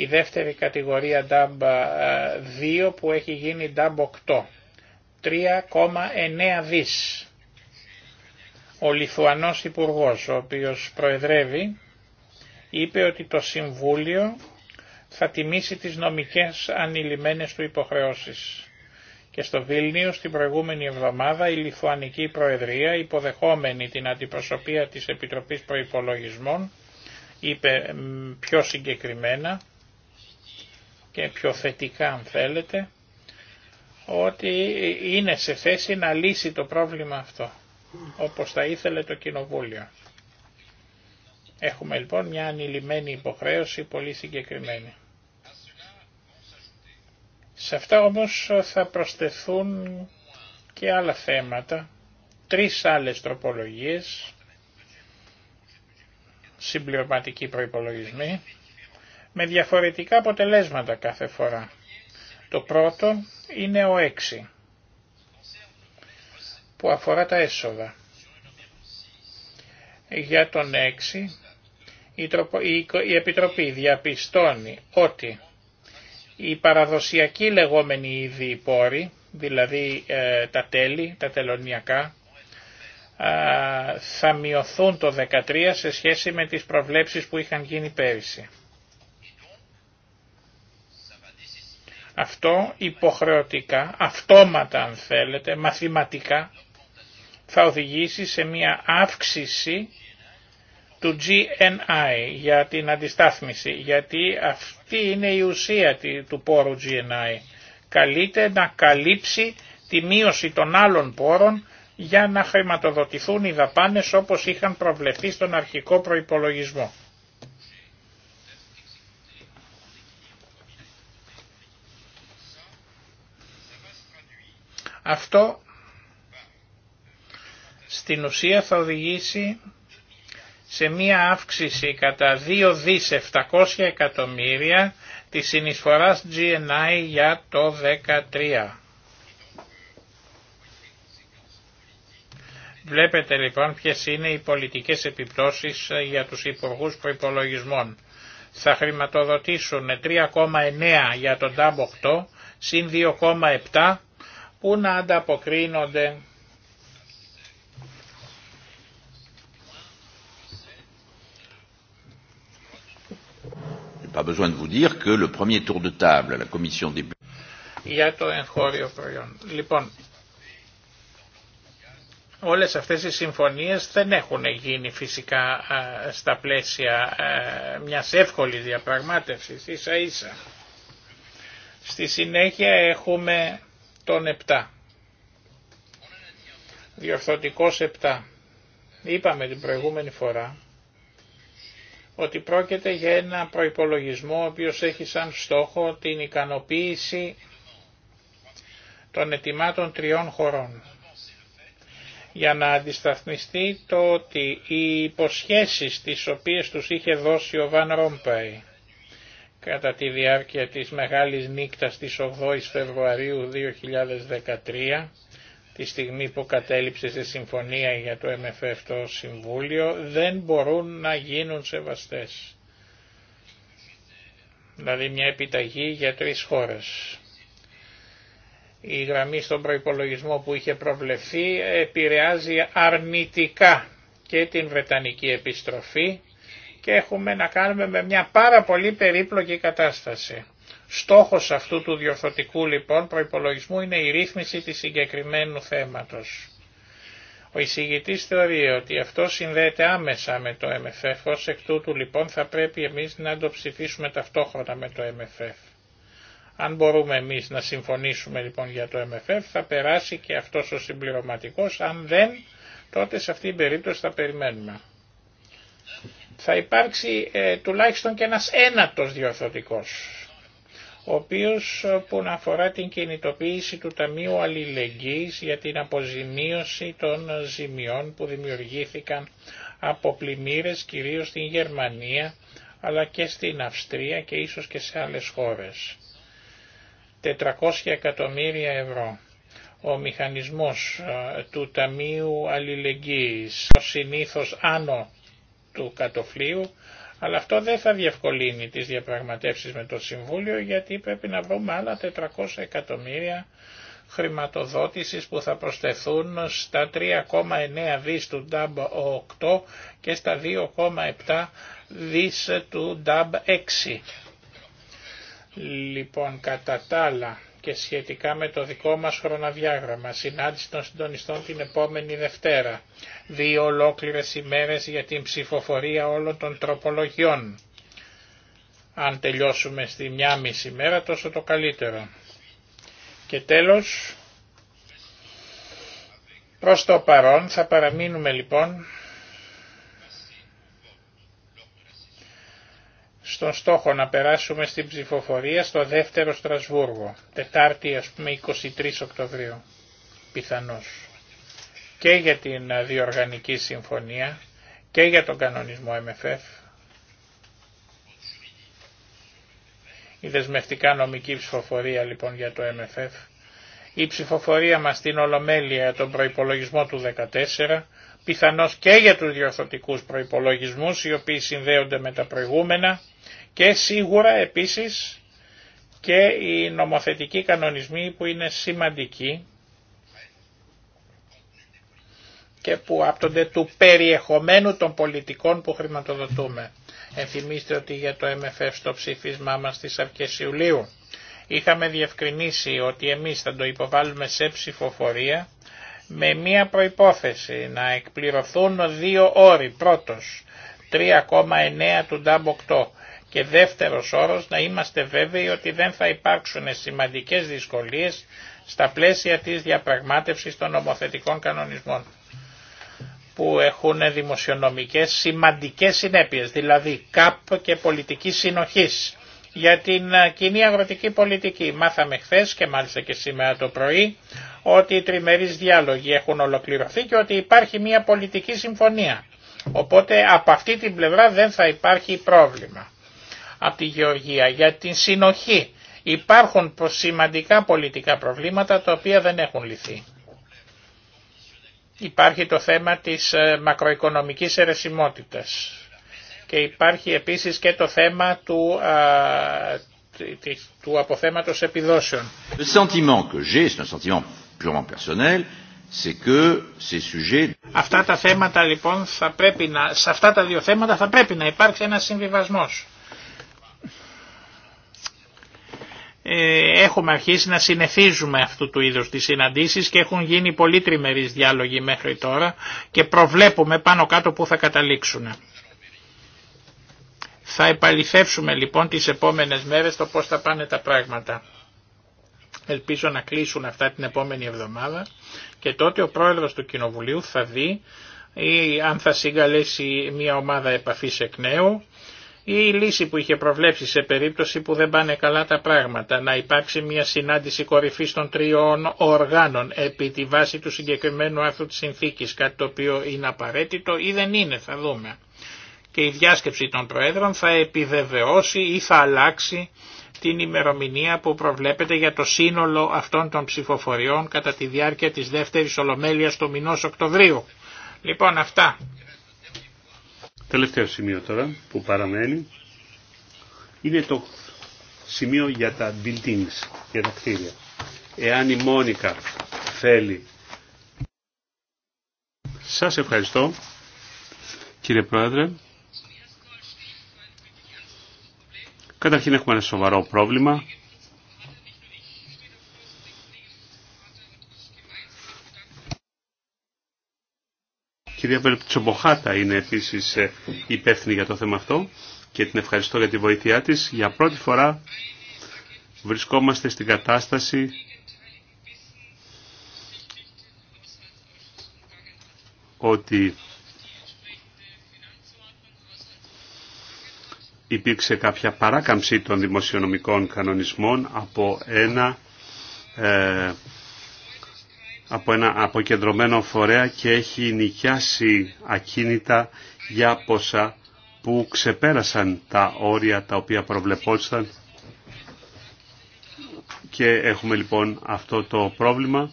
η δεύτερη κατηγορία DAB 2 ε, που έχει γίνει DAB 8. 3,9 δις. Ο Λιθουανός Υπουργός, ο οποίος προεδρεύει, είπε ότι το Συμβούλιο θα τιμήσει τις νομικές ανηλυμένες του υποχρεώσεις. Και στο Βιλνίο, στην προηγούμενη εβδομάδα η Λιθουανική Προεδρία, υποδεχόμενη την αντιπροσωπεία της Επιτροπής Προϋπολογισμών, είπε πιο συγκεκριμένα και πιο θετικά αν θέλετε, ότι είναι σε θέση να λύσει το πρόβλημα αυτό, όπως θα ήθελε το Κοινοβούλιο. Έχουμε λοιπόν μια ανηλυμένη υποχρέωση πολύ συγκεκριμένη. Σε αυτά όμως θα προσθεθούν και άλλα θέματα, τρεις άλλες τροπολογίες, συμπληρωματικοί προϋπολογισμοί, με διαφορετικά αποτελέσματα κάθε φορά. Το πρώτο είναι ο 6 που αφορά τα έσοδα. Για τον 6 η Επιτροπή διαπιστώνει ότι η παραδοσιακή λεγόμενη είδη πόροι, δηλαδή ε, τα τέλη, τα τελωνιακά, θα μειωθούν το 13 σε σχέση με τις προβλέψεις που είχαν γίνει πέρυσι. Αυτό υποχρεωτικά, αυτόματα αν θέλετε, μαθηματικά, θα οδηγήσει σε μια αύξηση του GNI για την αντιστάθμιση, γιατί αυτή είναι η ουσία του πόρου GNI. Καλείται να καλύψει τη μείωση των άλλων πόρων για να χρηματοδοτηθούν οι δαπάνες όπως είχαν προβλεφθεί στον αρχικό προϋπολογισμό. Αυτό στην ουσία θα οδηγήσει σε μία αύξηση κατά 2 δις 700 εκατομμύρια της συνεισφοράς GNI για το 2013. Βλέπετε λοιπόν ποιες είναι οι πολιτικές επιπτώσεις ε, για τους υπουργούς προϋπολογισμών. Θα χρηματοδοτήσουν 3,9 για τον ΤΑΜ 8 συν 2,7 που να ανταποκρίνονται Pas besoin de για το εγχώριο προϊόν. Λοιπόν, όλες αυτές οι συμφωνίες δεν έχουν γίνει φυσικά στα πλαίσια μιας εύκολης διαπραγμάτευσης, ίσα ίσα. Στη συνέχεια έχουμε 7, Διορθωτικός 7. Είπαμε την προηγούμενη φορά ότι πρόκειται για ένα προϋπολογισμό ο οποίος έχει σαν στόχο την ικανοποίηση των ετοιμάτων τριών χωρών για να αντισταθμιστεί το ότι οι υποσχέσεις τις οποίες τους είχε δώσει ο Βαν Ρόμπαϊ κατά τη διάρκεια της Μεγάλης Νύκτας της 8ης Φεβρουαρίου 2013, τη στιγμή που κατέληψε σε συμφωνία για το MFF το Συμβούλιο, δεν μπορούν να γίνουν σεβαστές. Δηλαδή μια επιταγή για τρεις χώρες. Η γραμμή στον προϋπολογισμό που είχε προβλεφθεί επηρεάζει αρνητικά και την Βρετανική επιστροφή και έχουμε να κάνουμε με μια πάρα πολύ περίπλοκη κατάσταση. Στόχος αυτού του διορθωτικού λοιπόν προϋπολογισμού είναι η ρύθμιση της συγκεκριμένου θέματος. Ο εισηγητής θεωρεί ότι αυτό συνδέεται άμεσα με το MFF, ως εκ τούτου λοιπόν θα πρέπει εμείς να το ψηφίσουμε ταυτόχρονα με το MFF. Αν μπορούμε εμείς να συμφωνήσουμε λοιπόν για το MFF θα περάσει και αυτός ο συμπληρωματικός, αν δεν τότε σε αυτήν την περίπτωση θα περιμένουμε θα υπάρξει ε, τουλάχιστον και ένας ένατος διορθωτικός, ο οποίος ε, που να αφορά την κινητοποίηση του Ταμείου Αλληλεγγύης για την αποζημίωση των ε, ζημιών που δημιουργήθηκαν από πλημμύρες κυρίως στην Γερμανία αλλά και στην Αυστρία και ίσως και σε άλλες χώρες. 400 εκατομμύρια ευρώ. Ο μηχανισμός ε, του Ταμείου Αλληλεγγύης, ο συνήθως άνω του κατοφλίου, αλλά αυτό δεν θα διευκολύνει τις διαπραγματεύσεις με το Συμβούλιο γιατί πρέπει να βρούμε άλλα 400 εκατομμύρια χρηματοδότησης που θα προσθεθούν στα 3,9 δις του DAB 8 και στα 2,7 δις του DAB 6. Λοιπόν, κατά τα άλλα, και σχετικά με το δικό μας χρονοδιάγραμμα, συνάντηση των συντονιστών την επόμενη Δευτέρα, δύο ολόκληρες ημέρες για την ψηφοφορία όλων των τροπολογιών. Αν τελειώσουμε στη μια μισή μέρα τόσο το καλύτερο. Και τέλος, προς το παρόν θα παραμείνουμε λοιπόν στον στόχο να περάσουμε στην ψηφοφορία στο δεύτερο Στρασβούργο, Τετάρτη ας πούμε 23 Οκτωβρίου, πιθανώς. Και για την διοργανική συμφωνία και για τον κανονισμό MFF. Η δεσμευτικά νομική ψηφοφορία λοιπόν για το MFF. Η ψηφοφορία μας στην Ολομέλεια τον προϋπολογισμό του 14 πιθανώς και για τους διορθωτικούς προϋπολογισμούς οι οποίοι συνδέονται με τα προηγούμενα και σίγουρα επίσης και οι νομοθετικοί κανονισμοί που είναι σημαντικοί και που άπτονται του περιεχομένου των πολιτικών που χρηματοδοτούμε. Ενθυμίστε ότι για το MFF στο ψήφισμά μας στις αρχές Ιουλίου είχαμε διευκρινίσει ότι εμείς θα το υποβάλουμε σε ψηφοφορία με μία προϋπόθεση να εκπληρωθούν δύο όροι. Πρώτος, 3,9 του DAB8 και δεύτερος όρος να είμαστε βέβαιοι ότι δεν θα υπάρξουν σημαντικές δυσκολίες στα πλαίσια της διαπραγμάτευσης των νομοθετικών κανονισμών που έχουν δημοσιονομικές σημαντικές συνέπειες, δηλαδή ΚΑΠ και πολιτική συνοχής. Για την ε, κοινή αγροτική πολιτική μάθαμε χθε και μάλιστα και σήμερα το πρωί ότι οι τριμερείς διάλογοι έχουν ολοκληρωθεί και ότι υπάρχει μια πολιτική συμφωνία. Οπότε από αυτή την πλευρά δεν θα υπάρχει πρόβλημα από τη Γεωργία για την συνοχή. Υπάρχουν σημαντικά πολιτικά προβλήματα τα οποία δεν έχουν λυθεί. Υπάρχει το θέμα της ε, μακροοικονομικής αιρεσιμότητας και υπάρχει επίσης και το θέμα του, α, του αποθέματος επιδόσεων. Le sentiment que j'ai, un sentiment purement personnel, c'est que ces sujets... Αυτά τα θέματα λοιπόν θα πρέπει να, σε αυτά τα δύο θέματα θα πρέπει να υπάρξει ένα συμβιβασμός. Ε, έχουμε αρχίσει να συνεθίζουμε αυτού του είδους τις συναντήσεις και έχουν γίνει πολύ τριμερείς διάλογοι μέχρι τώρα και προβλέπουμε πάνω κάτω που θα καταλήξουν. Θα επαληθεύσουμε λοιπόν τις επόμενες μέρες το πώς θα πάνε τα πράγματα. Ελπίζω να κλείσουν αυτά την επόμενη εβδομάδα και τότε ο πρόεδρος του Κοινοβουλίου θα δει αν θα συγκαλέσει μια ομάδα επαφής εκ νέου ή η λύση που είχε προβλέψει σε περίπτωση που δεν πάνε καλά τα πράγματα, να υπάρξει μια συνάντηση κορυφής των τριών οργάνων επί τη βάση του συγκεκριμένου άρθρου της συνθήκης, κάτι το οποίο είναι απαραίτητο ή δεν είναι, θα δούμε. Και η διάσκεψη των Προέδρων θα επιβεβαιώσει ή θα αλλάξει την ημερομηνία που προβλέπεται για το σύνολο αυτών των ψηφοφοριών κατά τη διάρκεια της δεύτερης ολομέλειας του μηνός Οκτωβρίου. Λοιπόν αυτά Τελευταίο σημείο τώρα που παραμένει είναι το σημείο για τα buildings, για τα κτίρια. Εάν η Μόνικα θέλει. Σας ευχαριστώ κύριε Πρόεδρε. Καταρχήν έχουμε ένα σοβαρό πρόβλημα κυρία Βελτσομποχάτα είναι επίσης ε, υπεύθυνη για το θέμα αυτό και την ευχαριστώ για τη βοήθειά της. Για πρώτη φορά βρισκόμαστε στην κατάσταση ότι υπήρξε κάποια παράκαμψη των δημοσιονομικών κανονισμών από ένα ε, από ένα αποκεντρωμένο φορέα και έχει νοικιάσει ακίνητα για ποσά που ξεπέρασαν τα όρια τα οποία προβλεπόταν και έχουμε λοιπόν αυτό το πρόβλημα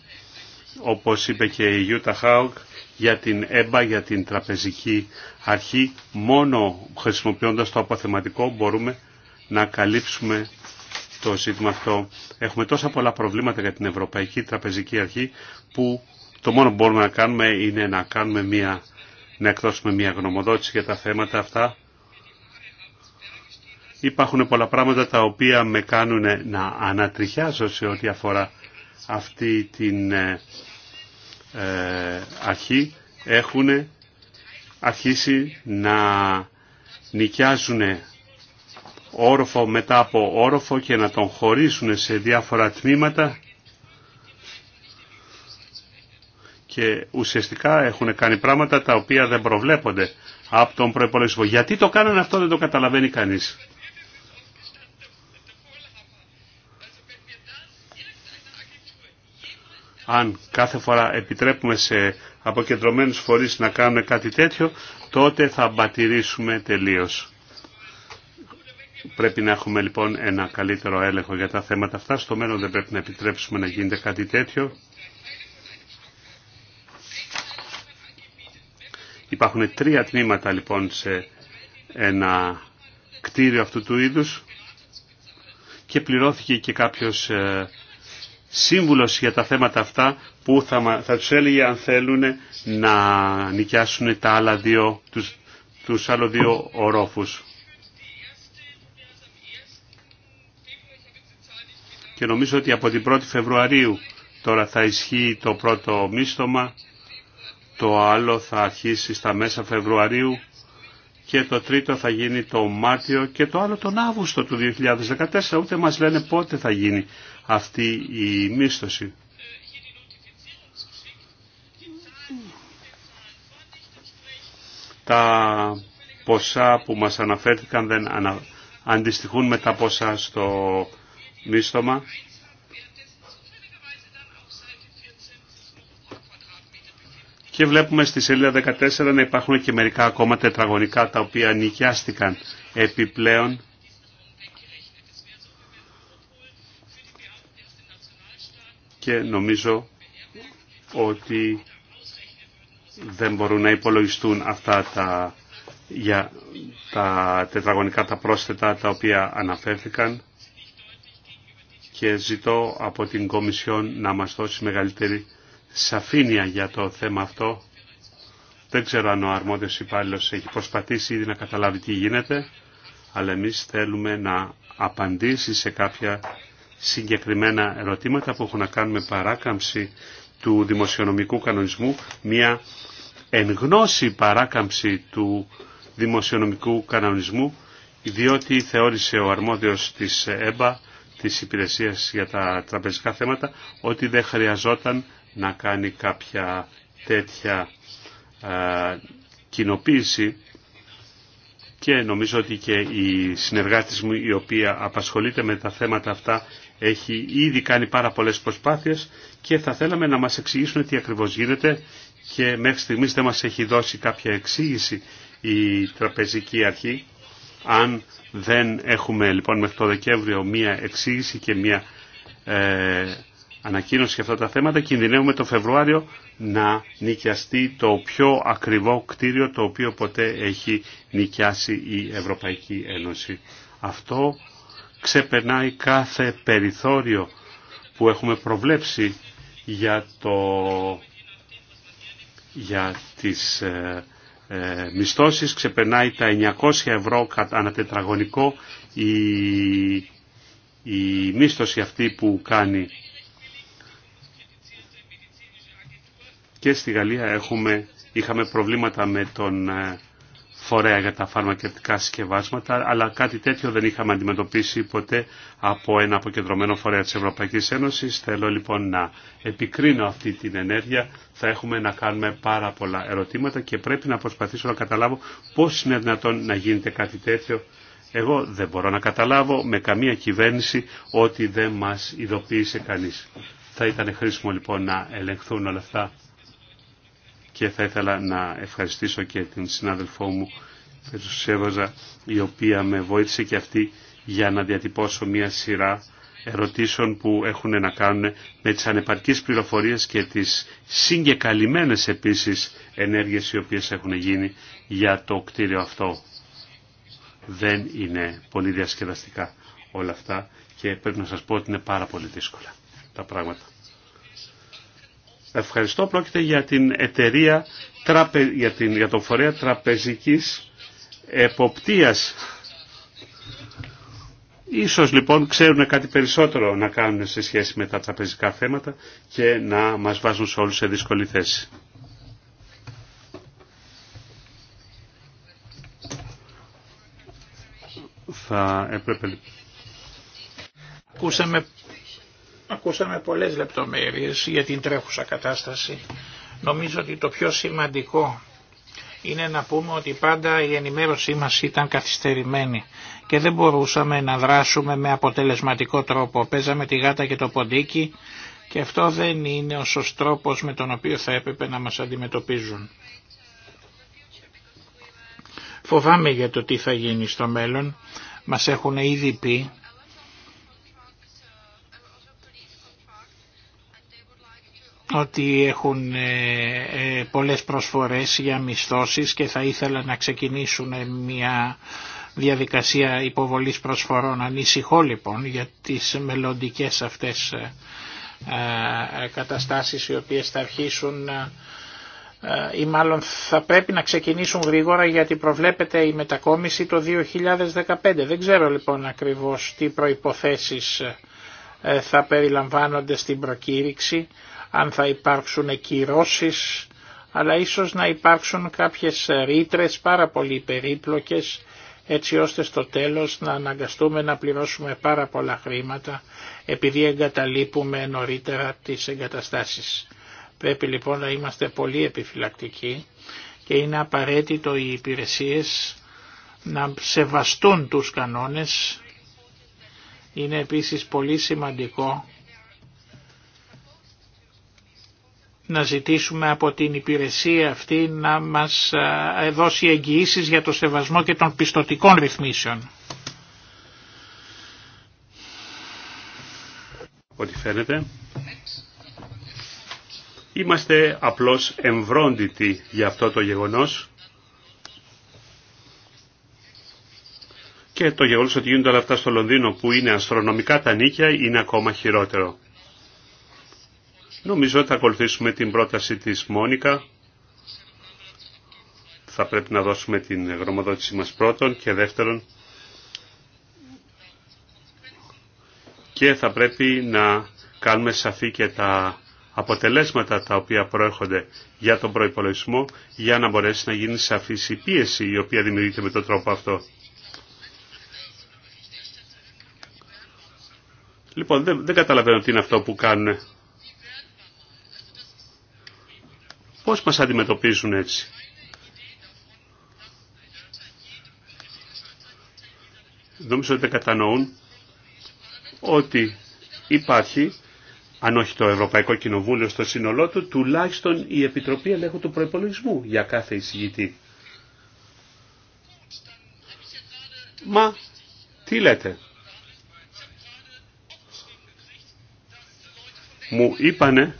όπως είπε και η Γιούτα Χάουγκ για την ΕΜΠΑ, για την τραπεζική αρχή μόνο χρησιμοποιώντας το αποθεματικό μπορούμε να καλύψουμε το ζήτημα αυτό. Έχουμε τόσα πολλά προβλήματα για την Ευρωπαϊκή Τραπεζική Αρχή που το μόνο που μπορούμε να κάνουμε είναι να, κάνουμε μια, να εκδώσουμε μια γνωμοδότηση για τα θέματα αυτά. Υπάρχουν πολλά πράγματα τα οποία με κάνουν να ανατριχιάζω σε ό,τι αφορά αυτή την ε, ε, αρχή. Έχουν αρχίσει να νοικιάζουν όροφο μετά από όροφο και να τον χωρίσουν σε διάφορα τμήματα και ουσιαστικά έχουν κάνει πράγματα τα οποία δεν προβλέπονται από τον προϋπολογισμό. Γιατί το κάνανε αυτό δεν το καταλαβαίνει κανείς. Αν κάθε φορά επιτρέπουμε σε αποκεντρωμένους φορείς να κάνουμε κάτι τέτοιο, τότε θα μπατηρήσουμε τελείως. Πρέπει να έχουμε λοιπόν ένα καλύτερο έλεγχο για τα θέματα αυτά. Στο μέλλον δεν πρέπει να επιτρέψουμε να γίνεται κάτι τέτοιο. Υπάρχουν τρία τμήματα λοιπόν σε ένα κτίριο αυτού του είδους και πληρώθηκε και κάποιος ε, σύμβουλος για τα θέματα αυτά που θα, θα τους έλεγε αν θέλουν να νοικιάσουν τα άλλα δύο, τους, τους άλλο δύο ορόφους. και νομίζω ότι από την 1η Φεβρουαρίου τώρα θα ισχύει το πρώτο μίστομα, το άλλο θα αρχίσει στα μέσα Φεβρουαρίου και το τρίτο θα γίνει το Μάρτιο και το άλλο τον Αύγουστο του 2014. Ούτε μας λένε πότε θα γίνει αυτή η μίστοση. Τα ποσά που μας αναφέρθηκαν δεν αντιστοιχούν με τα ποσά στο και βλέπουμε στη σελίδα 14 να υπάρχουν και μερικά ακόμα τετραγωνικά τα οποία νοικιάστηκαν επιπλέον και νομίζω ότι δεν μπορούν να υπολογιστούν αυτά τα, για τα τετραγωνικά τα πρόσθετα τα οποία αναφέρθηκαν και ζητώ από την Κομισιόν να μας δώσει μεγαλύτερη σαφήνεια για το θέμα αυτό. Δεν ξέρω αν ο αρμόδιος υπάλληλος έχει προσπαθήσει ήδη να καταλάβει τι γίνεται, αλλά εμείς θέλουμε να απαντήσει σε κάποια συγκεκριμένα ερωτήματα που έχουν να κάνουν με παράκαμψη του δημοσιονομικού κανονισμού, μια εν γνώση παράκαμψη του δημοσιονομικού κανονισμού, διότι θεώρησε ο αρμόδιος της ΕΜΠΑ Τη υπηρεσίας για τα τραπεζικά θέματα ότι δεν χρειαζόταν να κάνει κάποια τέτοια ε, κοινοποίηση και νομίζω ότι και η συνεργάτη μου η οποία απασχολείται με τα θέματα αυτά έχει ήδη κάνει πάρα πολλές προσπάθειες και θα θέλαμε να μας εξηγήσουν τι ακριβώς γίνεται και μέχρι στιγμής δεν μας έχει δώσει κάποια εξήγηση η τραπεζική αρχή αν δεν έχουμε λοιπόν μέχρι το Δεκέμβριο μία εξήγηση και μία ε, ανακοίνωση για αυτά τα θέματα, κινδυνεύουμε το Φεβρουάριο να νοικιαστεί το πιο ακριβό κτίριο το οποίο ποτέ έχει νοικιάσει η Ευρωπαϊκή Ένωση. Αυτό ξεπερνάει κάθε περιθώριο που έχουμε προβλέψει για, το, για τις ε, ε, μισθώσεις, ξεπερνάει τα 900 ευρώ ανά τετραγωνικό η, η μίσθωση αυτή που κάνει. Και στη Γαλλία έχουμε, είχαμε προβλήματα με τον ε, φορέα για τα φαρμακευτικά συσκευάσματα, αλλά κάτι τέτοιο δεν είχαμε αντιμετωπίσει ποτέ από ένα αποκεντρωμένο φορέα της Ευρωπαϊκής Ένωσης. Θέλω λοιπόν να επικρίνω αυτή την ενέργεια. Θα έχουμε να κάνουμε πάρα πολλά ερωτήματα και πρέπει να προσπαθήσω να καταλάβω πώς είναι δυνατόν να γίνεται κάτι τέτοιο. Εγώ δεν μπορώ να καταλάβω με καμία κυβέρνηση ότι δεν μας ειδοποίησε κανείς. Θα ήταν χρήσιμο λοιπόν να ελεγχθούν όλα αυτά και θα ήθελα να ευχαριστήσω και την συνάδελφό μου η οποία με βοήθησε και αυτή για να διατυπώσω μια σειρά ερωτήσεων που έχουν να κάνουν με τις ανεπαρκείς πληροφορίες και τις συγκεκαλυμμένες επίσης ενέργειες οι οποίες έχουν γίνει για το κτίριο αυτό. Δεν είναι πολύ διασκεδαστικά όλα αυτά και πρέπει να σας πω ότι είναι πάρα πολύ δύσκολα τα πράγματα. Ευχαριστώ. Πρόκειται για την εταιρεία, για, την, για τον φορέα τραπεζικής εποπτείας. Ίσως λοιπόν ξέρουν κάτι περισσότερο να κάνουν σε σχέση με τα τραπεζικά θέματα και να μας βάζουν σε όλους σε δύσκολη θέση. Θα έπρεπε λοιπόν- Ακούσαμε Ακούσαμε πολλές λεπτομέρειες για την τρέχουσα κατάσταση. Νομίζω ότι το πιο σημαντικό είναι να πούμε ότι πάντα η ενημέρωσή μας ήταν καθυστερημένη και δεν μπορούσαμε να δράσουμε με αποτελεσματικό τρόπο. Παίζαμε τη γάτα και το ποντίκι και αυτό δεν είναι ο σωστός τρόπος με τον οποίο θα έπρεπε να μας αντιμετωπίζουν. Φοβάμαι για το τι θα γίνει στο μέλλον. Μας έχουν ήδη πει ότι έχουν ε, ε, πολλές προσφορές για μισθώσεις και θα ήθελα να ξεκινήσουν μια διαδικασία υποβολής προσφορών. Ανησυχώ λοιπόν για τις μελλοντικέ αυτές ε, καταστάσεις οι οποίες θα αρχίσουν ή μάλλον θα πρέπει να ξεκινήσουν γρήγορα γιατί προβλέπεται η μετακόμιση το 2015. Δεν ξέρω λοιπόν ακριβώς τι προϋποθέσεις θα περιλαμβάνονται στην προκήρυξη αν θα υπάρξουν κυρώσεις, αλλά ίσως να υπάρξουν κάποιες ρήτρε πάρα πολύ περίπλοκες, έτσι ώστε στο τέλος να αναγκαστούμε να πληρώσουμε πάρα πολλά χρήματα, επειδή εγκαταλείπουμε νωρίτερα τις εγκαταστάσεις. Πρέπει λοιπόν να είμαστε πολύ επιφυλακτικοί και είναι απαραίτητο οι υπηρεσίες να σεβαστούν τους κανόνες. Είναι επίσης πολύ σημαντικό να ζητήσουμε από την υπηρεσία αυτή να μας δώσει εγγυήσει για το σεβασμό και των πιστοτικών ρυθμίσεων. Ό,τι φαίνεται. Είμαστε απλώς εμβρόντιτοι για αυτό το γεγονός και το γεγονός ότι γίνονται όλα αυτά στο Λονδίνο που είναι αστρονομικά τα νίκια είναι ακόμα χειρότερο. Νομίζω ότι θα ακολουθήσουμε την πρόταση της Μόνικα. Θα πρέπει να δώσουμε την γνωμοδότησή μας πρώτον και δεύτερον και θα πρέπει να κάνουμε σαφή και τα αποτελέσματα τα οποία προέρχονται για τον προϋπολογισμό για να μπορέσει να γίνει σαφής η πίεση η οποία δημιουργείται με τον τρόπο αυτό. Λοιπόν, δεν, δεν καταλαβαίνω τι είναι αυτό που κάνουν Πώς μας αντιμετωπίζουν έτσι. Νομίζω ότι δεν κατανοούν ότι υπάρχει, αν όχι το Ευρωπαϊκό Κοινοβούλιο στο σύνολό του, τουλάχιστον η Επιτροπή Ελέγχου του Προϋπολογισμού για κάθε εισηγητή. Μα τι λέτε. Μου είπανε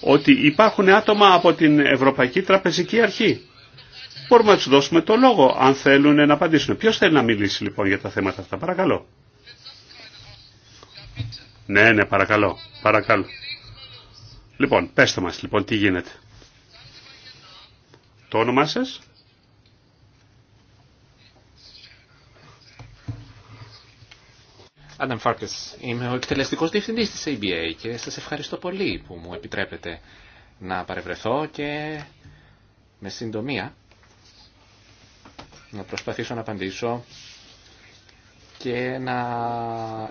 ότι υπάρχουν άτομα από την Ευρωπαϊκή Τραπεζική Αρχή. Μπορούμε να του δώσουμε το λόγο αν θέλουν να απαντήσουν. Ποιο θέλει να μιλήσει λοιπόν για τα θέματα αυτά. Παρακαλώ. Ναι, ναι, παρακαλώ. Παρακαλώ. Λοιπόν, πέστε μας λοιπόν τι γίνεται. Το όνομά σας. Άνταμ Φάρκες, είμαι ο εκτελεστικός διευθυντής της ABA και σας ευχαριστώ πολύ που μου επιτρέπετε να παρευρεθώ και με συντομία να προσπαθήσω να απαντήσω και να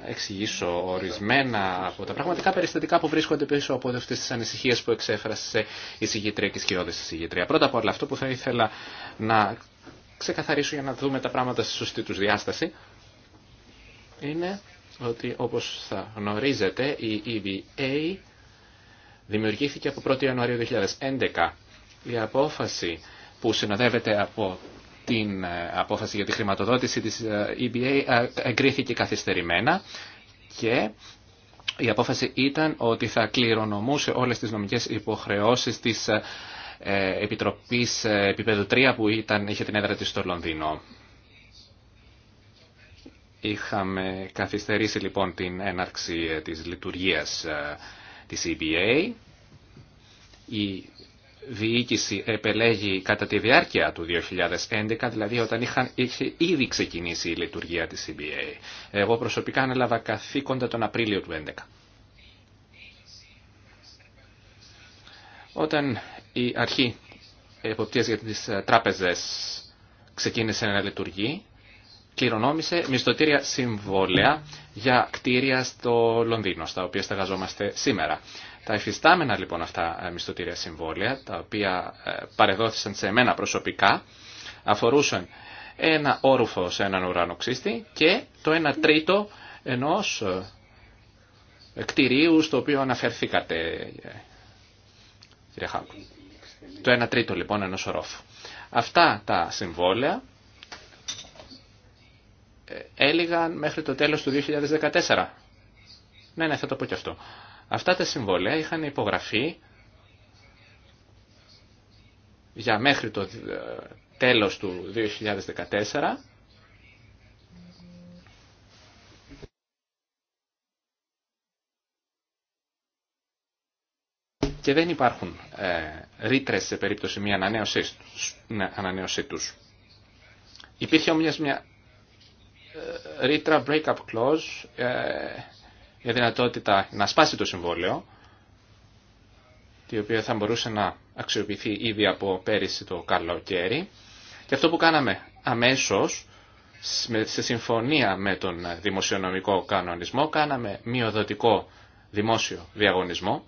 εξηγήσω ορισμένα από τα πραγματικά περιστατικά που βρίσκονται πίσω από αυτές τις ανησυχίες που εξέφρασε η συγγήτρια και η σκιώδη Πρώτα απ' όλα αυτό που θα ήθελα να ξεκαθαρίσω για να δούμε τα πράγματα στη σωστή του διάσταση είναι ότι όπως θα γνωρίζετε η EBA δημιουργήθηκε από 1η Ιανουαρίου 2011. Η απόφαση που συνοδεύεται από την ε, απόφαση για τη χρηματοδότηση της ε, EBA ε, εγκρίθηκε καθυστερημένα και η απόφαση ήταν ότι θα κληρονομούσε όλες τις νομικές υποχρεώσεις της Επιτροπής επίπεδου 3 που ήταν, είχε την έδρα της στο Λονδίνο. Είχαμε καθυστερήσει λοιπόν την έναρξη ε, της λειτουργίας ε, της EBA. Η διοίκηση επελέγει κατά τη διάρκεια του 2011, δηλαδή όταν είχαν, είχε ήδη ξεκινήσει η λειτουργία της EBA. Εγώ προσωπικά ανέλαβα καθήκοντα τον Απρίλιο του 2011. Όταν η αρχή εποπτείας για τις ε, τράπεζες ξεκίνησε να λειτουργεί, κληρονόμησε μισθωτήρια συμβόλαια για κτίρια στο Λονδίνο, στα οποία στεγαζόμαστε σήμερα. Τα εφιστάμενα λοιπόν αυτά ε, μισθωτήρια συμβόλαια, τα οποία ε, παρεδόθησαν σε εμένα προσωπικά, αφορούσαν ένα όρουφο σε έναν ουρανοξύστη και το 1 τρίτο ενός ε, κτηρίου στο οποίο αναφερθήκατε, κύριε Χάκου. Το 1 τρίτο λοιπόν ενός ορόφου. Αυτά τα συμβόλαια έλεγαν μέχρι το τέλος του 2014. Ναι, ναι, θα το πω και αυτό. Αυτά τα συμβόλαια είχαν υπογραφεί για μέχρι το ε, τέλος του 2014 και δεν υπάρχουν ε, ρήτρε σε περίπτωση μια ναι, ανανέωσή τους. Υπήρχε όμως μια ρήτρα break-up clause για ε, δυνατότητα να σπάσει το συμβόλαιο, το οποίο θα μπορούσε να αξιοποιηθεί ήδη από πέρυσι το καλοκαίρι. Και αυτό που κάναμε αμέσως, σε συμφωνία με τον δημοσιονομικό κανονισμό, κάναμε μειοδοτικό δημόσιο διαγωνισμό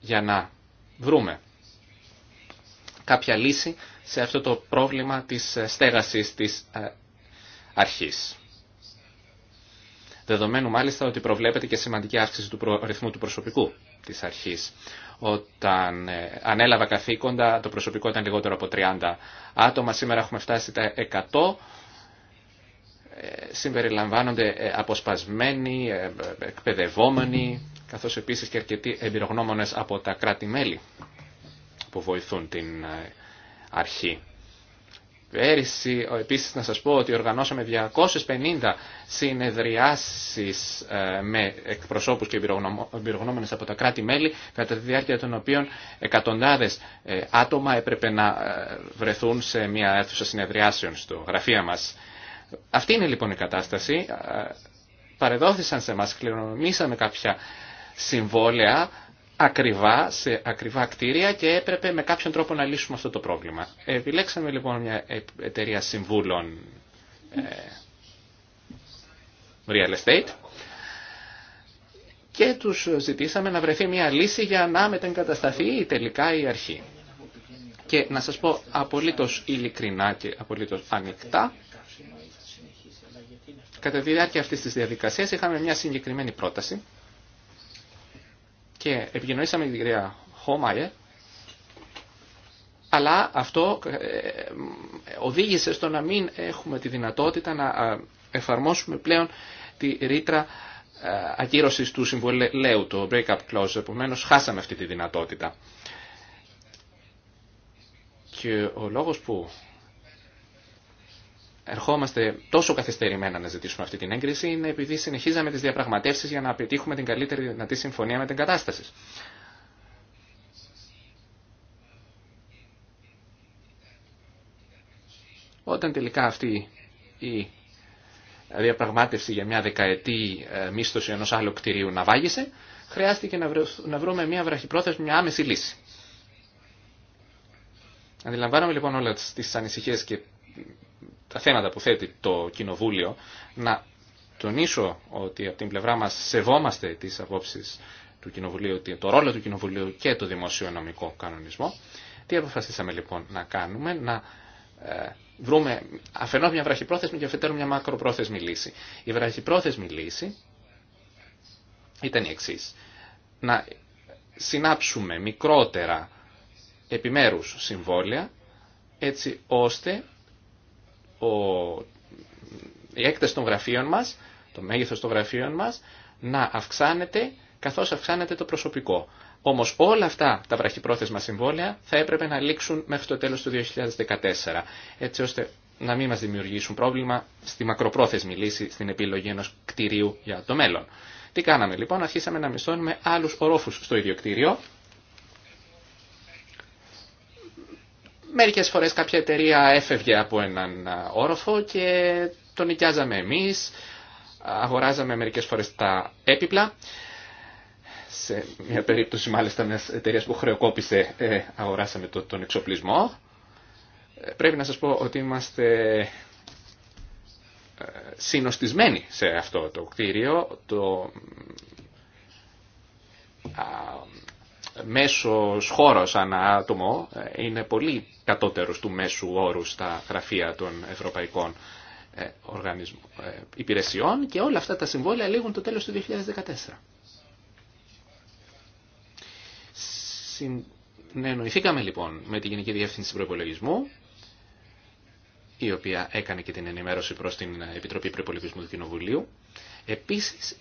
για να βρούμε κάποια λύση σε αυτό το πρόβλημα της στέγασης της ε, αρχής δεδομένου μάλιστα ότι προβλέπεται και σημαντική αύξηση του ρυθμού του προσωπικού της αρχής. Όταν ε, ανέλαβα καθήκοντα, το προσωπικό ήταν λιγότερο από 30 άτομα, σήμερα έχουμε φτάσει τα 100 ε, συμπεριλαμβάνονται ε, αποσπασμένοι, εκπαιδευόμενοι, καθώς επίσης και αρκετοί εμπειρογνώμονες από τα κράτη-μέλη που βοηθούν την αρχή. Πέρυσι, επίσης να σας πω ότι οργανώσαμε 250 συνεδριάσεις ε, με εκπροσώπους και εμπειρογνώμενες από τα κράτη-μέλη, κατά τη διάρκεια των οποίων εκατοντάδες ε, άτομα έπρεπε να ε, βρεθούν σε μια αίθουσα συνεδριάσεων στο γραφείο μας. Αυτή είναι λοιπόν η κατάσταση. Παρεδόθησαν σε μας, κληρονομήσαμε κάποια συμβόλαια ακριβά, σε ακριβά κτίρια και έπρεπε με κάποιον τρόπο να λύσουμε αυτό το πρόβλημα. Επιλέξαμε λοιπόν μια ε, εταιρεία συμβούλων ε, real estate και τους ζητήσαμε να βρεθεί μια λύση για να μετεγκατασταθεί τελικά η αρχή. Και να σας πω απολύτως ειλικρινά και απολύτως ανοιχτά, κατά τη διάρκεια αυτής της διαδικασίας είχαμε μια συγκεκριμένη πρόταση και επικοινωνήσαμε με την κυρία Χόμαγε, αλλά αυτό ε, ε, οδήγησε στο να μην έχουμε τη δυνατότητα να εφαρμόσουμε πλέον τη ρήτρα ε, ακύρωση του συμβολέου, το break-up clause, Επομένω χάσαμε αυτή τη δυνατότητα. Και ο λόγος που ερχόμαστε τόσο καθυστερημένα να ζητήσουμε αυτή την έγκριση είναι επειδή συνεχίζαμε τις διαπραγματεύσεις για να πετύχουμε την καλύτερη δυνατή συμφωνία με την κατάσταση. Όταν τελικά αυτή η διαπραγμάτευση για μια δεκαετή ε, μίσθωση ενός άλλου κτηρίου να βάγισε, χρειάστηκε να βρούμε μια βραχυπρόθεσμη, μια άμεση λύση. Αντιλαμβάνομαι λοιπόν όλες τις ανησυχίες και τα θέματα που θέτει το Κοινοβούλιο, να τονίσω ότι από την πλευρά μας σεβόμαστε τις απόψεις του Κοινοβουλίου, το ρόλο του Κοινοβουλίου και το δημοσιονομικό κανονισμό. Τι αποφασίσαμε λοιπόν να κάνουμε, να ε, βρούμε αφενός μια βραχυπρόθεσμη και αφετέρου μια μακροπρόθεσμη λύση. Η βραχυπρόθεσμη λύση ήταν η εξή. Να συνάψουμε μικρότερα επιμέρους συμβόλαια έτσι ώστε η έκταση των γραφείων μας, το μέγεθος των γραφείων μας, να αυξάνεται καθώς αυξάνεται το προσωπικό. Όμως όλα αυτά τα βραχυπρόθεσμα συμβόλαια θα έπρεπε να λήξουν μέχρι το τέλος του 2014, έτσι ώστε να μην μας δημιουργήσουν πρόβλημα στη μακροπρόθεσμη λύση στην επιλογή ενός κτηρίου για το μέλλον. Τι κάναμε λοιπόν, αρχίσαμε να μισθώνουμε άλλους ορόφους στο ίδιο κτίριο, Μερικές φορές κάποια εταιρεία έφευγε από έναν όροφο και τον νοικιάζαμε εμείς, αγοράζαμε μερικές φορές τα έπιπλα. Σε μια περίπτωση μάλιστα μιας εταιρείας που χρεοκόπησε ε, αγοράσαμε τον εξοπλισμό. Ε, πρέπει να σας πω ότι είμαστε ε, συνοστισμένοι σε αυτό το κτίριο. Το μέσο χώρος ανά άτομο ε, είναι πολύ κατώτερος του μέσου όρου στα γραφεία των ευρωπαϊκών ε, οργανισμών, ε, υπηρεσιών και όλα αυτά τα συμβόλαια λήγουν το τέλος του 2014. Συνεννοηθήκαμε λοιπόν με την Γενική Διεύθυνση Προπολογισμού, η οποία έκανε και την ενημέρωση προς την Επιτροπή Προπολογισμού του Κοινοβουλίου. Επίσης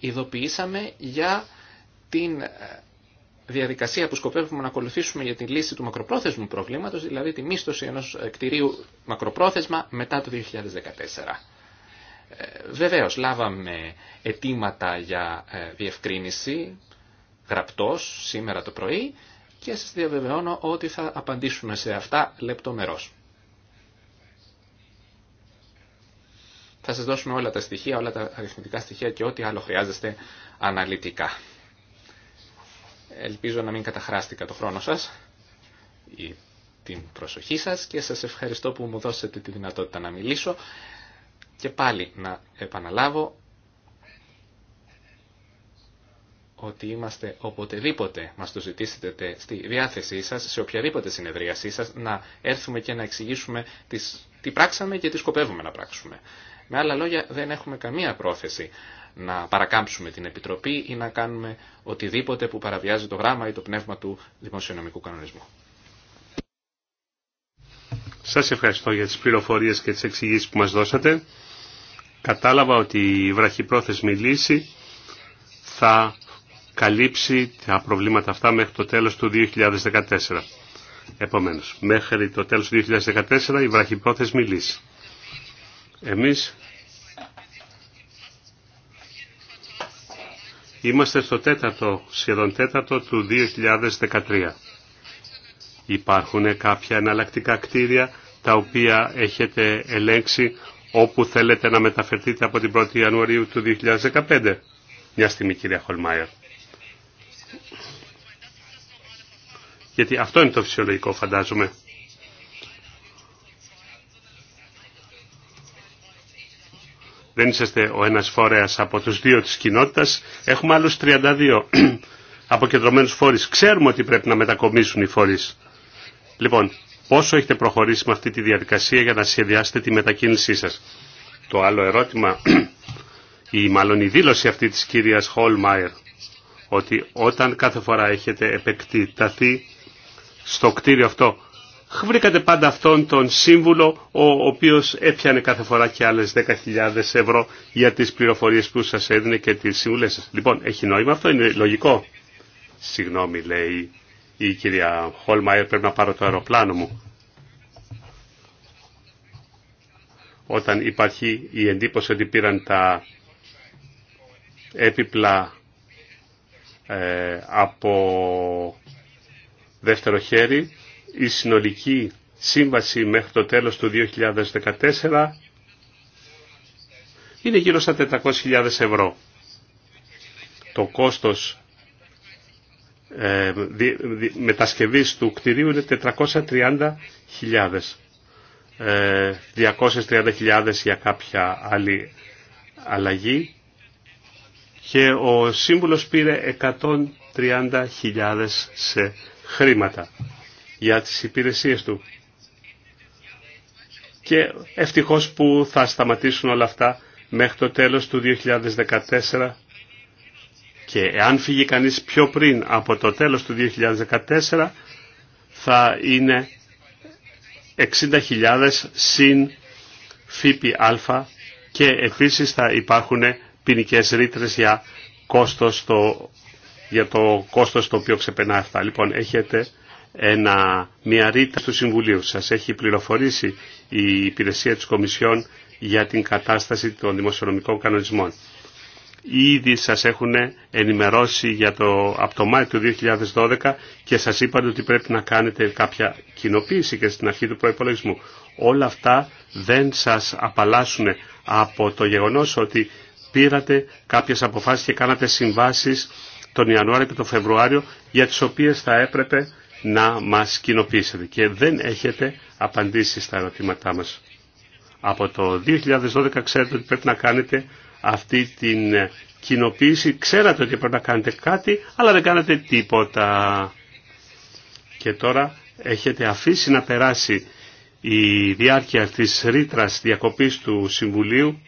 ειδοποιήσαμε για την διαδικασία που σκοπεύουμε να ακολουθήσουμε για τη λύση του μακροπρόθεσμου προβλήματος, δηλαδή τη μίσθωση ενός κτηρίου μακροπρόθεσμα μετά το 2014. Ε, βεβαίως, λάβαμε αιτήματα για ε, διευκρίνηση γραπτός σήμερα το πρωί και σας διαβεβαιώνω ότι θα απαντήσουμε σε αυτά λεπτομερώς. Θα σας δώσουμε όλα τα στοιχεία, όλα τα αριθμητικά στοιχεία και ό,τι άλλο χρειάζεστε αναλυτικά. Ελπίζω να μην καταχράστηκα το χρόνο σας ή την προσοχή σας και σας ευχαριστώ που μου δώσετε τη δυνατότητα να μιλήσω και πάλι να επαναλάβω ότι είμαστε οποτεδήποτε μας το ζητήσετε στη διάθεσή σας, σε οποιαδήποτε συνεδρίασή σας, να έρθουμε και να εξηγήσουμε τις, τι πράξαμε και τι σκοπεύουμε να πράξουμε. Με άλλα λόγια, δεν έχουμε καμία πρόθεση να παρακάμψουμε την Επιτροπή ή να κάνουμε οτιδήποτε που παραβιάζει το γράμμα ή το πνεύμα του δημοσιονομικού κανονισμού. Σας ευχαριστώ για τις πληροφορίες και τις εξηγήσεις που μας δώσατε. Κατάλαβα ότι η βραχυπρόθεσμη λύση θα καλύψει τα προβλήματα αυτά μέχρι το τέλος του 2014. Επομένως, μέχρι το τέλος του 2014 η βραχυπρόθεσμη λύση. Εμείς Είμαστε στο τέταρτο, σχεδόν τέταρτο του 2013. Υπάρχουν κάποια εναλλακτικά κτίρια τα οποία έχετε ελέγξει όπου θέλετε να μεταφερθείτε από την 1η Ιανουαρίου του 2015. Μια στιγμή κυρία Χολμάιερ. Γιατί αυτό είναι το φυσιολογικό φαντάζομαι. δεν είσαστε ο ένας φορέας από τους δύο της κοινότητας, έχουμε άλλους 32 αποκεντρωμένους φορείς. Ξέρουμε ότι πρέπει να μετακομίσουν οι φορείς. Λοιπόν, πόσο έχετε προχωρήσει με αυτή τη διαδικασία για να σχεδιάσετε τη μετακίνησή σας. Το άλλο ερώτημα, ή μάλλον η δήλωση αυτή της κυρίας Χολμάιρ ότι όταν κάθε φορά έχετε επεκτηταθεί στο κτίριο αυτό βρήκατε πάντα αυτόν τον σύμβουλο ο οποίος έπιανε κάθε φορά και άλλες 10.000 ευρώ για τις πληροφορίες που σας έδινε και τις σύμβουλες σας. Λοιπόν, έχει νόημα αυτό, είναι λογικό. Συγγνώμη, λέει η κυρία Χολμαϊρ, πρέπει να πάρω το αεροπλάνο μου. Όταν υπάρχει η εντύπωση ότι πήραν τα έπιπλα ε, από δεύτερο χέρι, η συνολική σύμβαση μέχρι το τέλος του 2014 είναι γύρω στα 400.000 ευρώ. Το κόστος ε, μετασκευής του κτηρίου είναι 430.000. 230.000 ε, για κάποια άλλη αλλαγή και ο σύμβουλος πήρε 130.000 σε χρήματα για τις υπηρεσίες του. Και ευτυχώς που θα σταματήσουν όλα αυτά μέχρι το τέλος του 2014 και εάν φύγει κανείς πιο πριν από το τέλος του 2014 θα είναι 60.000 συν ΦΠΑ και επίσης θα υπάρχουν ποινικέ ρήτρε για, κόστος το, για το κόστος το οποίο ξεπερνά αυτά. Λοιπόν, έχετε ένα, μια ρήτα του Συμβουλίου. Σας έχει πληροφορήσει η υπηρεσία της Κομισιόν για την κατάσταση των δημοσιονομικών κανονισμών. Ήδη σας έχουν ενημερώσει για το, από το Μάιο του 2012 και σας είπαν ότι πρέπει να κάνετε κάποια κοινοποίηση και στην αρχή του προϋπολογισμού. Όλα αυτά δεν σας απαλλάσσουν από το γεγονός ότι πήρατε κάποιες αποφάσεις και κάνατε συμβάσεις τον Ιανουάριο και τον Φεβρουάριο για τις οποίες θα έπρεπε να μας κοινοποιήσετε και δεν έχετε απαντήσει στα ερωτήματά μας. Από το 2012 ξέρετε ότι πρέπει να κάνετε αυτή την κοινοποίηση. Ξέρατε ότι πρέπει να κάνετε κάτι, αλλά δεν κάνατε τίποτα. Και τώρα έχετε αφήσει να περάσει η διάρκεια της ρήτρα διακοπής του Συμβουλίου.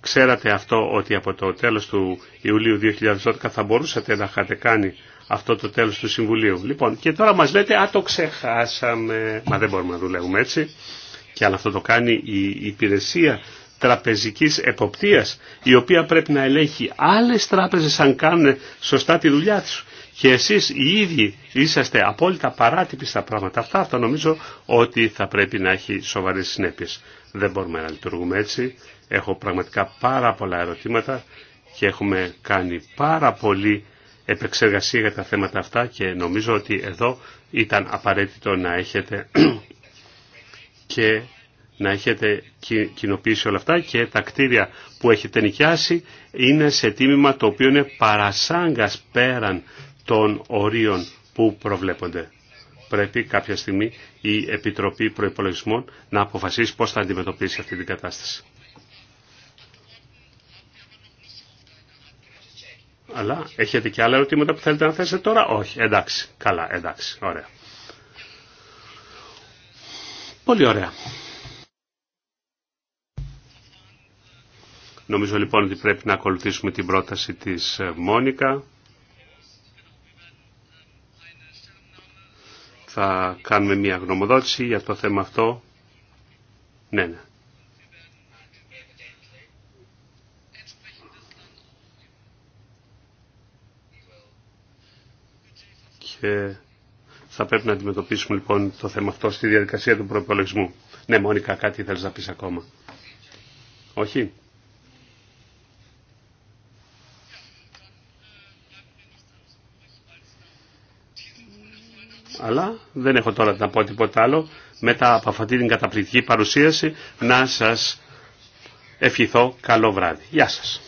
Ξέρατε αυτό ότι από το τέλος του Ιουλίου 2012 θα μπορούσατε να είχατε κάνει αυτό το τέλος του Συμβουλίου. Λοιπόν, και τώρα μας λέτε, α το ξεχάσαμε, μα δεν μπορούμε να δουλεύουμε έτσι. Και αν αυτό το κάνει η υπηρεσία τραπεζικής εποπτείας, η οποία πρέπει να ελέγχει άλλες τράπεζες αν κάνουν σωστά τη δουλειά τους. Και εσείς οι ίδιοι είσαστε απόλυτα παράτυποι στα πράγματα αυτά, αυτό νομίζω ότι θα πρέπει να έχει σοβαρές συνέπειες. Δεν μπορούμε να λειτουργούμε έτσι. Έχω πραγματικά πάρα πολλά ερωτήματα και έχουμε κάνει πάρα πολύ επεξεργασία για τα θέματα αυτά και νομίζω ότι εδώ ήταν απαραίτητο να έχετε και να έχετε κοινοποιήσει όλα αυτά και τα κτίρια που έχετε νοικιάσει είναι σε τίμημα το οποίο είναι παρασάγκας πέραν των ορίων που προβλέπονται. Πρέπει κάποια στιγμή η Επιτροπή Προϋπολογισμών να αποφασίσει πώς θα αντιμετωπίσει αυτή την κατάσταση. Αλλά έχετε και άλλα ερωτήματα που θέλετε να θέσετε τώρα. Όχι. Εντάξει. Καλά. Εντάξει. Ωραία. Πολύ ωραία. Νομίζω λοιπόν ότι πρέπει να ακολουθήσουμε την πρόταση της ε, Μόνικα. Θα κάνουμε μια γνωμοδότηση για το θέμα αυτό. Ναι, ναι. και θα πρέπει να αντιμετωπίσουμε λοιπόν το θέμα αυτό στη διαδικασία του προπολογισμού. Ναι, Μόνικα, κάτι θέλεις να πεις ακόμα. Όχι. Αλλά δεν έχω τώρα να πω τίποτα άλλο. Μετά από αυτή την καταπληκτική παρουσίαση να σας ευχηθώ καλό βράδυ. Γεια σας.